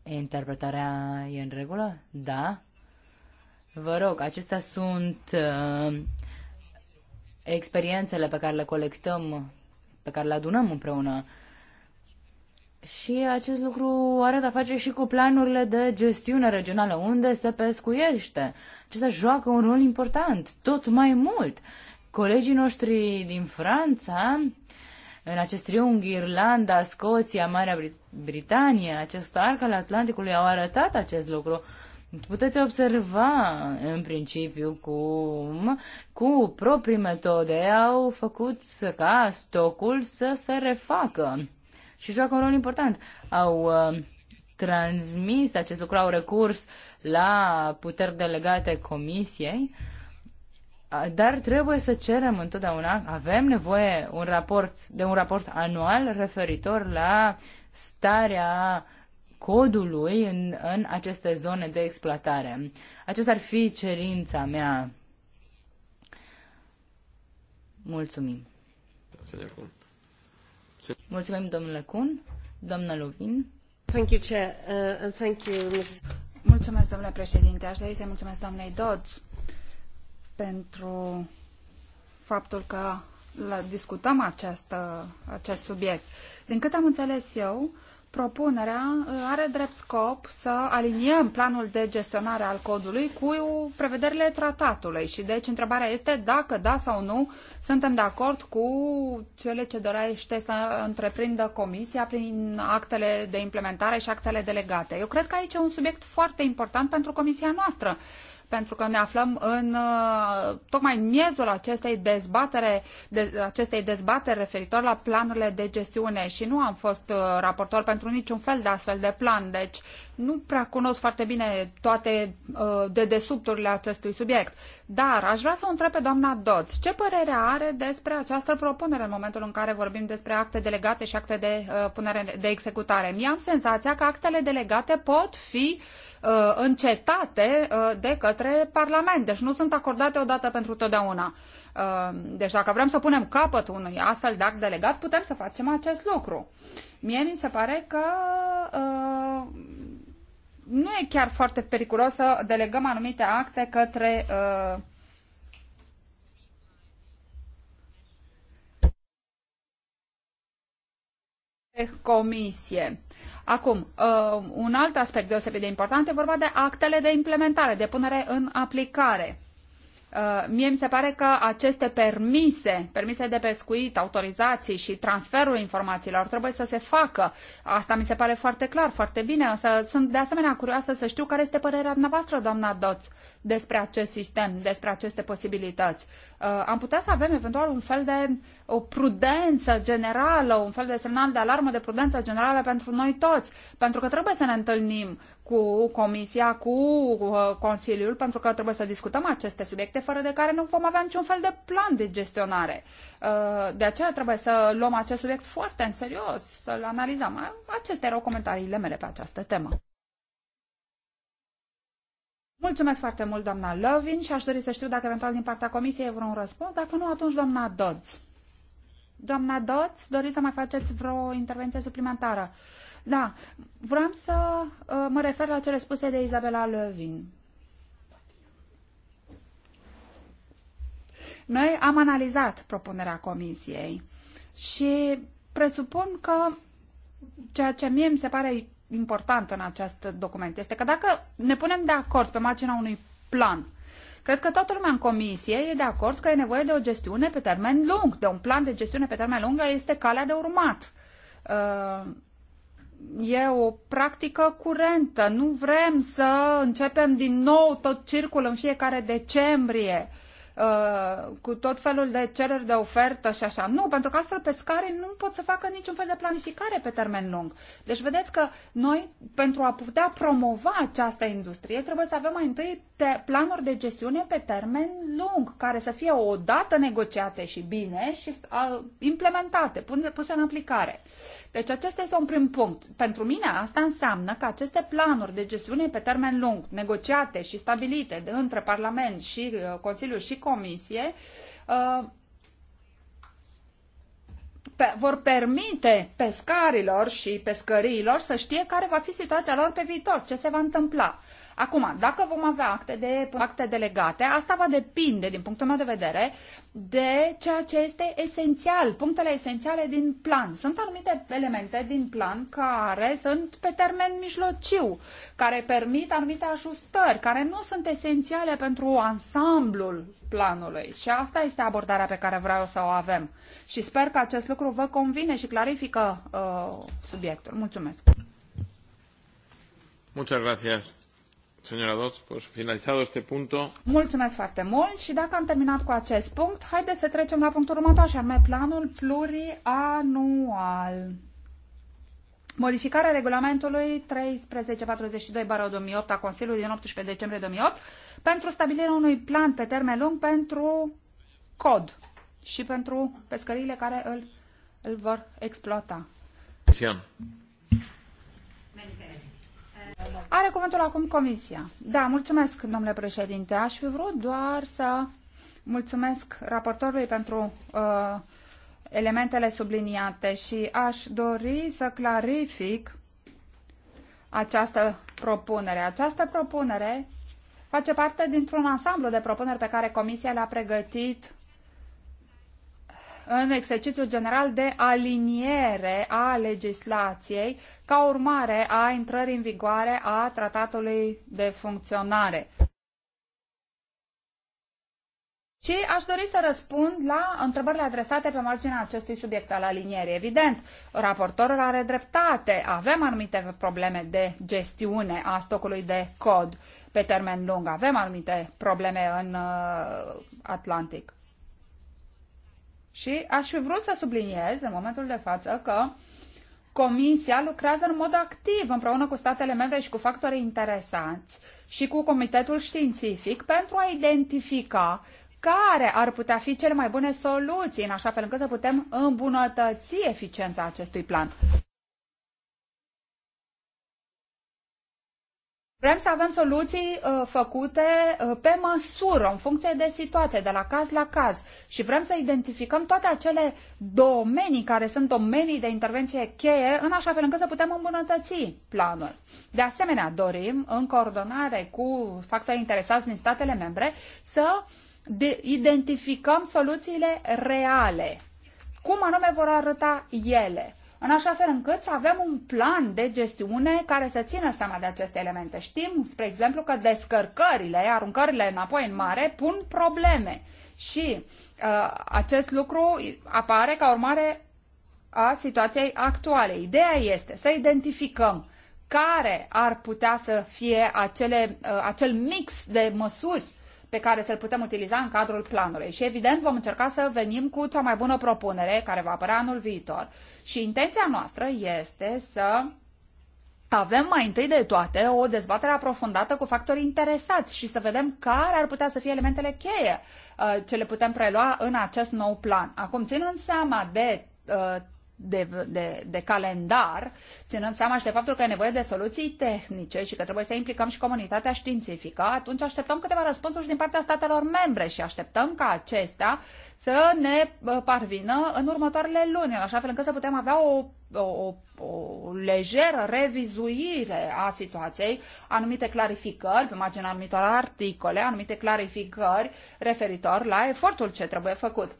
Interpretarea e în regulă? Da. Vă rog, acestea sunt uh, experiențele pe care le colectăm, pe care le adunăm împreună. Și acest lucru are de-a face și cu planurile de gestiune regională, unde se pescuiește. Acesta joacă un rol important, tot mai mult. Colegii noștri din Franța în acest triunghi Irlanda, Scoția, Marea Brit- Britanie, acest arc al Atlanticului au arătat acest lucru. Puteți observa, în principiu, cum cu proprii metode au făcut ca stocul să se refacă și joacă un rol important. Au uh, transmis acest lucru, au recurs la puteri delegate comisiei uh, dar trebuie să cerem întotdeauna, avem nevoie un raport, de un raport anual referitor la starea codului în, în aceste zone de exploatare. Aceasta ar fi cerința mea. Mulțumim. Mulțumim, domnule Kun. Doamna Lovin. Thank you, Chair, uh, and thank you, Mrs. Mulțumesc, domnule președinte. Aș dori să mulțumesc doamnei Dodds pentru faptul că discutăm această, acest subiect. Din câte am înțeles eu, propunerea uh, are drept scop să aliniem planul de gestionare al codului cu prevederile tratatului și deci întrebarea este dacă da sau nu suntem de acord cu cele ce dorește să întreprindă Comisia prin actele de implementare și actele delegate. Eu cred că aici e un subiect foarte important pentru Comisia noastră pentru că ne aflăm în uh, tocmai în miezul acestei dezbatere, de, acestei dezbatere referitor la planurile de gestiune și nu am fost uh, raportor pentru niciun fel de astfel de plan. Deci nu prea cunosc foarte bine toate uh, dedesubturile acestui subiect, dar aș vrea să o întreb pe doamna Dodds ce părere are despre această propunere în momentul în care vorbim despre acte delegate și acte de uh, punere de executare. Mi am senzația că actele delegate pot fi uh, încetate uh, de către Parlament, deci nu sunt acordate odată pentru totdeauna. Uh, deci dacă vrem să punem capăt unui astfel de act delegat, putem să facem acest lucru. Mie mi se pare că uh, nu e chiar foarte periculos să delegăm anumite acte către uh, comisie. Acum, uh, un alt aspect deosebit de important e vorba de actele de implementare, de punere în aplicare. Uh, mie mi se pare că aceste permise, permise de pescuit, autorizații și transferul informațiilor trebuie să se facă. Asta mi se pare foarte clar, foarte bine. Însă sunt de asemenea curioasă să știu care este părerea dumneavoastră, doamna Doț, despre acest sistem, despre aceste posibilități. Uh, am putea să avem eventual un fel de o prudență generală, un fel de semnal de alarmă de prudență generală pentru noi toți, pentru că trebuie să ne întâlnim cu Comisia, cu uh, Consiliul, pentru că trebuie să discutăm aceste subiecte fără de care nu vom avea niciun fel de plan de gestionare. Uh, de aceea trebuie să luăm acest subiect foarte în serios, să-l analizăm. Acestea erau comentariile mele pe această temă. Mulțumesc foarte mult, doamna Lovin, și aș dori să știu dacă eventual din partea comisiei e vreun răspuns. Dacă nu, atunci doamna Dodds. Doamna Dodds, doriți să mai faceți vreo intervenție suplimentară? Da, vreau să uh, mă refer la cele spuse de Isabela Lovin. Noi am analizat propunerea comisiei și presupun că ceea ce mie mi se pare important în acest document este că dacă ne punem de acord pe marginea unui plan, cred că toată lumea în comisie e de acord că e nevoie de o gestiune pe termen lung, de un plan de gestiune pe termen lung este calea de urmat. Uh, e o practică curentă. Nu vrem să începem din nou tot circul în fiecare decembrie. Uh, cu tot felul de cereri de ofertă și așa. Nu, pentru că altfel pescarii nu pot să facă niciun fel de planificare pe termen lung. Deci vedeți că noi, pentru a putea promova această industrie, trebuie să avem mai întâi planuri de gestiune pe termen lung, care să fie odată negociate și bine și uh, implementate, puse în aplicare. Deci acesta este un prim punct. Pentru mine asta înseamnă că aceste planuri de gestiune pe termen lung, negociate și stabilite de între Parlament și uh, Consiliu și Comisie, uh, pe, vor permite pescarilor și pescăriilor să știe care va fi situația lor pe viitor, ce se va întâmpla. Acum, dacă vom avea acte, de, acte delegate, asta va depinde, din punctul meu de vedere, de ceea ce este esențial, punctele esențiale din plan. Sunt anumite elemente din plan care sunt pe termen mijlociu, care permit anumite ajustări, care nu sunt esențiale pentru ansamblul planului. Și asta este abordarea pe care vreau să o avem. Și sper că acest lucru vă convine și clarifică uh, subiectul. Mulțumesc! Muchas gracias. Señora Dodds, pues finalizado este punto. Mulțumesc foarte mult și dacă am terminat cu acest punct, haideți să trecem la punctul următor și anume planul plurianual. Modificarea regulamentului 1342-2008 a Consiliului din 18 decembrie 2008 pentru stabilirea unui plan pe termen lung pentru cod și pentru pescăriile care îl, îl vor exploata. Siam. Are cuvântul acum Comisia. Da, mulțumesc, domnule președinte. Aș fi vrut doar să mulțumesc raportorului pentru uh, elementele subliniate și aș dori să clarific această propunere. Această propunere face parte dintr-un ansamblu de propuneri pe care Comisia le-a pregătit în exercițiul general de aliniere a legislației ca urmare a intrării în vigoare a tratatului de funcționare. Și aș dori să răspund la întrebările adresate pe marginea acestui subiect al alinierii. Evident, raportorul are dreptate, avem anumite probleme de gestiune a stocului de cod pe termen lung, avem anumite probleme în uh, Atlantic. Și aș fi vrut să subliniez în momentul de față că Comisia lucrează în mod activ împreună cu statele membre și cu factorii interesanți și cu Comitetul Științific pentru a identifica care ar putea fi cele mai bune soluții, în așa fel încât să putem îmbunătăți eficiența acestui plan. Vrem să avem soluții uh, făcute uh, pe măsură, în funcție de situație, de la caz la caz. Și vrem să identificăm toate acele domenii care sunt domenii de intervenție cheie, în așa fel încât să putem îmbunătăți planul. De asemenea, dorim, în coordonare cu factorii interesați din statele membre, să identificăm soluțiile reale. Cum anume vor arăta ele? în așa fel încât să avem un plan de gestiune care să țină seama de aceste elemente. Știm, spre exemplu, că descărcările, aruncările înapoi în mare, pun probleme și uh, acest lucru apare ca urmare a situației actuale. Ideea este să identificăm care ar putea să fie acele, uh, acel mix de măsuri pe care să-l putem utiliza în cadrul planului. Și evident vom încerca să venim cu cea mai bună propunere care va apărea anul viitor. Și intenția noastră este să avem mai întâi de toate o dezbatere aprofundată cu factorii interesați și să vedem care ar putea să fie elementele cheie uh, ce le putem prelua în acest nou plan. Acum, ținând seama de uh, de, de, de calendar, ținând seama și de faptul că e nevoie de soluții tehnice și că trebuie să implicăm și comunitatea științifică, atunci așteptăm câteva răspunsuri din partea statelor membre și așteptăm ca acestea să ne parvină în următoarele luni, în așa fel încât să putem avea o o, o lejeră revizuire a situației, anumite clarificări pe marginea anumitor articole, anumite clarificări referitor la efortul ce trebuie făcut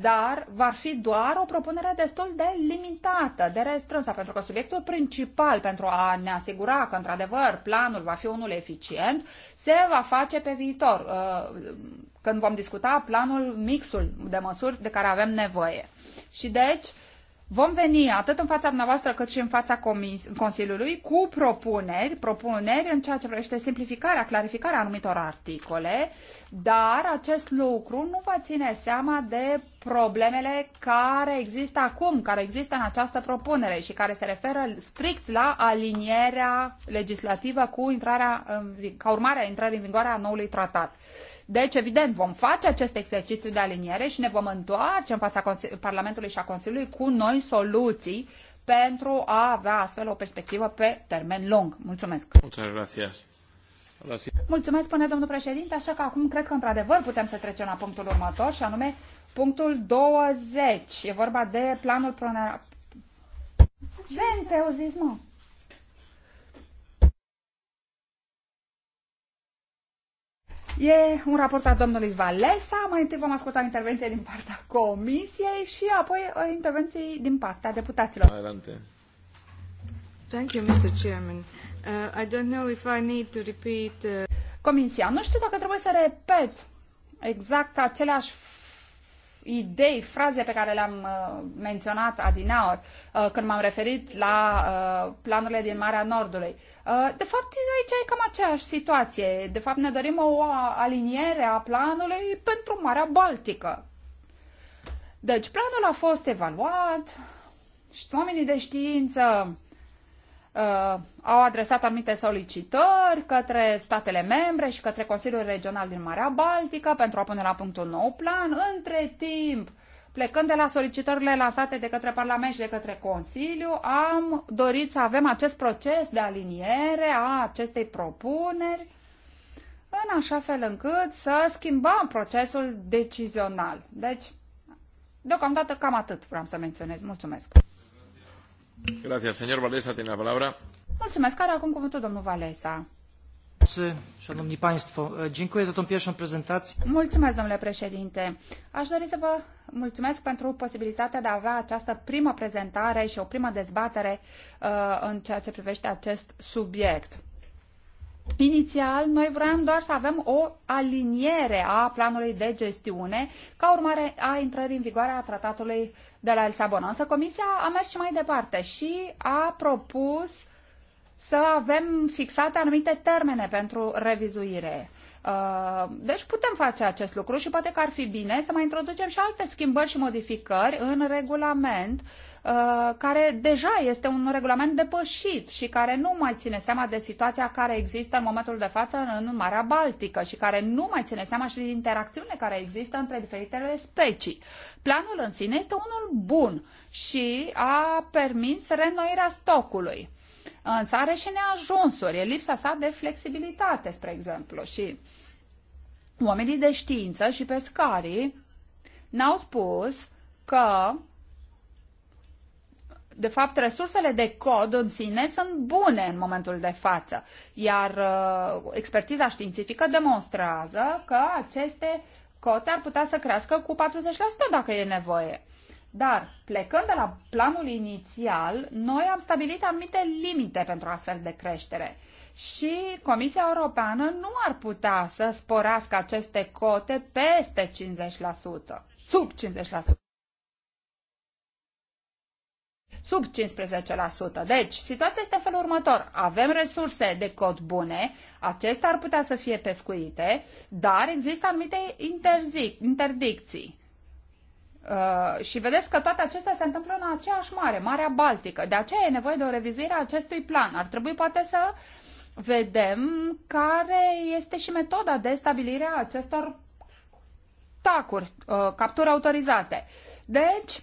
dar va fi doar o propunere destul de limitată, de restrânsă, pentru că subiectul principal pentru a ne asigura că, într-adevăr, planul va fi unul eficient, se va face pe viitor, uh, când vom discuta planul, mixul de măsuri de care avem nevoie. Și deci, Vom veni atât în fața dumneavoastră cât și în fața comis- Consiliului cu propuneri, propuneri în ceea ce privește simplificarea, clarificarea anumitor articole, dar acest lucru nu va ține seama de problemele care există acum, care există în această propunere și care se referă strict la alinierea legislativă cu intrarea, ca urmare a intrării în vigoare a noului tratat. Deci, evident, vom face acest exercițiu de aliniere și ne vom întoarce în fața Parlamentului și a Consiliului cu noi soluții pentru a avea astfel o perspectivă pe termen lung. Mulțumesc! Mulțumesc! Mulțumesc, până, domnul președinte, așa că acum cred că într-adevăr putem să trecem la punctul următor și anume punctul 20. E vorba de planul pronera... Vente, o zis, mă. E un raport al domnului Valesa, mai întâi vom asculta intervenție din partea comisiei și apoi uh, intervenții din partea deputaților. Adelante. Thank you, Mr. Chairman. Uh, I don't know if I need to repeat... Uh... Comisia, nu știu dacă trebuie să repet exact aceleași idei, fraze pe care le-am uh, menționat adinaori uh, când m-am referit la uh, planurile din Marea Nordului. de fapt, aici e cam aceeași situație. De fapt, ne dorim o aliniere a planului pentru Marea Baltică. Deci, planul a fost evaluat și oamenii de știință uh, au adresat anumite solicitări către statele membre și către Consiliul Regional din Marea Baltică pentru a pune la punct un nou plan. Între timp, plecând de la solicitările lansate de către Parlament și de către Consiliu, am dorit să avem acest proces de aliniere a acestei propuneri în așa fel încât să schimbăm procesul decizional. Deci, deocamdată cam atât vreau să menționez. Mulțumesc! Mulțumesc, Gracias, señor Valesa, tiene la palabra. Mulțumesc, are acum cuvântul domnul Valesa. Mulțumesc, domnule președinte. Aș dori să vă mulțumesc pentru posibilitatea de a avea această primă prezentare și o primă dezbatere uh, în ceea ce privește acest subiect. Inițial, noi vrem doar să avem o aliniere a planului de gestiune ca urmare a intrării în vigoare a tratatului de la Lisabona. Însă Comisia a mers și mai departe și a propus să avem fixate anumite termene pentru revizuire. Uh, deci putem face acest lucru și poate că ar fi bine să mai introducem și alte schimbări și modificări în regulament Uh, care deja este un regulament depășit și care nu mai ține seama de situația care există în momentul de față în Marea Baltică și care nu mai ține seama și de interacțiune care există între diferitele specii. Planul în sine este unul bun și a permis reînnoirea stocului. Însă are și neajunsuri, e lipsa sa de flexibilitate, spre exemplu. Și oamenii de știință și pescarii n-au spus că de fapt, resursele de cod în sine sunt bune în momentul de față, iar uh, expertiza științifică demonstrează că aceste cote ar putea să crească cu 40% dacă e nevoie. Dar, plecând de la planul inițial, noi am stabilit anumite limite pentru astfel de creștere și Comisia Europeană nu ar putea să sporească aceste cote peste 50%, sub 50% sub 15%. Deci, situația este în felul următor. Avem resurse de cod bune, acestea ar putea să fie pescuite, dar există anumite interzic, interdicții. Uh, și vedeți că toate acestea se întâmplă în aceeași mare, Marea Baltică. De aceea e nevoie de o revizuire a acestui plan. Ar trebui poate să vedem care este și metoda de stabilire a acestor tacuri, uh, capturi autorizate. Deci,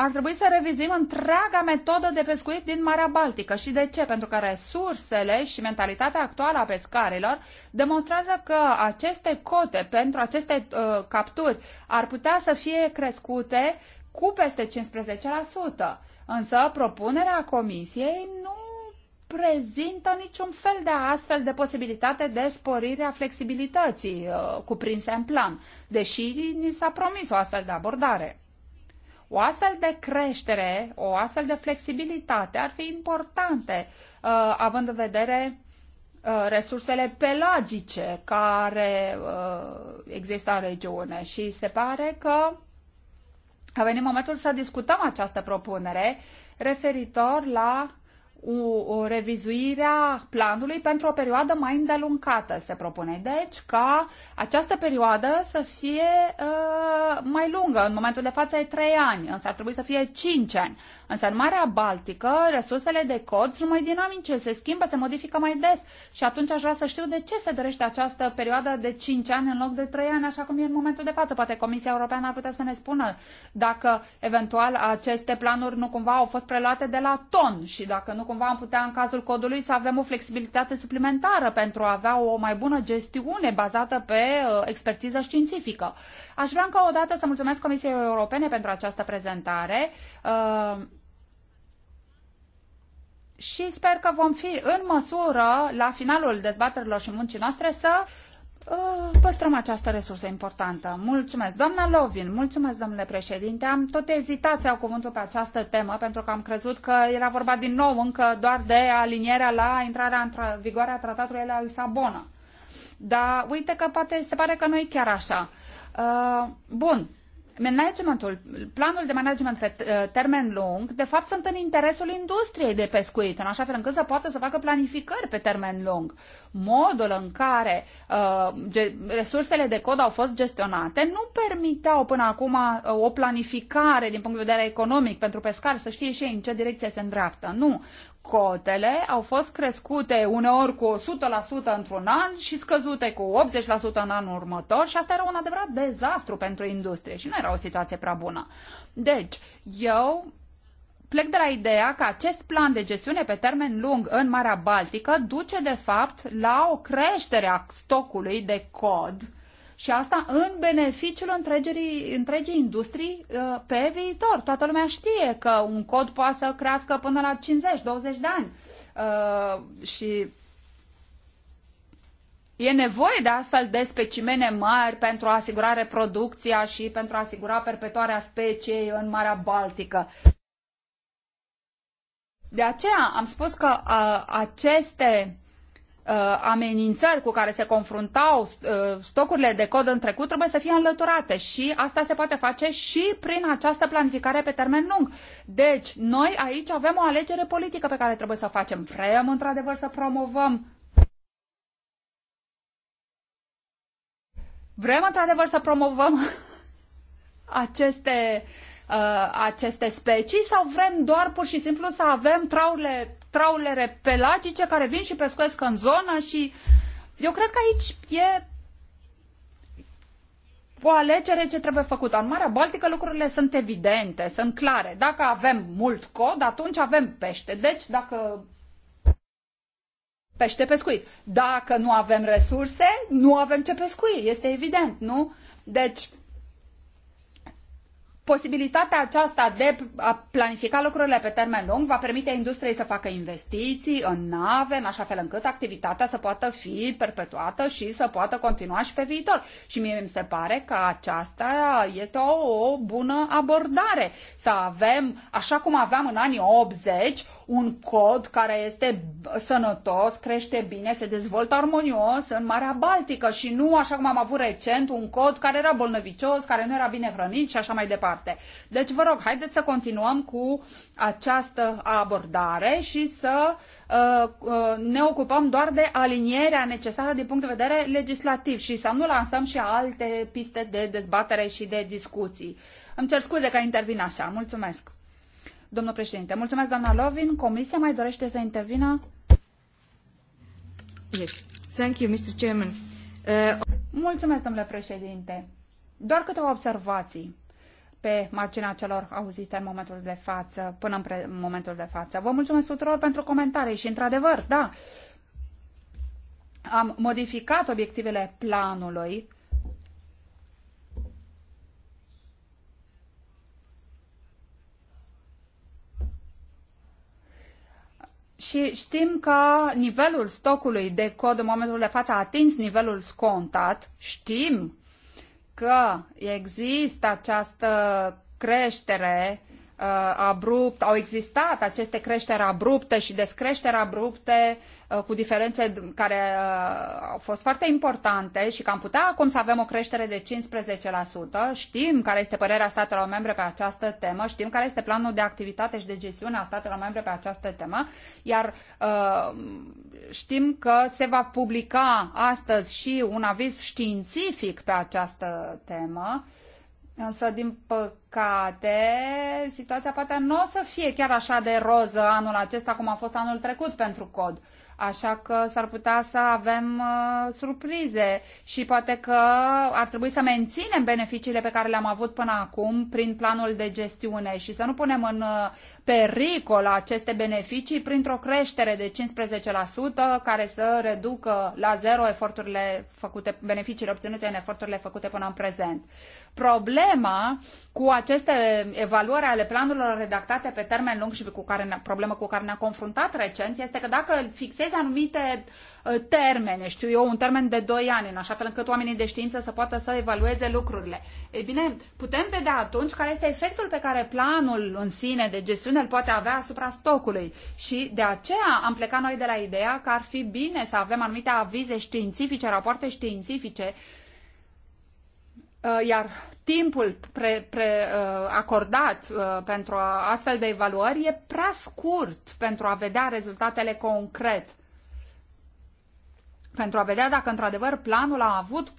ar trebui să revizuim întreaga metodă de pescuit din Marea Baltică. Și de ce? Pentru că resursele și mentalitatea actuală a pescarilor demonstrează că aceste cote pentru aceste uh, capturi ar putea să fie crescute cu peste 15%. Însă propunerea Comisiei nu prezintă niciun fel de astfel de posibilitate de sporire a flexibilității uh, cuprinse în plan, deși ni s-a promis o astfel de abordare. O astfel de creștere, o astfel de flexibilitate ar fi importante, uh, având în vedere uh, resursele pelagice care uh, există în regiune și se pare că a venit momentul să discutăm această propunere referitor la o revizuirea planului pentru o perioadă mai îndelungată, se propune. Deci, ca această perioadă să fie uh, mai lungă. În momentul de față e 3 ani, însă ar trebui să fie 5 ani. Însă în Marea Baltică, resursele de cod sunt mai dinamice, se schimbă, se modifică mai des. Și atunci aș vrea să știu de ce se dorește această perioadă de 5 ani în loc de 3 ani, așa cum e în momentul de față. Poate Comisia Europeană ar putea să ne spună dacă eventual aceste planuri nu cumva au fost preluate de la ton și dacă nu cumva am putea în cazul codului să avem o flexibilitate suplimentară pentru a avea o mai bună gestiune bazată pe uh, expertiză științifică. Aș vrea încă o dată să mulțumesc Comisiei Europene pentru această prezentare uh, și sper că vom fi în măsură, la finalul dezbaterilor și muncii noastre, să Uh, păstrăm această resursă importantă. Mulțumesc, doamna Lovin, mulțumesc, domnule președinte. Am tot ezitat să iau cuvântul pe această temă, pentru că am crezut că era vorba din nou încă doar de alinierea la intrarea în vigoare a tratatului la Lisabona. Dar uite că poate se pare că nu e chiar așa. Uh, bun, managementul, planul de management pe eh, termen lung, de fapt, sunt în interesul industriei de pescuit, în așa fel încât să poată să facă planificări pe termen lung. Modul în care uh, resursele de cod au fost gestionate nu permiteau până acum uh, o planificare din punct de vedere economic pentru pescar, să știe și ei în ce direcție se îndreaptă. Nu cotele au fost crescute uneori cu 100% într-un an și scăzute cu 80% în anul următor și asta era un adevărat dezastru pentru industrie și nu era o situație prea bună. Deci, eu plec de la ideea că acest plan de gestiune pe termen lung în Marea Baltică duce de fapt la o creștere a stocului de cod și asta în beneficiul întregii, întregii industrii uh, pe viitor. Toată lumea știe că un cod poate să crească până la 50-20 de ani. Uh, și E nevoie de astfel de specimene mari pentru a asigura reproducția și pentru a asigura perpetuarea speciei în Marea Baltică. De aceea am spus că a, uh, aceste Uh, amenințări cu care se confruntau uh, stocurile de cod în trecut trebuie să fie înlăturate și asta se poate face și prin această planificare pe termen lung. Deci, noi aici avem o alegere politică pe care trebuie să o facem. Vrem, într-adevăr, să promovăm Vrem, într-adevăr, să promovăm aceste, uh, aceste specii sau vrem doar pur și simplu să avem traurile traulere pelagice care vin și pescuesc în zonă și eu cred că aici e o alegere ce trebuie făcută. În Marea Baltică lucrurile sunt evidente, sunt clare. Dacă avem mult cod, atunci avem pește. Deci, dacă pește pescuit. Dacă nu avem resurse, nu avem ce pescui, este evident, nu? Deci, Posibilitatea aceasta de a planifica lucrurile pe termen lung va permite industriei să facă investiții în nave, în așa fel încât activitatea să poată fi perpetuată și să poată continua și pe viitor. Și mie mi se pare că aceasta este o, o bună abordare. Să avem, așa cum aveam în anii 80, un cod care este sănătos, crește bine, se dezvoltă armonios în Marea Baltică și nu așa cum am avut recent un cod care era bolnăvicios, care nu era bine hrănit și așa mai departe departe. Deci, vă rog, haideți să continuăm cu această abordare și să uh, uh, ne ocupăm doar de alinierea necesară din punct de vedere legislativ și să nu lansăm și alte piste de dezbatere și de discuții. Îmi cer scuze că intervin așa. Mulțumesc. Domnul președinte, mulțumesc, doamna Lovin. Comisia mai dorește să intervină? Yes. Thank you, Mr. Chairman. Uh... Mulțumesc, domnule președinte. Doar câteva observații pe marginea celor auzite în momentul de față, până în, pre- în momentul de față. Vă mulțumesc tuturor pentru comentarii și, într-adevăr, da, am modificat obiectivele planului și știm că nivelul stocului de cod în momentul de față a atins nivelul scontat, știm că există această creștere Uh, abrupt, au existat aceste creșteri abrupte și descreșteri abrupte uh, cu diferențe care uh, au fost foarte importante și că am putea acum să avem o creștere de 15%. Știm care este părerea statelor membre pe această temă, știm care este planul de activitate și de gestiune a statelor membre pe această temă, iar știm că se va publica astăzi și un aviz științific pe această temă. Uh, Însă, din păcate, situația poate nu o să fie chiar așa de roză anul acesta cum a fost anul trecut pentru cod. Așa că s-ar putea să avem uh, surprize și poate că ar trebui să menținem beneficiile pe care le-am avut până acum prin planul de gestiune și să nu punem în uh, pericol aceste beneficii printr-o creștere de 15% care să reducă la zero eforturile făcute, beneficiile obținute în eforturile făcute până în prezent. Problema cu aceste evaluări ale planurilor redactate pe termen lung și cu care ne, problemă cu care ne-a confruntat recent este că dacă fixezi anumite uh, termene, știu eu, un termen de 2 ani, în așa fel încât oamenii de știință să poată să evalueze lucrurile. Ei bine, putem vedea atunci care este efectul pe care planul în sine de gestiune îl poate avea asupra stocului. Și de aceea am plecat noi de la ideea că ar fi bine să avem anumite avize științifice, rapoarte științifice, uh, iar timpul pre, pre, uh, acordat uh, pentru astfel de evaluări e prea scurt pentru a vedea rezultatele concret pentru a vedea dacă într-adevăr planul a avut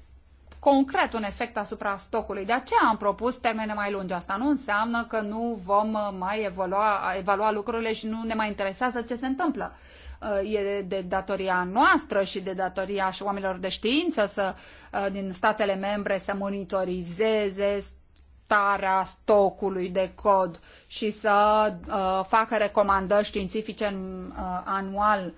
concret un efect asupra stocului. De aceea am propus termene mai lungi. Asta nu înseamnă că nu vom mai evalua, evalua lucrurile și nu ne mai interesează ce se întâmplă uh, e de datoria noastră și de datoria și oamenilor de știință să, uh, din statele membre să monitorizeze starea stocului de cod și să uh, facă recomandări științifice în, uh, anual uh,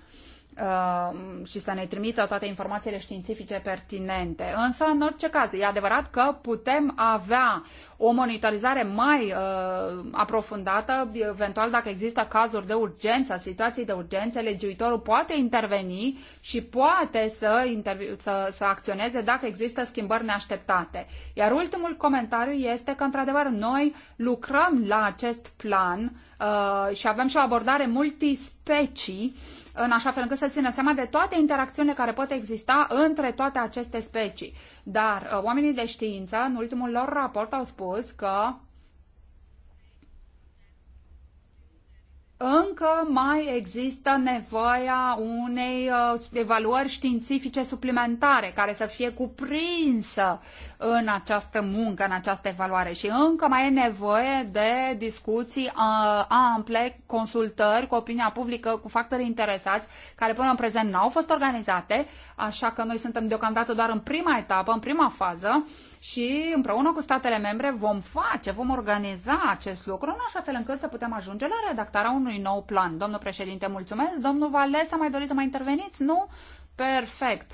Uh, și să ne trimită toate informațiile științifice pertinente. Însă, în orice caz, e adevărat că putem avea o monitorizare mai uh, aprofundată, eventual dacă există cazuri de urgență, situații de urgență, legiuitorul poate interveni și poate să, să, să acționeze dacă există schimbări neașteptate. Iar ultimul comentariu este că, într-adevăr, noi lucrăm la acest plan uh, și avem și o abordare multispecii în așa fel încât să țină seama de toate interacțiunile care pot exista între toate aceste specii. Dar uh, oamenii de știință, în ultimul lor raport, au spus că încă mai există nevoia unei uh, evaluări științifice suplimentare care să fie cuprinsă în această muncă, în această evaluare și încă mai e nevoie de discuții ample, consultări cu opinia publică, cu factorii interesați, care până în prezent n-au fost organizate, așa că noi suntem deocamdată doar în prima etapă, în prima fază și împreună cu statele membre vom face, vom organiza acest lucru în așa fel încât să putem ajunge la redactarea unui nou plan. Domnul președinte, mulțumesc. Domnul Valesa, mai doriți să mai interveniți? Nu? Perfect.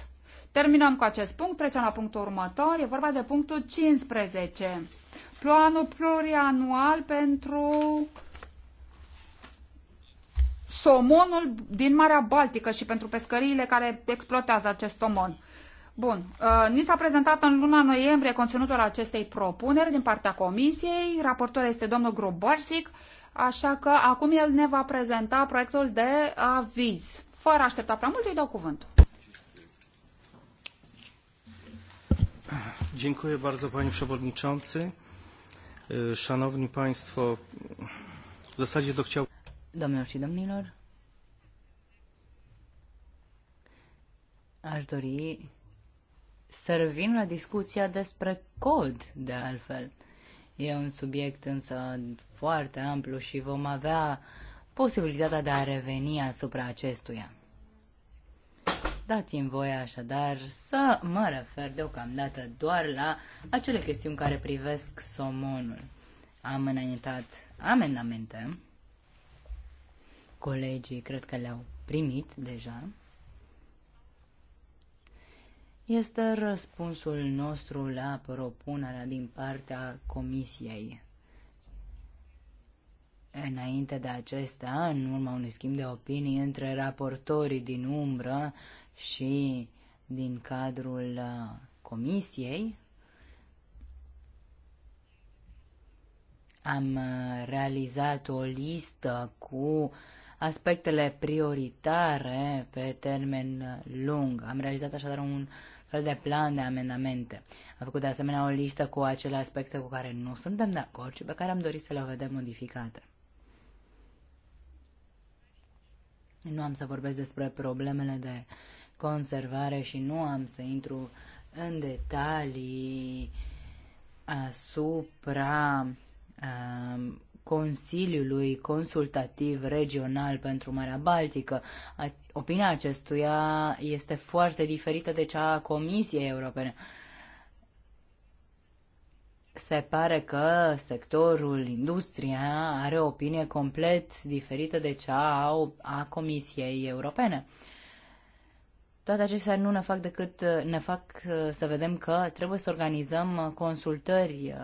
Terminăm cu acest punct, trecem la punctul următor, e vorba de punctul 15. Planul plurianual pentru somonul din Marea Baltică și pentru pescăriile care exploatează acest somon. Bun. Uh, ni s-a prezentat în luna noiembrie conținutul acestei propuneri din partea Comisiei. Raportor este domnul Grobarsic, așa că acum el ne va prezenta proiectul de aviz. Fără a aștepta prea mult, îi dau cuvântul. Dziękuję bardzo panie przewodniczący. Szanowni państwo, w zasadzie to chciałbym Doamnelor și domnilor, aș dori să revin la discuția despre cod, de altfel. E un subiect însă foarte amplu și vom avea posibilitatea de a reveni asupra acestuia. Dați-mi voie așadar să mă refer deocamdată doar la acele chestiuni care privesc somonul. Am înaintat amendamente. Colegii cred că le-au primit deja. Este răspunsul nostru la propunerea din partea Comisiei Înainte de acesta, în urma unui schimb de opinii între raportorii din umbră și din cadrul uh, comisiei, am uh, realizat o listă cu aspectele prioritare pe termen uh, lung. Am realizat așadar un fel de plan de amendamente. Am făcut de asemenea o listă cu acele aspecte cu care nu suntem de acord și pe care am dorit să le vedem modificate. Nu am să vorbesc despre problemele de conservare și nu am să intru în detalii asupra um, Consiliului Consultativ Regional pentru Marea Baltică. Opinia acestuia este foarte diferită de cea a Comisiei Europene. Se pare că sectorul, industria, are o opinie complet diferită de cea a, Comisiei Europene. Uh, toate acestea nu ne fac decât uh, ne fac uh, să vedem că trebuie să organizăm uh, consultări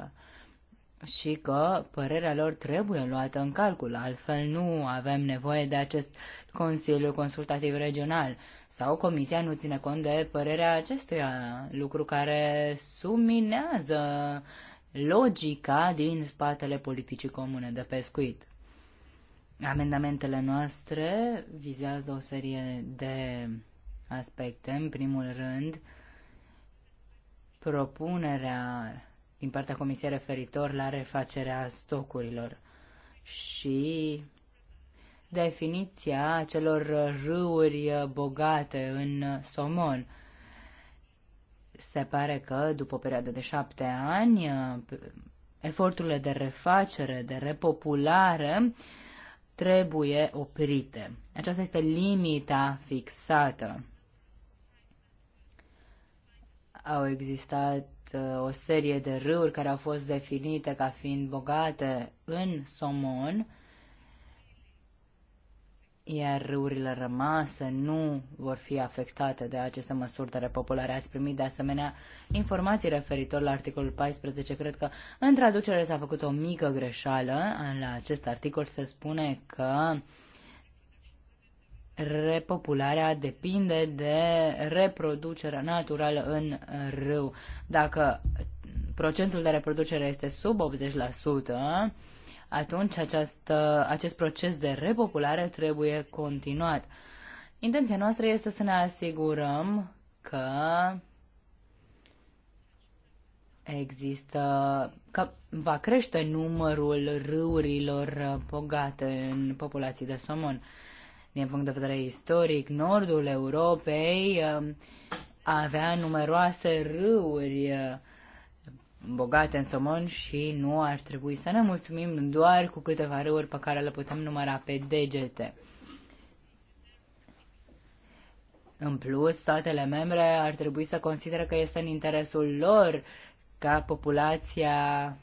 și că părerea lor trebuie luată în calcul, altfel nu avem nevoie de acest Consiliu Consultativ Regional sau Comisia nu ține cont de părerea acestuia, lucru care suminează logica din spatele politicii comune de pescuit. Amendamentele noastre vizează o serie de aspecte. În primul rând, propunerea din partea Comisiei referitor la refacerea stocurilor și definiția celor râuri bogate în somon. Se pare că după o perioadă de șapte ani, eforturile de refacere, de repopulare, trebuie oprite. Aceasta este limita fixată. Au existat uh, o serie de râuri care au fost definite ca fiind bogate în somon, iar râurile rămase nu vor fi afectate de aceste măsuri de repopulare. Ați primit de asemenea informații referitor la articolul 14. Cred că în traducere s-a făcut o mică greșeală. La acest articol se spune că uh, repopularea depinde de reproducerea naturală în râu. Dacă procentul de reproducere este sub 80%, atunci această, acest proces de repopulare trebuie continuat. Intenția noastră este să ne asigurăm că există, că va crește numărul râurilor bogate în populații de somon. Din punct de vedere istoric, nordul Europei um, avea numeroase râuri uh, bogate în somon și nu ar trebui să ne mulțumim doar cu câteva râuri pe care le putem număra pe degete. În plus, statele membre ar trebui să consideră că este în interesul lor ca populația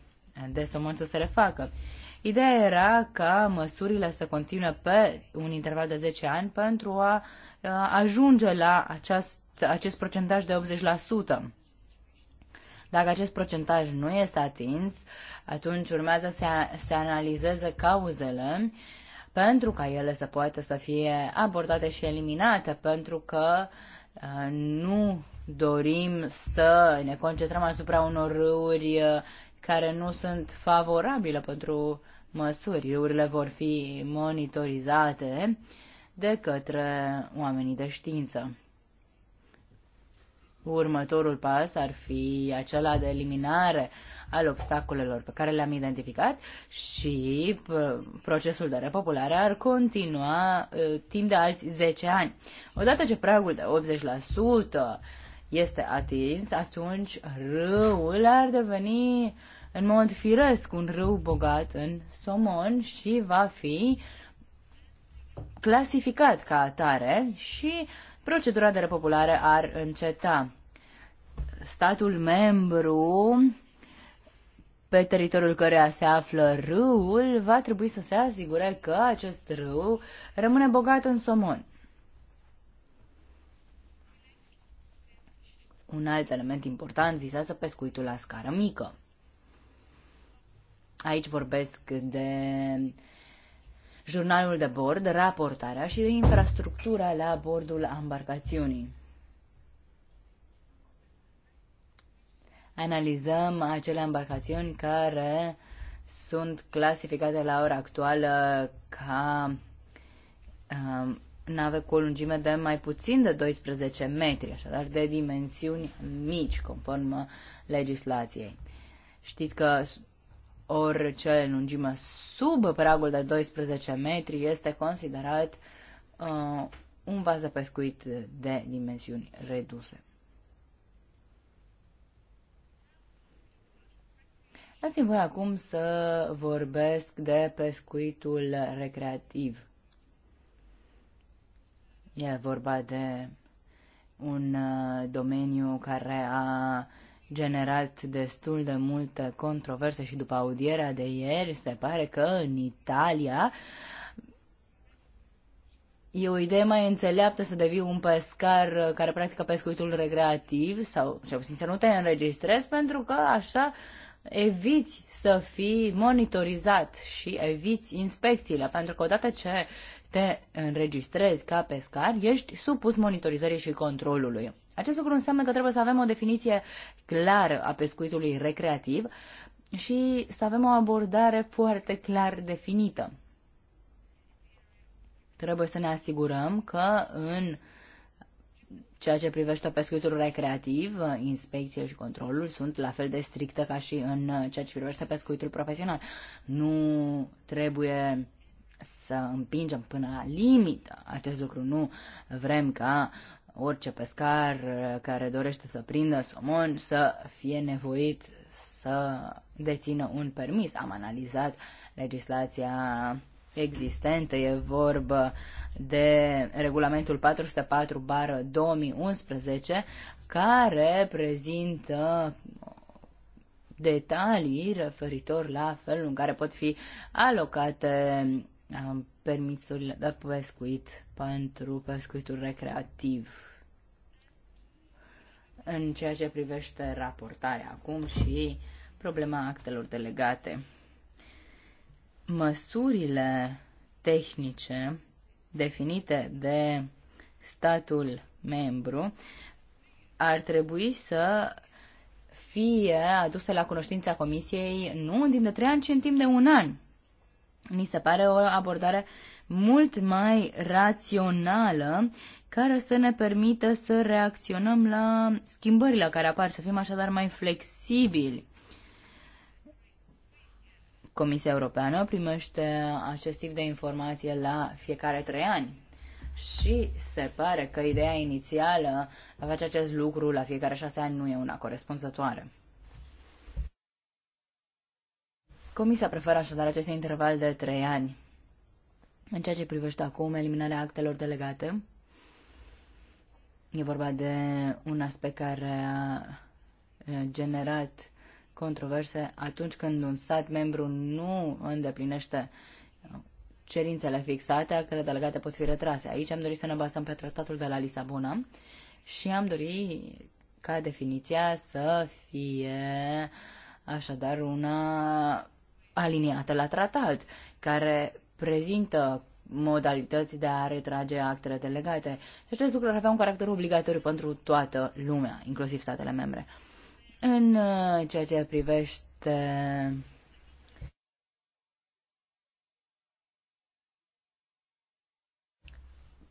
de somon să se refacă. Ideea era ca măsurile să continue pe un interval de 10 ani pentru a ajunge la aceast, acest procentaj de 80%. Dacă acest procentaj nu este atins, atunci urmează să se analizeze cauzele pentru ca ele să poată să fie abordate și eliminate, pentru că nu dorim să ne concentrăm asupra unor râuri care nu sunt favorabile pentru măsuri. Urile vor fi monitorizate de către oamenii de știință. Următorul pas ar fi acela de eliminare al obstacolelor pe care le-am identificat și procesul de repopulare ar continua ă, timp de alți 10 ani. Odată ce pragul de 80% este atins, atunci râul ar deveni în mod firesc un râu bogat în somon și va fi clasificat ca atare și procedura de repopulare ar înceta. Statul membru pe teritoriul căreia se află râul va trebui să se asigure că acest râu rămâne bogat în somon. Un alt element important vizează pescuitul la scară mică. Aici vorbesc de jurnalul de bord, raportarea și de infrastructura la bordul embarcațiunii. Analizăm acele embarcațiuni care sunt clasificate la ora actuală ca um, nave cu o lungime de mai puțin de 12 metri, așadar de dimensiuni mici, conform uh, legislației. Știți că orice lungime sub pragul de 12 metri este considerat uh, un vas de pescuit de dimensiuni reduse. Dați-mi voi acum să vorbesc de pescuitul recreativ. E vorba de un uh, domeniu care a generat destul de multă controverse și după audierea de ieri se pare că în Italia E o idee mai înțeleaptă să devii un pescar uh, care practică pescuitul recreativ sau ce puțin să nu te înregistrezi pentru că așa eviți să fii monitorizat și eviți inspecțiile pentru că odată ce te înregistrezi ca pescar, ești supus monitorizării și controlului. Acest lucru înseamnă că trebuie să avem o definiție clară a pescuitului recreativ și să avem o abordare foarte clar definită. Trebuie să ne asigurăm că în ceea ce privește pescuitul recreativ, inspecția și controlul sunt la fel de stricte ca și în ceea ce privește pescuitul profesional. Nu trebuie să împingem până la limită acest lucru. Nu vrem ca orice pescar care dorește să prindă somon să fie nevoit să dețină un permis. Am analizat legislația existentă, e vorbă de regulamentul 404 bară 2011 care prezintă detalii referitor la felul în care pot fi alocate permisul de pescuit pentru pescuitul recreativ. În ceea ce privește raportarea acum și problema actelor delegate, măsurile tehnice definite de statul membru ar trebui să fie aduse la cunoștința Comisiei nu în timp de trei ani, ci în timp de un an Ni se pare o abordare mult mai rațională care să ne permită să reacționăm la schimbările care apar, să fim așadar mai flexibili. Comisia Europeană primește acest tip de informație la fiecare trei ani. Și se pare că ideea inițială a face acest lucru la fiecare șase ani nu e una corespunzătoare. Comisia preferă așadar acest interval de trei ani. În ceea ce privește acum eliminarea actelor delegate, e vorba de un aspect care a generat controverse atunci când un stat membru nu îndeplinește cerințele fixate, actele delegate pot fi retrase. Aici am dorit să ne bazăm pe tratatul de la Lisabona și am dorit ca definiția să fie așadar una aliniată la tratat, care prezintă modalități de a retrage actele delegate. Deci Aceste lucruri aveau un caracter obligatoriu pentru toată lumea, inclusiv statele membre. În uh, ceea ce privește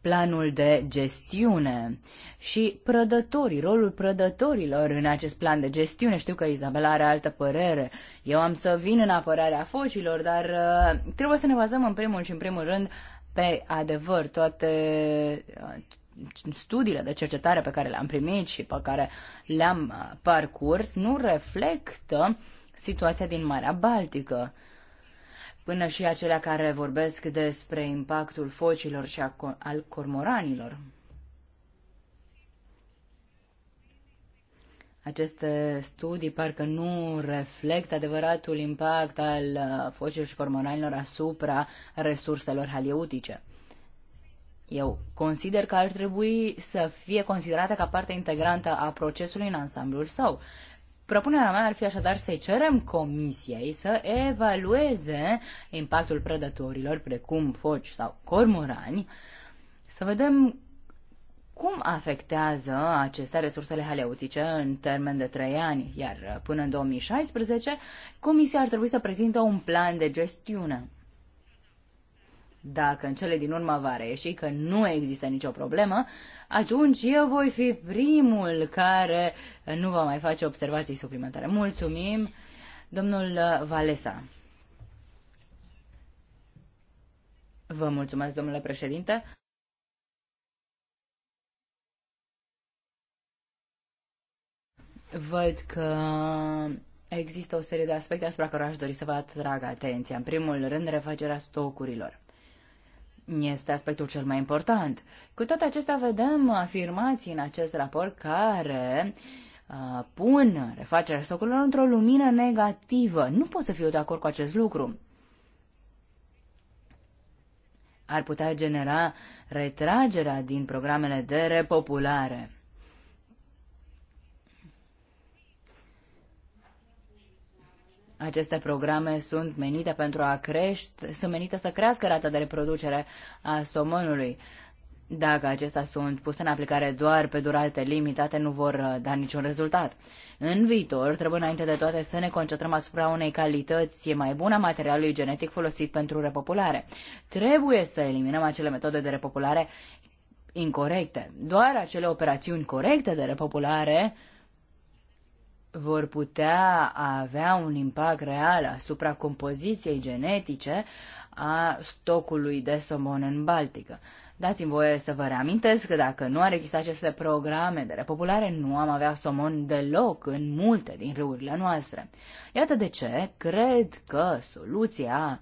planul de gestiune și prădătorii, rolul prădătorilor în acest plan de gestiune. Știu că Izabela are altă părere. Eu am să vin în apărarea foșilor, dar uh, trebuie să ne bazăm în primul și în primul rând pe adevăr. Toate uh, studiile de cercetare pe care le-am primit și pe care le-am uh, parcurs nu reflectă situația din Marea Baltică. Uh, până și acelea care vorbesc despre impactul focilor și al cormoranilor. Aceste studii parcă nu reflectă adevăratul impact al uh, focilor și cormoranilor asupra resurselor halieutice. Eu consider că ar trebui să fie considerată ca parte integrantă a procesului în ansamblul său Propunerea mea ar fi așadar să-i cerem comisiei să evalueze impactul prădătorilor, precum foci sau cormorani, să vedem cum afectează acestea resursele haleutice în termen de 3 ani, iar până în 2016 Comisia ar trebui să prezintă un plan de gestiune. Dacă în cele din urmă va reieși că nu există nicio problemă, atunci eu voi fi primul care nu va mai face observații suplimentare. Mulțumim, domnul Valesa. Vă mulțumesc, domnule președinte. Văd că există o serie de aspecte asupra care aș dori să vă atrag atenția. În primul rând, refacerea stocurilor este aspectul cel mai important. Cu toate acestea, vedem afirmații în acest raport care uh, pun refacerea socurilor într-o lumină negativă. Nu pot să fiu de acord cu acest lucru. Ar putea genera retragerea din programele de repopulare. Aceste programe sunt menite pentru a crește, sunt menite să crească rata de reproducere a somonului. Dacă acestea sunt puse în aplicare doar pe durate limitate, nu vor uh, da niciun rezultat. În viitor, trebuie înainte de toate să ne concentrăm asupra unei calități mai bune a materialului genetic folosit pentru repopulare. Trebuie să eliminăm acele metode de repopulare incorrecte. Doar acele operațiuni corecte de repopulare vor putea avea un impact real asupra compoziției genetice a stocului de somon în Baltică. Dați-mi voie să vă reamintesc că dacă nu ar exista aceste programe de repopulare, nu am avea somon deloc în multe din râurile noastre. Iată de ce cred că soluția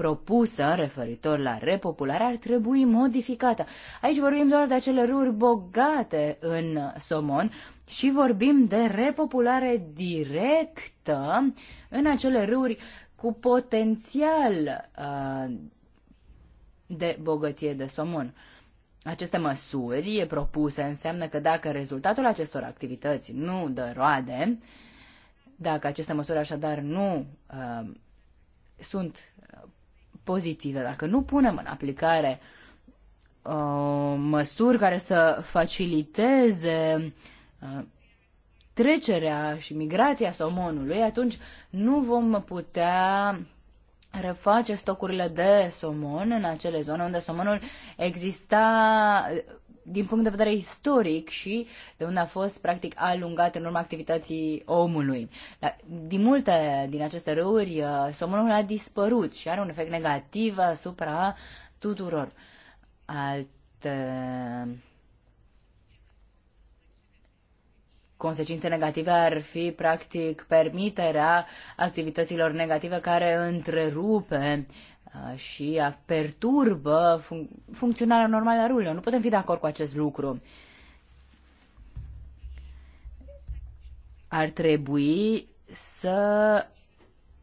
propusă referitor la repopulare ar trebui modificată. Aici vorbim doar de acele râuri bogate în somon și vorbim de repopulare directă în acele râuri cu potențial uh, de bogăție de somon. Aceste măsuri propuse înseamnă că dacă rezultatul acestor activități nu dă roade, dacă aceste măsuri așadar nu uh, sunt pozitive. Dacă nu punem în aplicare uh, măsuri care să faciliteze uh, trecerea și migrația somonului, atunci nu vom putea reface stocurile de somon în acele zone unde somonul exista din punct de vedere istoric și de unde a fost practic alungat în urma activității omului. Din multe din aceste râuri, uh, somonul a dispărut și are un efect negativ asupra tuturor. Alte uh, consecințe negative ar fi practic permiterea activităților negative care întrerupe uh, Uh, și perturbă func- funcționarea normală a rulelor. Nu putem fi de acord cu acest lucru. Ar trebui să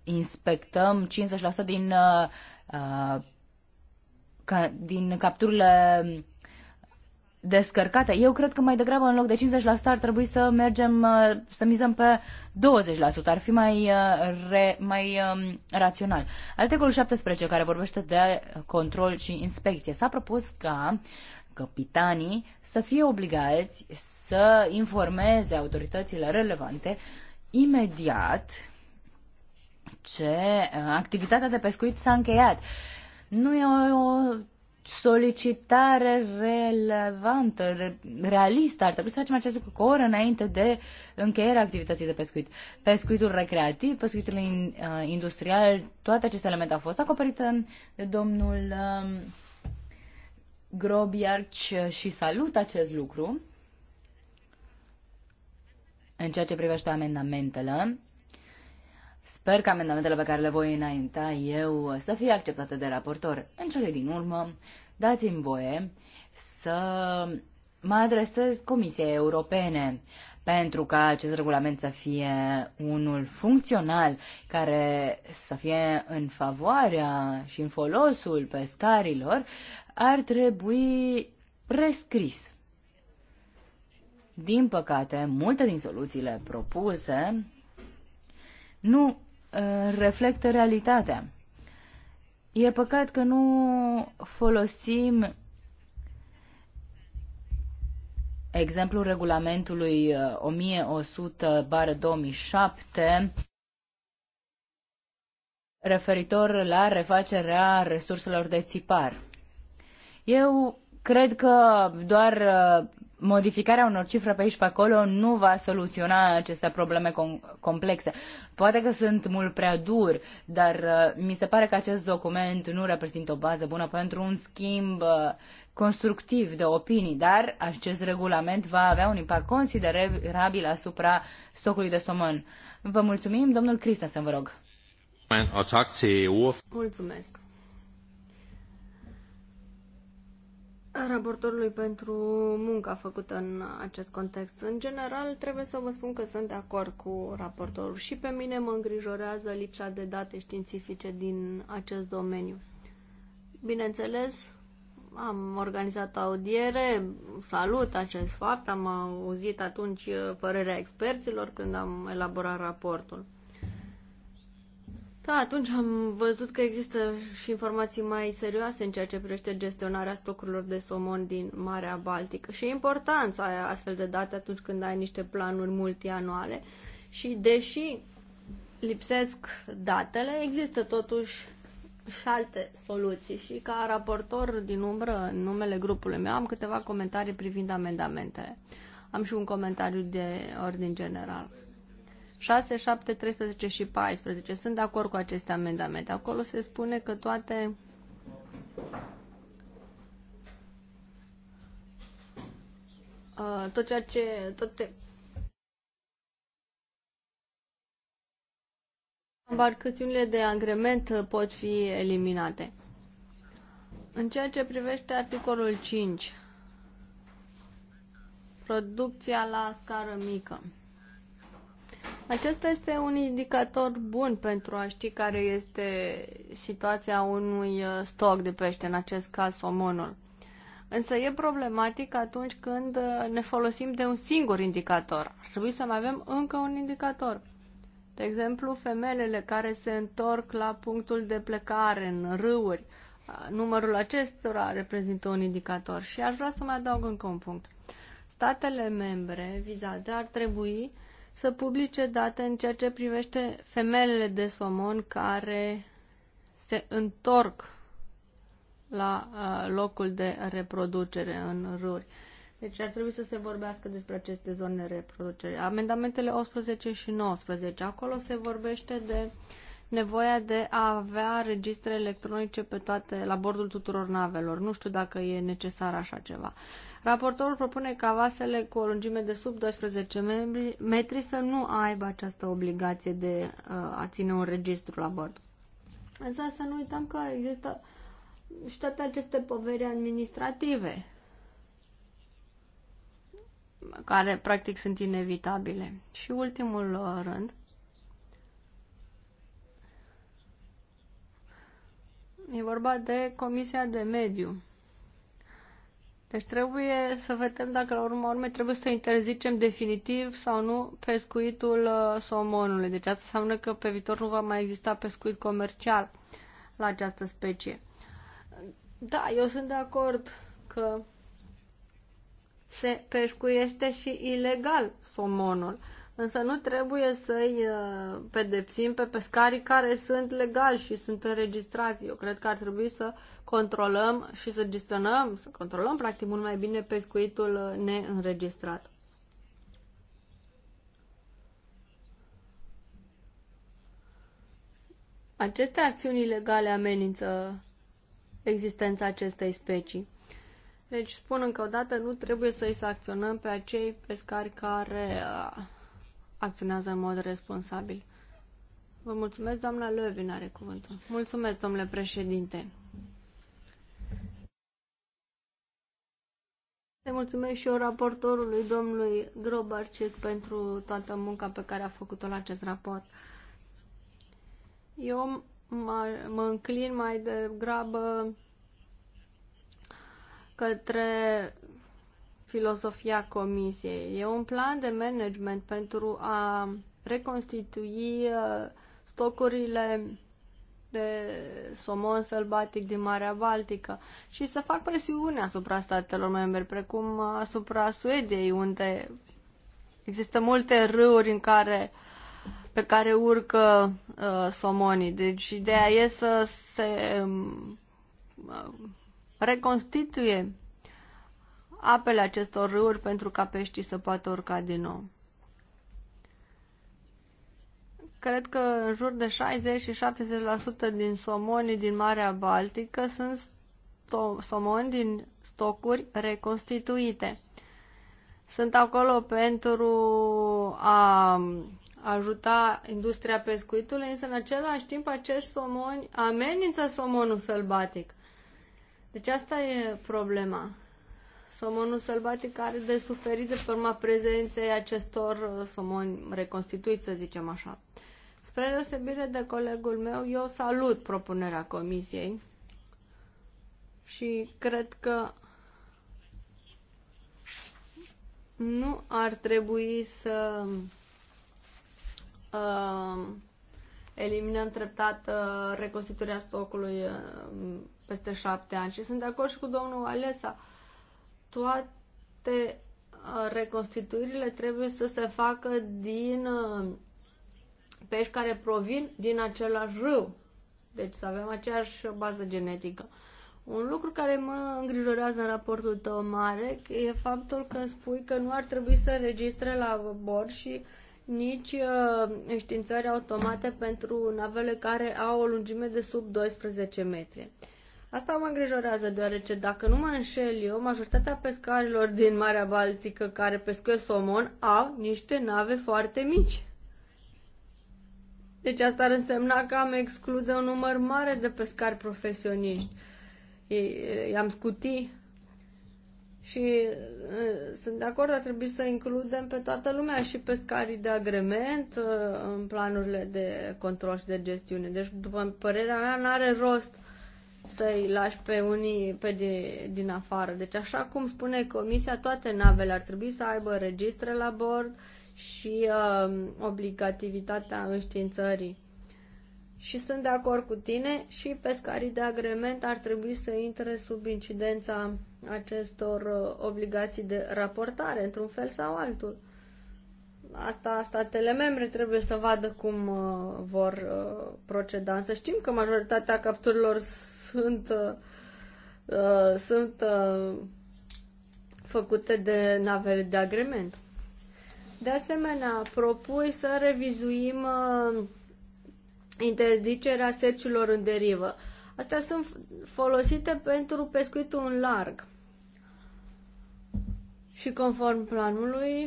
inspectăm 50% din, uh, uh, ca, din capturile descărcate. Eu cred că mai degrabă în loc de 50% ar trebui să mergem, uh, să mizăm pe 20%, ar fi mai, uh, re, mai um, rațional. Articolul 17 care vorbește de control și inspecție. S-a propus ca capitanii să fie obligați să informeze autoritățile relevante imediat ce uh, activitatea de pescuit s-a încheiat. Nu e o solicitare relevantă, realistă. Ar trebui să facem acest lucru cu o oră înainte de încheierea activității de pescuit. Pescuitul recreativ, pescuitul uh, industrial, toate aceste elemente au fost acoperite de domnul um, Grobiarci și salut acest lucru. În ceea ce privește amendamentele, Sper că amendamentele pe care le voi înainta eu să fie acceptate de raportor. În cele din urmă, dați-mi voie să mă adresez Comisiei Europene pentru ca acest regulament să fie unul funcțional care să fie în favoarea și în folosul pescarilor, ar trebui prescris. Din păcate, multe din soluțiile propuse nu uh, reflectă realitatea. E păcat că nu folosim exemplul regulamentului 1100-2007 uh, referitor la refacerea resurselor de țipar. Eu cred că doar uh, modificarea unor cifre pe aici pe acolo nu va soluționa aceste probleme com- complexe. Poate că sunt mult prea dur, dar uh, mi se pare că acest document nu reprezintă o bază bună pentru un schimb uh, constructiv de opinii, dar acest regulament va avea un impact considerabil asupra stocului de somon. Vă mulțumim, domnul Cristensen, vă rog. Mulțumesc. raportorului pentru munca făcută în acest context. În general, trebuie să vă spun că sunt de acord cu raportorul și pe mine mă îngrijorează lipsa de date științifice din acest domeniu. Bineînțeles, am organizat audiere, salut acest fapt, am auzit atunci părerea experților când am elaborat raportul. Da, atunci am văzut că există și informații mai serioase în ceea ce privește gestionarea stocurilor de somon din Marea Baltică și e important să ai astfel de date atunci când ai niște planuri multianuale. Și deși lipsesc datele, există totuși și alte soluții. Și ca raportor din umbră, în numele grupului meu, am câteva comentarii privind amendamentele. Am și un comentariu de ordin general. 6, 7, 13 și 14. Sunt de acord cu aceste amendamente. Acolo se spune că toate uh, tot ceea ce toate embarcațiunile de angrement uh, pot fi eliminate. În ceea ce privește articolul 5, producția la scară mică. Acesta este un indicator bun pentru a ști care este situația unui uh, stoc de pește, în acest caz somonul. Însă e problematic atunci când uh, ne folosim de un singur indicator. Ar trebui să mai avem încă un indicator. De exemplu, femelele care se întorc la punctul de plecare în râuri, uh, numărul acestora reprezintă un indicator. Și aș vrea să mai adaug încă un punct. Statele membre vizate ar trebui uh, să publice date în ceea ce privește femelele de somon care se întorc la uh, locul de reproducere în râuri. Deci ar trebui să se vorbească despre aceste zone de reproducere. Amendamentele 18 și 19. Acolo se vorbește de uh, nevoia de a avea registre electronice pe toate, la bordul tuturor navelor. Nu știu dacă e necesar așa ceva. Raportorul propune ca vasele cu o lungime de sub 12 metri să nu aibă această obligație de uh, a ține un registru la bord. Însă să nu uităm că există și toate aceste poveri administrative care practic sunt inevitabile. Și ultimul uh, rând, E vorba de Comisia de Mediu. Deci trebuie să vedem dacă la urma urmei trebuie să interzicem definitiv sau nu pescuitul uh, somonului. Deci asta înseamnă că pe viitor nu va mai exista pescuit comercial la această specie. Da, eu sunt de acord că se pescuiește și ilegal somonul însă nu trebuie să-i uh, pedepsim pe pescarii care sunt legali și sunt înregistrați. Eu cred că ar trebui să controlăm și să gestionăm, să controlăm practic mult mai bine pescuitul neînregistrat. Aceste acțiuni ilegale amenință existența acestei specii. Deci, spun încă o dată, nu trebuie să-i sancționăm pe acei pescari care uh, acționează în mod responsabil. Vă mulțumesc, doamna Lövin are cuvântul. Mulțumesc, domnule președinte. Le mulțumesc și eu raportorului, domnului Grobarcic, pentru toată munca pe care a făcut-o la acest raport. Eu mă înclin mai degrabă către filozofia comisiei. E un plan de management pentru a reconstitui uh, stocurile de somon sălbatic din Marea Baltică și să fac presiune asupra statelor membre, precum uh, asupra Suediei, unde există multe râuri în care pe care urcă uh, somonii. Deci ideea e să se um, uh, reconstituie apele acestor râuri pentru ca peștii să poată urca din nou. Cred că în jur de 60 și 70% din somonii din Marea Baltică sunt somoni din stocuri reconstituite. Sunt acolo pentru a ajuta industria pescuitului, însă în același timp acești somoni amenință somonul sălbatic. Deci asta e problema somonul sălbatic are de suferit de forma prezenței acestor uh, somoni reconstituiți, să zicem așa. Spre deosebire de colegul meu, eu salut propunerea comisiei și cred că nu ar trebui să uh, eliminăm treptat uh, reconstituirea stocului uh, peste șapte ani. Și sunt de acord și cu domnul Alesa toate uh, reconstituirile trebuie să se facă din uh, pești care provin din același râu. Deci să avem aceeași bază genetică. Un lucru care mă îngrijorează în raportul tău, mare e faptul că spui că nu ar trebui să registre la bord și nici uh, înștiințări automate pentru navele care au o lungime de sub 12 metri. Uh, Asta mă îngrijorează, deoarece dacă nu mă înșel eu, majoritatea pescarilor din Marea Baltică care pescuiesc somon au niște nave foarte mici. Deci asta ar însemna că am exclude un număr mare de pescari profesioniști. I-am scuti și sunt de acord, ar trebui să includem pe toată lumea și pescarii de agrement în planurile de control și de gestiune. Deci, după părerea mea, n-are rost să-i lași pe unii pe de, din afară. Deci, așa cum spune Comisia, toate navele ar trebui să aibă registre la bord și uh, obligativitatea înștiințării. Și sunt de acord cu tine și pescarii de agrement ar trebui să intre sub incidența acestor uh, obligații de raportare, într-un fel sau altul. Asta statele membre trebuie să vadă cum uh, vor uh, proceda. Să știm că majoritatea capturilor sunt, uh, sunt uh, făcute de navele de agrement. De asemenea, propui să revizuim uh, interzicerea seciilor în derivă. Astea sunt folosite pentru pescuitul în larg. Și conform planului,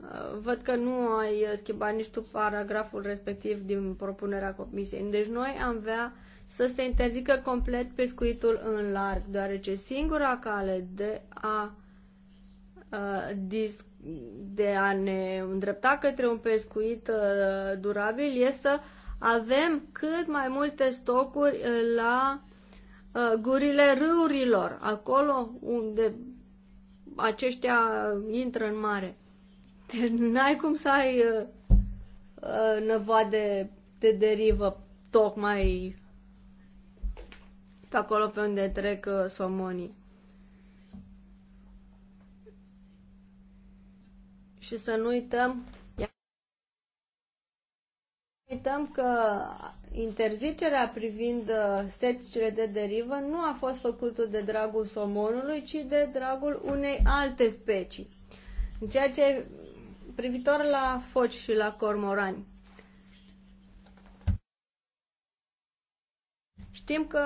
uh, văd că nu ai schimbat nici tu paragraful respectiv din propunerea comisiei. Deci noi am vrea să se interzică complet pescuitul în larg, deoarece singura cale de a, de a ne îndrepta către un pescuit durabil este să avem cât mai multe stocuri la gurile râurilor, acolo unde aceștia intră în mare. Deci n-ai cum să ai năvoade de derivă tocmai pe acolo pe unde trec uh, somonii. Și să nu uităm uităm că interzicerea privind uh, steticile de derivă nu a fost făcută de dragul somonului, ci de dragul unei alte specii. În ceea ce privitor la foci și la cormorani. Știm că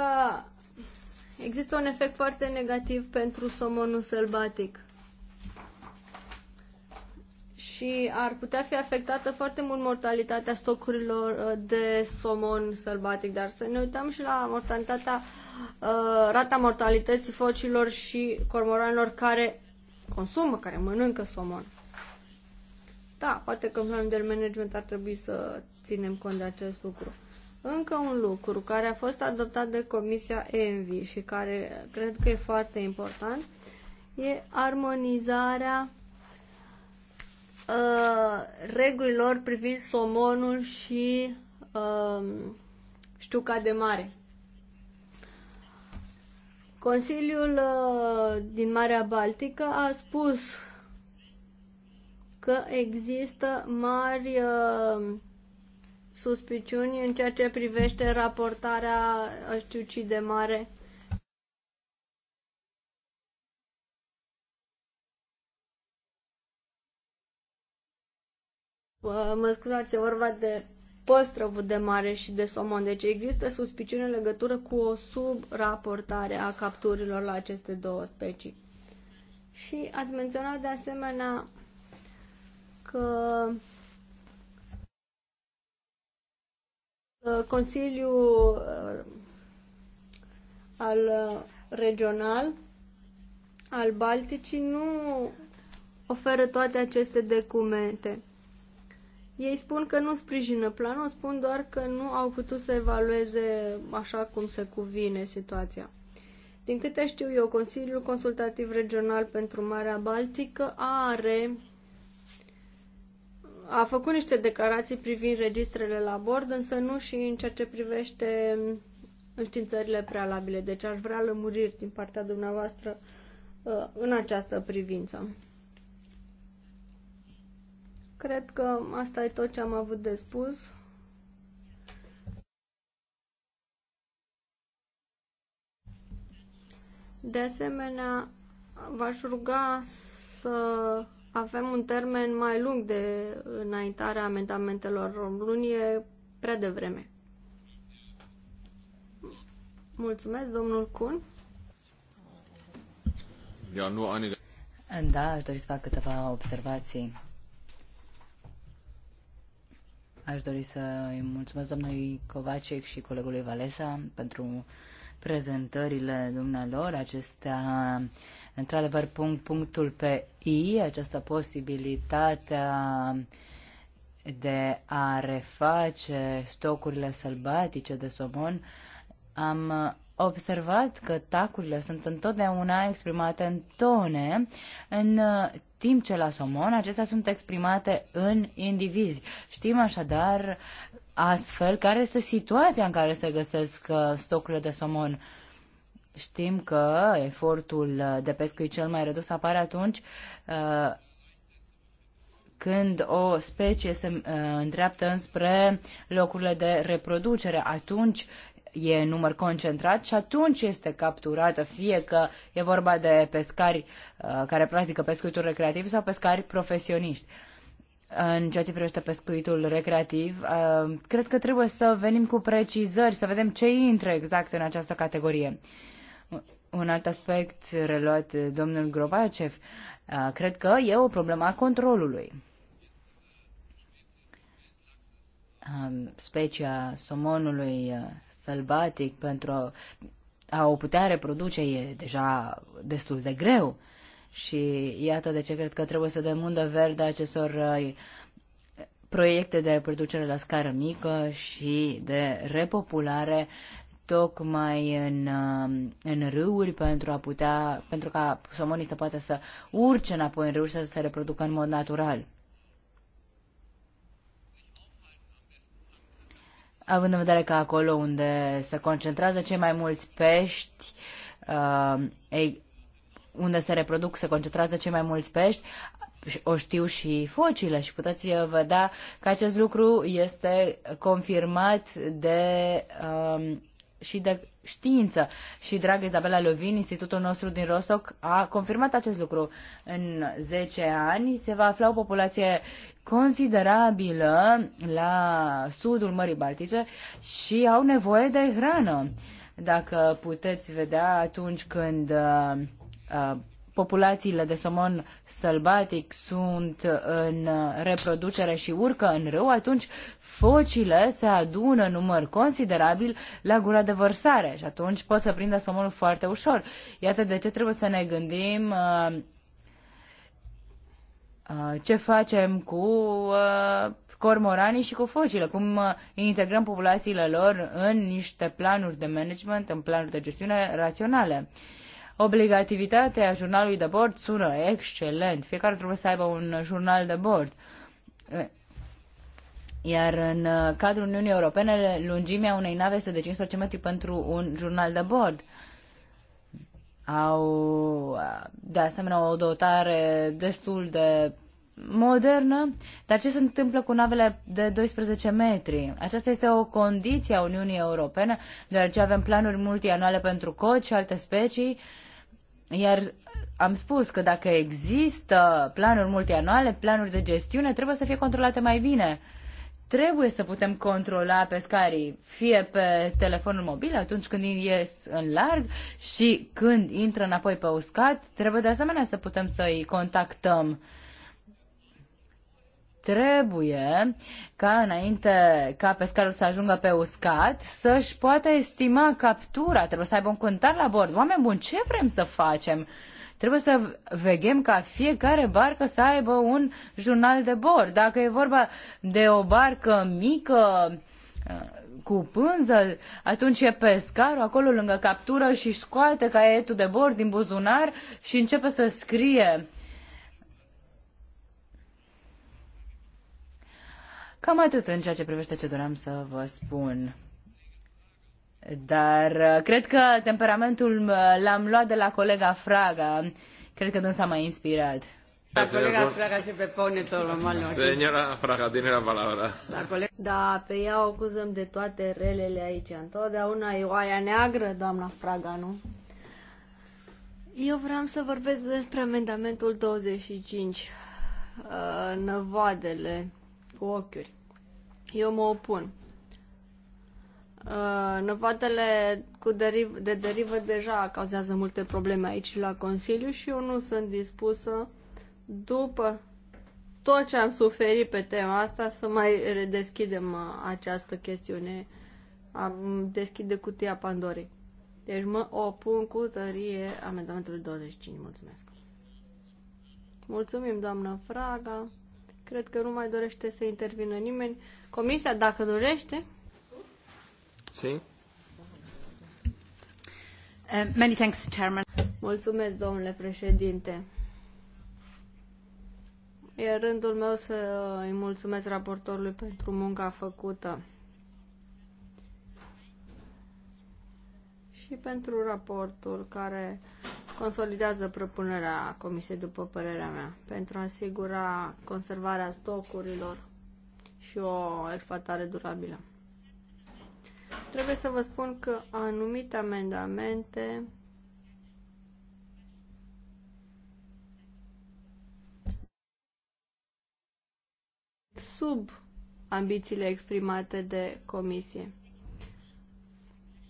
Există un efect foarte negativ pentru somonul sălbatic. Și ar putea fi afectată foarte mult mortalitatea stocurilor uh, de somon sălbatic, dar să ne uităm și la mortalitatea, uh, rata mortalității focilor și cormoranilor care consumă, care mănâncă somon. Da, poate că în planul de management ar trebui să ținem cont de acest lucru. Încă un lucru care a fost adoptat de Comisia ENVI și care cred că e foarte important e armonizarea uh, regulilor privind somonul și uh, um, știuca de mare. Consiliul uh, din Marea Baltică a spus că există mari uh, suspiciuni în ceea ce privește raportarea știu ci de mare. Mă scuzați, e vorba de păstrăvul de mare și de somon. Deci există suspiciuni în legătură cu o subraportare a capturilor la aceste două specii. Și ați menționat de asemenea că Uh, Consiliul uh, al uh, regional al Balticii nu oferă toate aceste documente. Ei spun că nu sprijină planul, spun doar că nu au putut să evalueze așa cum se cuvine situația. Din câte știu eu, Consiliul Consultativ Regional pentru Marea Baltică are a făcut niște declarații privind registrele la bord, însă nu și în ceea ce privește înștiințările prealabile. Deci aș vrea lămuriri din partea dumneavoastră uh, în această privință. Cred că asta e tot ce am avut de spus. De asemenea, v-aș ruga să avem un termen mai lung de înaintare a amendamentelor. în lunie prea devreme. Mulțumesc, domnul Kun. Ja, nu einige... Da, aș dori să fac câteva observații. Aș dori să îi mulțumesc domnului Covacec și colegului Valesa pentru prezentările dumnealor. Acestea într-adevăr punct, punctul pe I, această posibilitate de a reface stocurile sălbatice de somon, am observat că tacurile sunt întotdeauna exprimate în tone, în timp ce la somon acestea sunt exprimate în indivizi. Știm așadar astfel care este situația în care se găsesc uh, stocurile de somon Știm că efortul de pescuit cel mai redus apare atunci uh, când o specie se uh, îndreaptă înspre locurile de reproducere. Atunci e număr concentrat și atunci este capturată, fie că e vorba de pescari uh, care practică pescuitul recreativ sau pescari profesioniști în ceea ce privește pescuitul recreativ. Cred că trebuie să venim cu precizări, să vedem ce intră exact în această categorie un alt aspect reluat de domnul Grobacev. Cred că e o problemă a controlului. Specia somonului sălbatic pentru a o putea reproduce e deja destul de greu. Și iată de ce cred că trebuie să dăm undă verde acestor proiecte de reproducere la scară mică și de repopulare tocmai în, uh, în râuri pentru a putea, pentru ca somonii să poată să urce înapoi în râuri și să se reproducă în mod natural. Având în vedere că acolo unde se concentrează cei mai mulți pești, uh, ei, unde se reproduc, se concentrează cei mai mulți pești, o știu și focile și puteți vedea că acest lucru este confirmat de um, și de știință. Și, dragă Izabela Lovin, institutul nostru din Rostock a confirmat acest lucru. În 10 ani se va afla o populație considerabilă la sudul Mării Baltice și au nevoie de hrană. Dacă puteți vedea atunci când uh, uh, populațiile de somon sălbatic sunt în reproducere și urcă în râu, atunci focile se adună în număr considerabil la gura de vărsare și atunci pot să prindă somonul foarte ușor. Iată de ce trebuie să ne gândim uh, uh, ce facem cu uh, cormoranii și cu focile, cum integrăm populațiile lor în niște planuri de management, în planuri de gestiune raționale. Obligativitatea jurnalului de bord sună excelent. Fiecare trebuie să aibă un jurnal de bord. Iar în uh, cadrul Uniunii Europene, lungimea unei nave este de 15 metri pentru un jurnal de bord. Au, uh, de asemenea, o dotare destul de modernă, dar ce se întâmplă cu navele de 12 metri? Aceasta este o condiție a Uniunii Europene, deoarece avem planuri multianuale pentru coci și alte specii iar am spus că dacă există planuri multianuale, planuri de gestiune, trebuie să fie controlate mai bine. Trebuie să putem controla pescarii fie pe telefonul mobil atunci când ies în larg și când intră înapoi pe uscat, trebuie de asemenea să putem să-i contactăm trebuie ca înainte ca pescarul să ajungă pe uscat să-și poată estima captura, trebuie să aibă un contar la bord. Oameni buni, ce vrem să facem? Trebuie să vegem ca fiecare barcă să aibă un jurnal de bord. Dacă e vorba de o barcă mică, uh, cu pânză, atunci e pescarul acolo lângă captură și scoate caietul de bord din buzunar și începe să scrie Cam atât în ceea ce privește ce doream să vă spun. Dar uh, cred că temperamentul uh, l-am luat de la colega Fraga. Cred că dânsa m-a inspirat. La colega Fraga se pe pone tot lo Señora Fraga, tiene la palabra. La Da, pe ea o acuzăm de toate relele aici. Întotdeauna e oaia neagră, doamna Fraga, nu? Eu vreau să vorbesc despre amendamentul 25. Uh, năvoadele cu ochiuri. Eu mă opun. Uh, năvatele cu deriv- de derivă deja cauzează multe probleme aici la Consiliu și eu nu sunt dispusă, după tot ce am suferit pe tema asta, să mai redeschidem uh, această chestiune. Am deschide cutia Pandorei. Deci mă opun cu tărie amendamentului 25. Mulțumesc! Mulțumim, doamna Fraga! Cred că nu mai dorește să intervină nimeni. Comisia, dacă dorește. Si. Uh, many thanks, Chairman. Mulțumesc, domnule președinte. E rândul meu să îi mulțumesc raportorului pentru munca făcută și pentru raportul care consolidează propunerea Comisiei, după părerea mea, pentru a asigura conservarea stocurilor și o exploatare durabilă. Trebuie să vă spun că anumite amendamente sub ambițiile exprimate de comisie.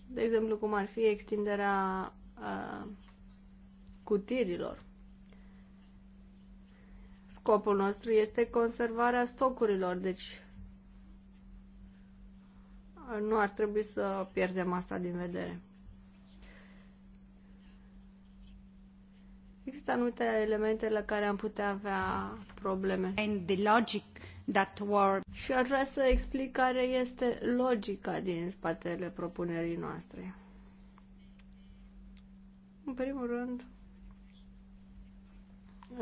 De exemplu, cum ar fi extinderea uh, cutirilor. Scopul nostru este conservarea stocurilor, deci uh, nu ar trebui să pierdem asta din vedere. Există anumite elemente la care am putea avea probleme. And the logic that were... Și ar vrea să explic care este logica din spatele propunerii noastre. În primul rând,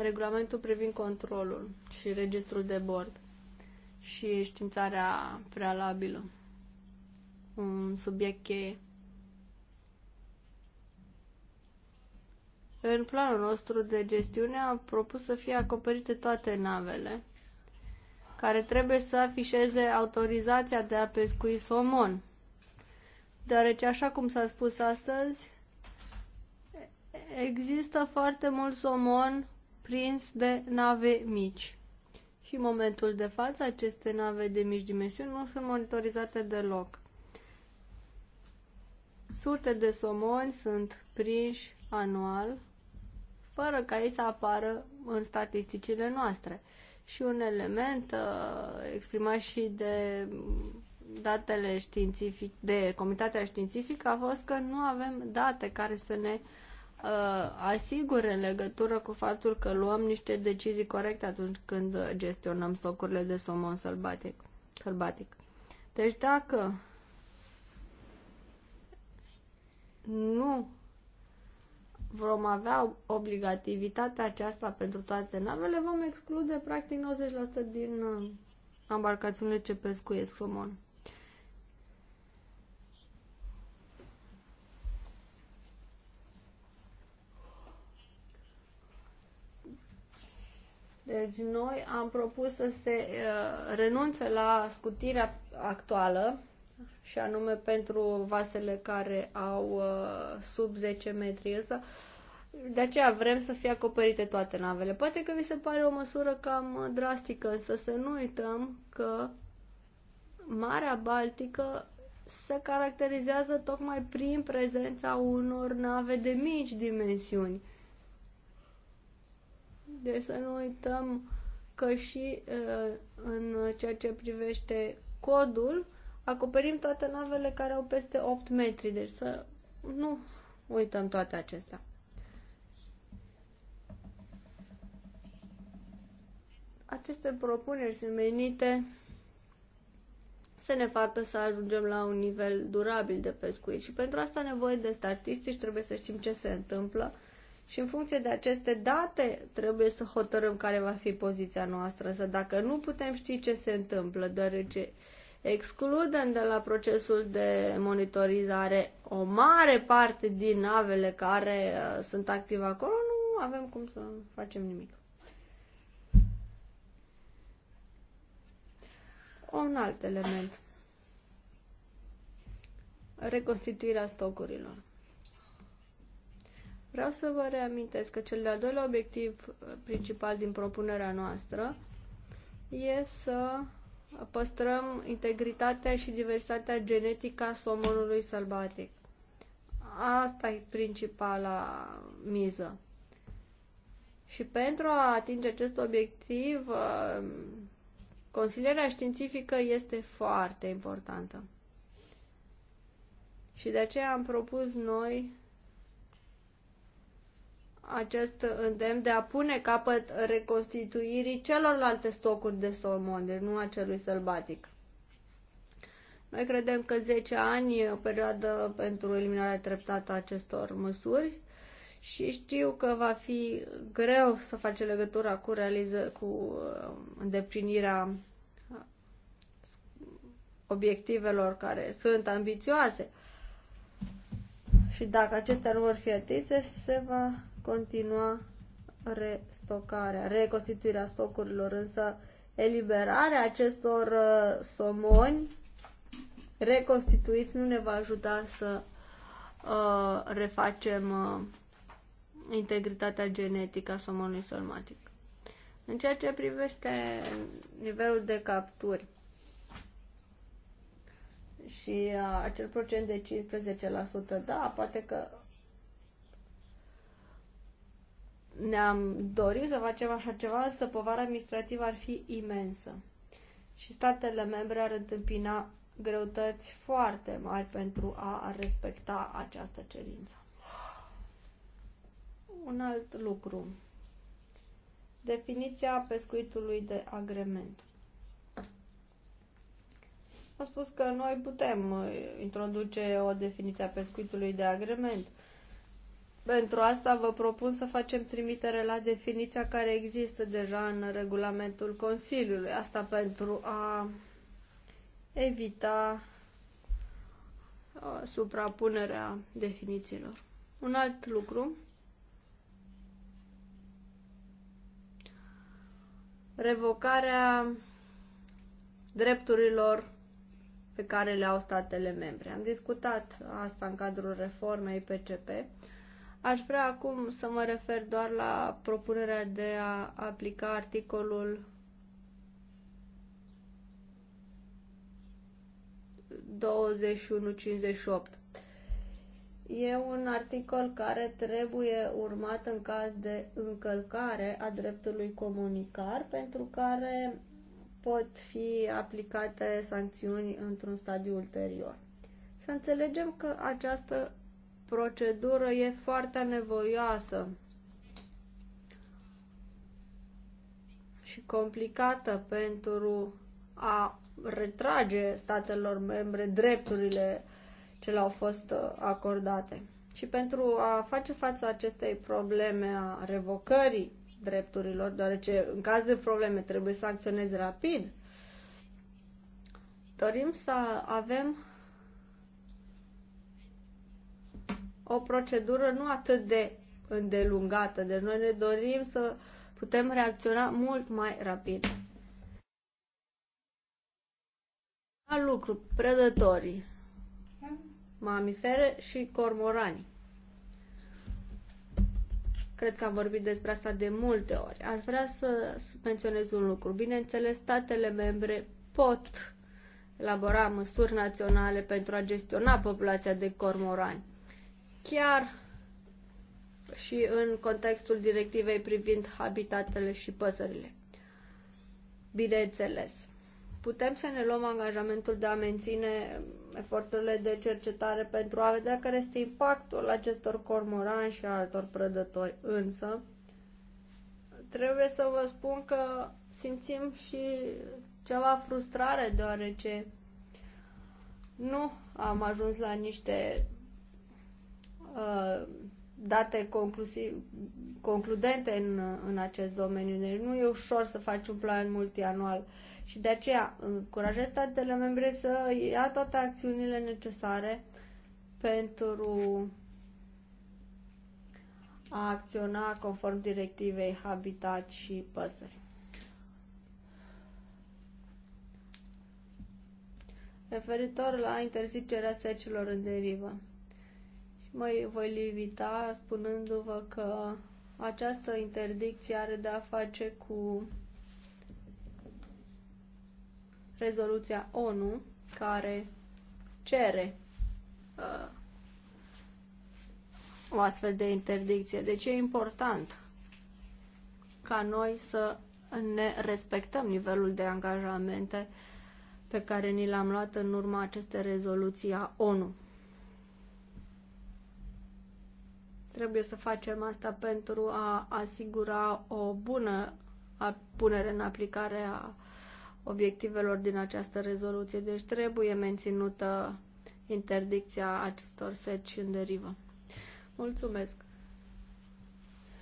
regulamentul privind controlul și registrul de bord și științarea prealabilă. Un subiect cheie. În planul nostru de gestiune am propus să fie acoperite toate navele care trebuie să afișeze autorizația de a pescui somon. Deoarece, așa cum s-a spus astăzi, există foarte mult somon prins de nave mici. Și în momentul de față, aceste nave de mici dimensiuni nu sunt monitorizate deloc. Sute de somoni sunt prinși anual, fără ca ei să apară în statisticile noastre. Și un element uh, exprimat și de datele științifice, de comitatea științifică, a fost că nu avem date care să ne uh, uh, asigure în legătură cu faptul că luăm niște decizii corecte atunci când gestionăm stocurile de somon sălbatic. sălbatic. Deci dacă nu vom avea obligativitatea aceasta pentru toate navele, vom exclude practic 90% din uh, embarcațiunile ce pescuiesc somon. Deci noi am propus să se uh, renunțe la scutirea actuală și anume pentru vasele care au uh, sub 10 metri. Însă, de aceea vrem să fie acoperite toate navele. Poate că vi se pare o măsură cam drastică, însă să nu uităm că Marea Baltică se caracterizează tocmai prin prezența unor nave de mici dimensiuni deci să nu uităm că și în ceea ce privește codul, acoperim toate navele care au peste 8 metri, deci să nu uităm toate acestea. Aceste propuneri sunt menite să ne facă să ajungem la un nivel durabil de pescuit și pentru asta nevoie de statistici, trebuie să știm ce se întâmplă și în funcție de aceste date trebuie să hotărâm care va fi poziția noastră, să dacă nu putem ști ce se întâmplă, deoarece excludem de la procesul de monitorizare o mare parte din navele care uh, sunt active acolo, nu avem cum să facem nimic. Un alt element. Reconstituirea stocurilor. Vreau să vă reamintesc că cel de-al doilea obiectiv uh, principal din propunerea noastră e să păstrăm integritatea și diversitatea genetică a somonului sălbatic. Asta e principala miză. Și pentru a atinge acest obiectiv, uh, consilierea științifică este foarte importantă. Și de aceea am propus noi acest îndemn de a pune capăt reconstituirii celorlalte stocuri de somon, deci nu a celui sălbatic. Noi credem că 10 ani e o perioadă pentru eliminarea treptată a acestor măsuri și știu că va fi greu să face legătura cu, realiză, cu uh, îndeplinirea uh, obiectivelor care sunt ambițioase. Și dacă acestea nu vor fi atise, se va continua restocarea, reconstituirea stocurilor, însă eliberarea acestor uh, somoni reconstituiți nu ne va ajuta să uh, refacem uh, integritatea genetică a somonului somatic. În ceea ce privește nivelul de capturi și uh, acel procent de 15%, da, poate că ne-am dorit să facem așa ceva, însă povara administrativă ar fi imensă. Și statele membre ar întâmpina greutăți foarte mari pentru a respecta această cerință. Un alt lucru. Definiția pescuitului de agrement. Am spus că noi putem uh, introduce o definiție a pescuitului de agrement – pentru asta vă propun să facem trimitere la definiția care există deja în regulamentul Consiliului. Asta pentru a evita uh, suprapunerea definițiilor. Un alt lucru. Revocarea drepturilor pe care le au statele membre. Am discutat asta în cadrul reformei PCP. Aș vrea acum să mă refer doar la propunerea de a aplica articolul 2158. E un articol care trebuie urmat în caz de încălcare a dreptului comunicar, pentru care pot fi aplicate sancțiuni într-un stadiu ulterior. Să înțelegem că această procedură e foarte nevoioasă și complicată pentru a retrage statelor membre drepturile ce le-au fost uh, acordate. Și pentru a face față acestei probleme a revocării drepturilor, deoarece în caz de probleme trebuie să acționezi rapid, dorim să avem o procedură nu atât de îndelungată. Deci noi ne dorim să putem reacționa mult mai rapid. Al lucru, predătorii, mamifere și cormorani. Cred că am vorbit despre asta de multe ori. Aș vrea să menționez un lucru. Bineînțeles, statele membre pot elabora măsuri naționale pentru a gestiona populația de cormorani chiar și în contextul directivei privind habitatele și păsările. Bineînțeles, putem să ne luăm angajamentul de a menține eforturile de cercetare pentru a vedea care este impactul acestor cormorani și altor prădători, însă trebuie să vă spun că simțim și ceva frustrare deoarece nu am ajuns la niște Uh, date concludente în, în acest domeniu. Deci nu e ușor să faci un plan multianual și de aceea încurajez statele membre să ia toate acțiunile necesare pentru a acționa conform directivei Habitat și Păsări. Referitor la interzicerea secilor în derivă. Mă voi limita spunându-vă că această interdicție are de a face cu rezoluția ONU care cere uh, o astfel de interdicție. Deci e important ca noi să ne respectăm nivelul de angajamente pe care ni l-am luat în urma acestei rezoluții a ONU. Trebuie să facem asta pentru a asigura o bună punere în aplicare a obiectivelor din această rezoluție. Deci trebuie menținută interdicția acestor seci în derivă. Mulțumesc!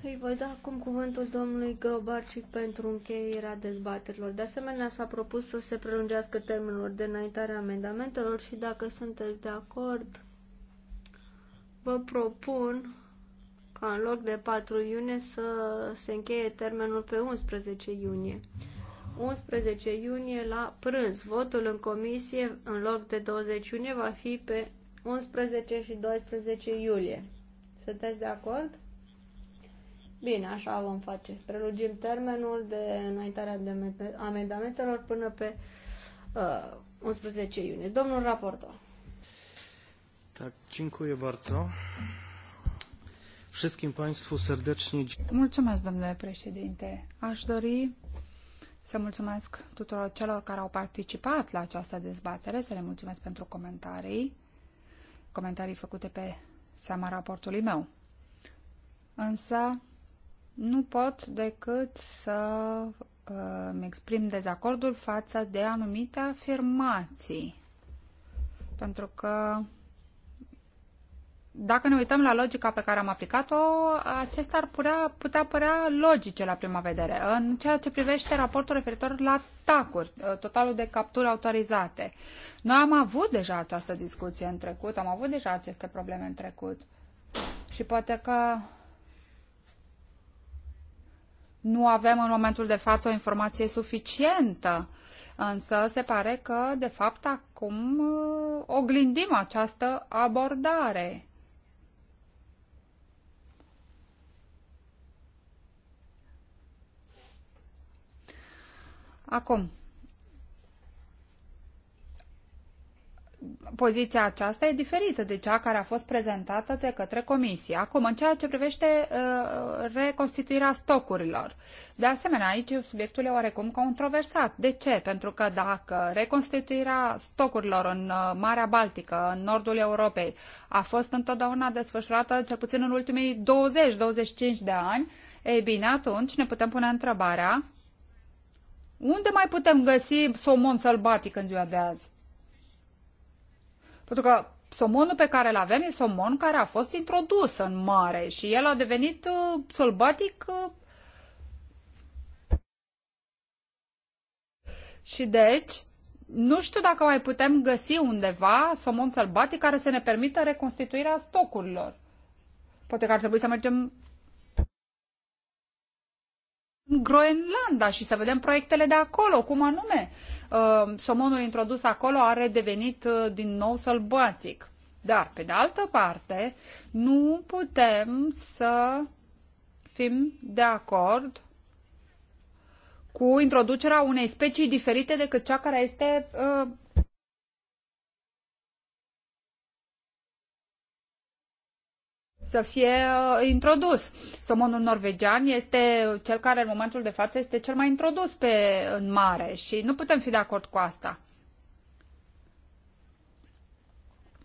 Îi voi da acum cuvântul domnului Grobarcic pentru încheierea dezbaterilor. De asemenea, s-a propus să se prelungească termenul de înaintare a amendamentelor și dacă sunteți de acord, vă propun ca în loc de 4 iunie să se încheie termenul pe 11 iunie. 11 iunie la prânz. Votul în comisie în loc de 20 iunie va fi pe 11 și 12 iulie. Sunteți de acord? Bine, așa vom face. Prelugim termenul de înaintarea de amendamentelor până pe uh, 11 iunie. Domnul raportor. Tak, dziękuję bardzo. Wszystkim Państwu serdecznie Mulțumesc, domnule președinte. Aș dori să mulțumesc tuturor celor care au participat la această dezbatere, să le mulțumesc pentru comentarii, comentarii făcute pe seama raportului meu. Însă nu pot decât să uh, îmi exprim dezacordul față de anumite afirmații. Pentru că dacă ne uităm la logica pe care am aplicat-o, acesta ar putea, putea părea logice la prima vedere. În ceea ce privește raportul referitor la tacuri, ă, totalul de capturi autorizate, noi am avut deja această discuție în trecut, am avut deja aceste probleme în trecut. Și poate că nu avem în momentul de față o informație suficientă, însă se pare că, de fapt, acum ă, oglindim această abordare. Acum, poziția aceasta e diferită de cea care a fost prezentată de către comisie. Acum, în ceea ce privește uh, reconstituirea stocurilor. De asemenea, aici subiectul e oarecum controversat. De ce? Pentru că dacă reconstituirea stocurilor în uh, Marea Baltică, în nordul Europei, a fost întotdeauna desfășurată, cel puțin în ultimii 20-25 de ani, ei bine, atunci ne putem pune întrebarea unde mai putem găsi somon sălbatic în ziua de azi? Pentru că somonul pe care îl avem e somon care a fost introdus în mare și el a devenit uh, sălbatic uh, Și deci, nu știu dacă mai putem găsi undeva somon sălbatic care să ne permită reconstituirea stocurilor. Poate că ar trebui să mergem Groenlanda și să vedem proiectele de acolo, cum anume. Uh, somonul introdus acolo a redevenit uh, din nou sălbatic. Dar, pe de altă parte, nu putem să fim de acord cu introducerea unei specii diferite decât cea care este uh, să fie uh, introdus. Somonul norvegian este cel care în momentul de față este cel mai introdus pe, în mare și nu putem fi de acord cu asta.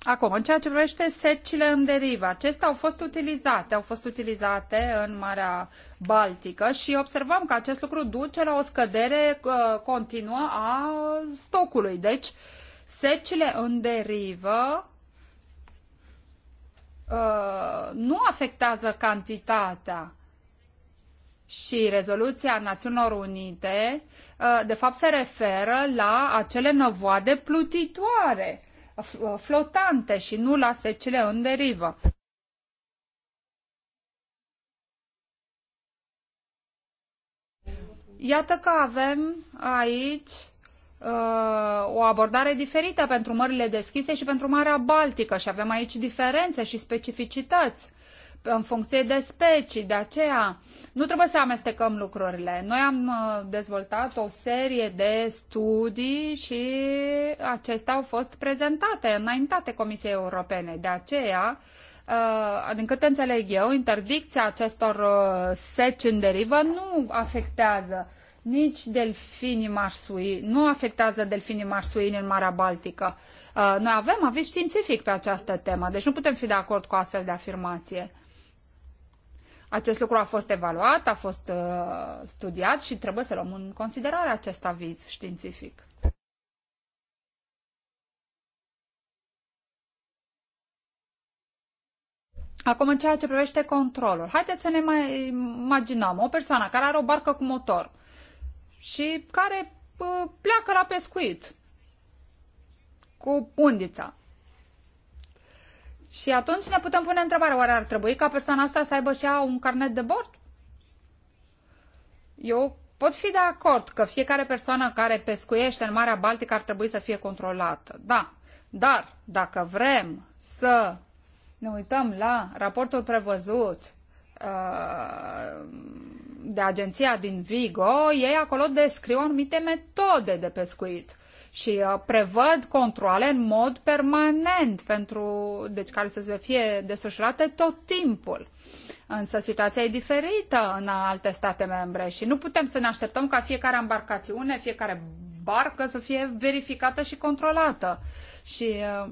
Acum, în ceea ce privește secile în derivă, acestea au fost utilizate, au fost utilizate în Marea Baltică și observăm că acest lucru duce la o scădere uh, continuă a stocului. Deci, secile în derivă Uh, nu afectează cantitatea. Și rezoluția Națiunilor Unite, uh, de fapt, se referă la acele năvoade plutitoare, uh, flotante și nu la secile în derivă. Iată că avem aici Uh, o abordare diferită pentru mările deschise și pentru Marea Baltică și avem aici diferențe și specificități în funcție de specii, de aceea nu trebuie să amestecăm lucrurile. Noi am uh, dezvoltat o serie de studii și acestea au fost prezentate, înaintate Comisiei Europene. De aceea, uh, din câte înțeleg eu, interdicția acestor seci în derivă nu afectează nici delfinii marsui, nu afectează delfinii marsui în Marea Baltică. Uh, noi avem aviz științific pe această temă, deci nu putem fi de acord cu astfel de afirmație. Acest lucru a fost evaluat, a fost uh, studiat și trebuie să luăm în considerare acest aviz științific. Acum, în ceea ce privește controlul, haideți să ne mai imaginăm o persoană care are o barcă cu motor și care pleacă la pescuit cu undița. Și atunci ne putem pune întrebarea, oare ar trebui ca persoana asta să aibă și ea un carnet de bord? Eu pot fi de acord că fiecare persoană care pescuiește în Marea Baltică ar trebui să fie controlată, da. Dar dacă vrem să ne uităm la raportul prevăzut Uh, de agenția din Vigo, ei acolo descriu anumite metode de pescuit și uh, prevăd controle în mod permanent pentru, deci care să fie desfășurate tot timpul. Însă situația e diferită în alte state membre și nu putem să ne așteptăm ca fiecare embarcațiune, fiecare barcă să fie verificată și controlată. Și uh,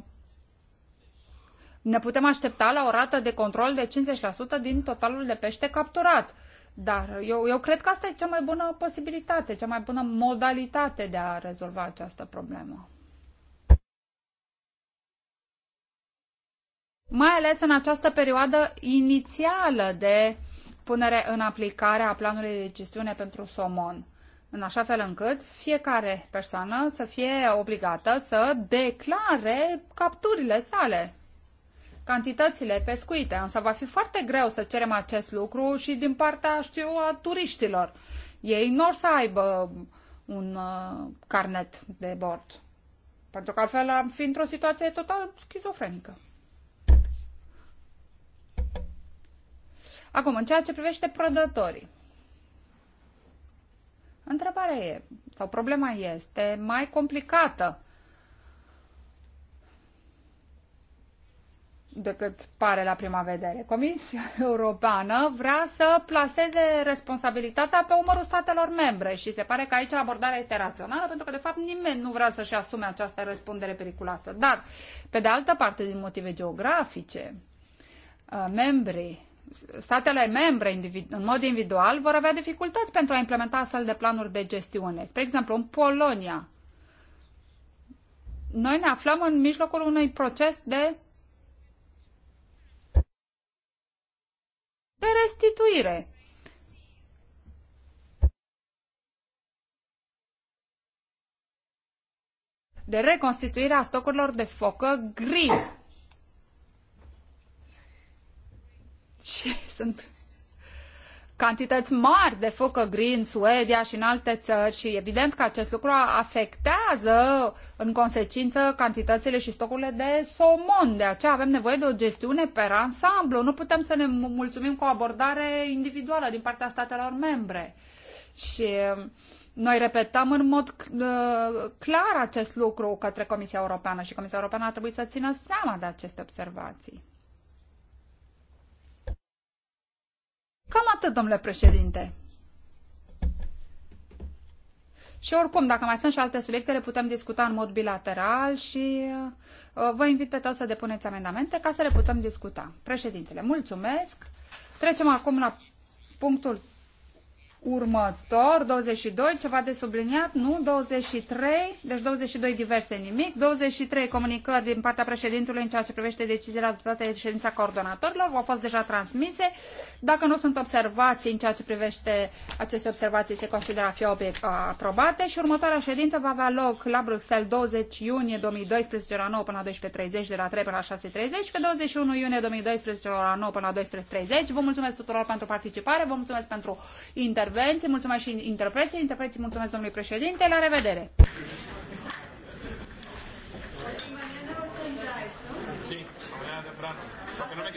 ne putem aștepta la o rată de control de 50% din totalul de pește capturat. Dar eu, eu cred că asta e cea mai bună posibilitate, cea mai bună modalitate de a rezolva această problemă. Mai ales în această perioadă inițială de punere în aplicare a planului de gestiune pentru somon, în așa fel încât fiecare persoană să fie obligată să declare capturile sale cantitățile pescuite, însă va fi foarte greu să cerem acest lucru și din partea, știu, a turiștilor. Ei nu să aibă un uh, carnet de bord, pentru că altfel am fi într-o situație total schizofrenică. Acum, în ceea ce privește prădătorii, întrebarea e, sau problema este mai complicată decât pare la prima vedere. Comisia Europeană vrea să placeze responsabilitatea pe umărul statelor membre și se pare că aici abordarea este rațională pentru că, de fapt, nimeni nu vrea să-și asume această răspundere periculoasă. Dar, pe de altă parte, din motive geografice, uh, membrii statele membre în mod individual vor avea dificultăți pentru a implementa astfel de planuri de gestiune. Spre exemplu, în Polonia, noi ne aflăm în mijlocul unui proces de de restituire. de reconstituirea stocurilor de focă gri. Și sunt cantități mari de focă green în Suedia și în alte țări și evident că acest lucru afectează în consecință cantitățile și stocurile de somon. De aceea avem nevoie de o gestiune pe ansamblu. Nu putem să ne mulțumim cu o abordare individuală din partea statelor membre. Și um, noi repetăm în mod uh, clar acest lucru către Comisia Europeană și Comisia Europeană ar trebui să țină seama de aceste observații. Cam atât, domnule președinte. Și oricum, dacă mai sunt și alte subiecte, le putem discuta în mod bilateral și uh, vă invit pe toți să depuneți amendamente ca să le putem discuta. Președintele, mulțumesc. Trecem acum la punctul următor, 22, ceva de subliniat, nu, 23, deci 22 diverse nimic, 23 comunicări din partea președintelui în ceea ce privește deciziile adoptate de ședința coordonatorilor, au fost deja transmise. Dacă nu sunt observații în ceea ce privește aceste observații, se consideră a fi obiect, aprobate și următoarea ședință va avea loc la Bruxelles 20 iunie 2012 la 9 până la 12.30, de la 3 până la 6.30 pe 21 iunie 2012 la 9 până la 12.30. Vă mulțumesc tuturor pentru participare, vă mulțumesc pentru intervenție intervenție, mulțumesc și interpreții, interpreții mulțumesc domnului președinte, la revedere! Sí, mañana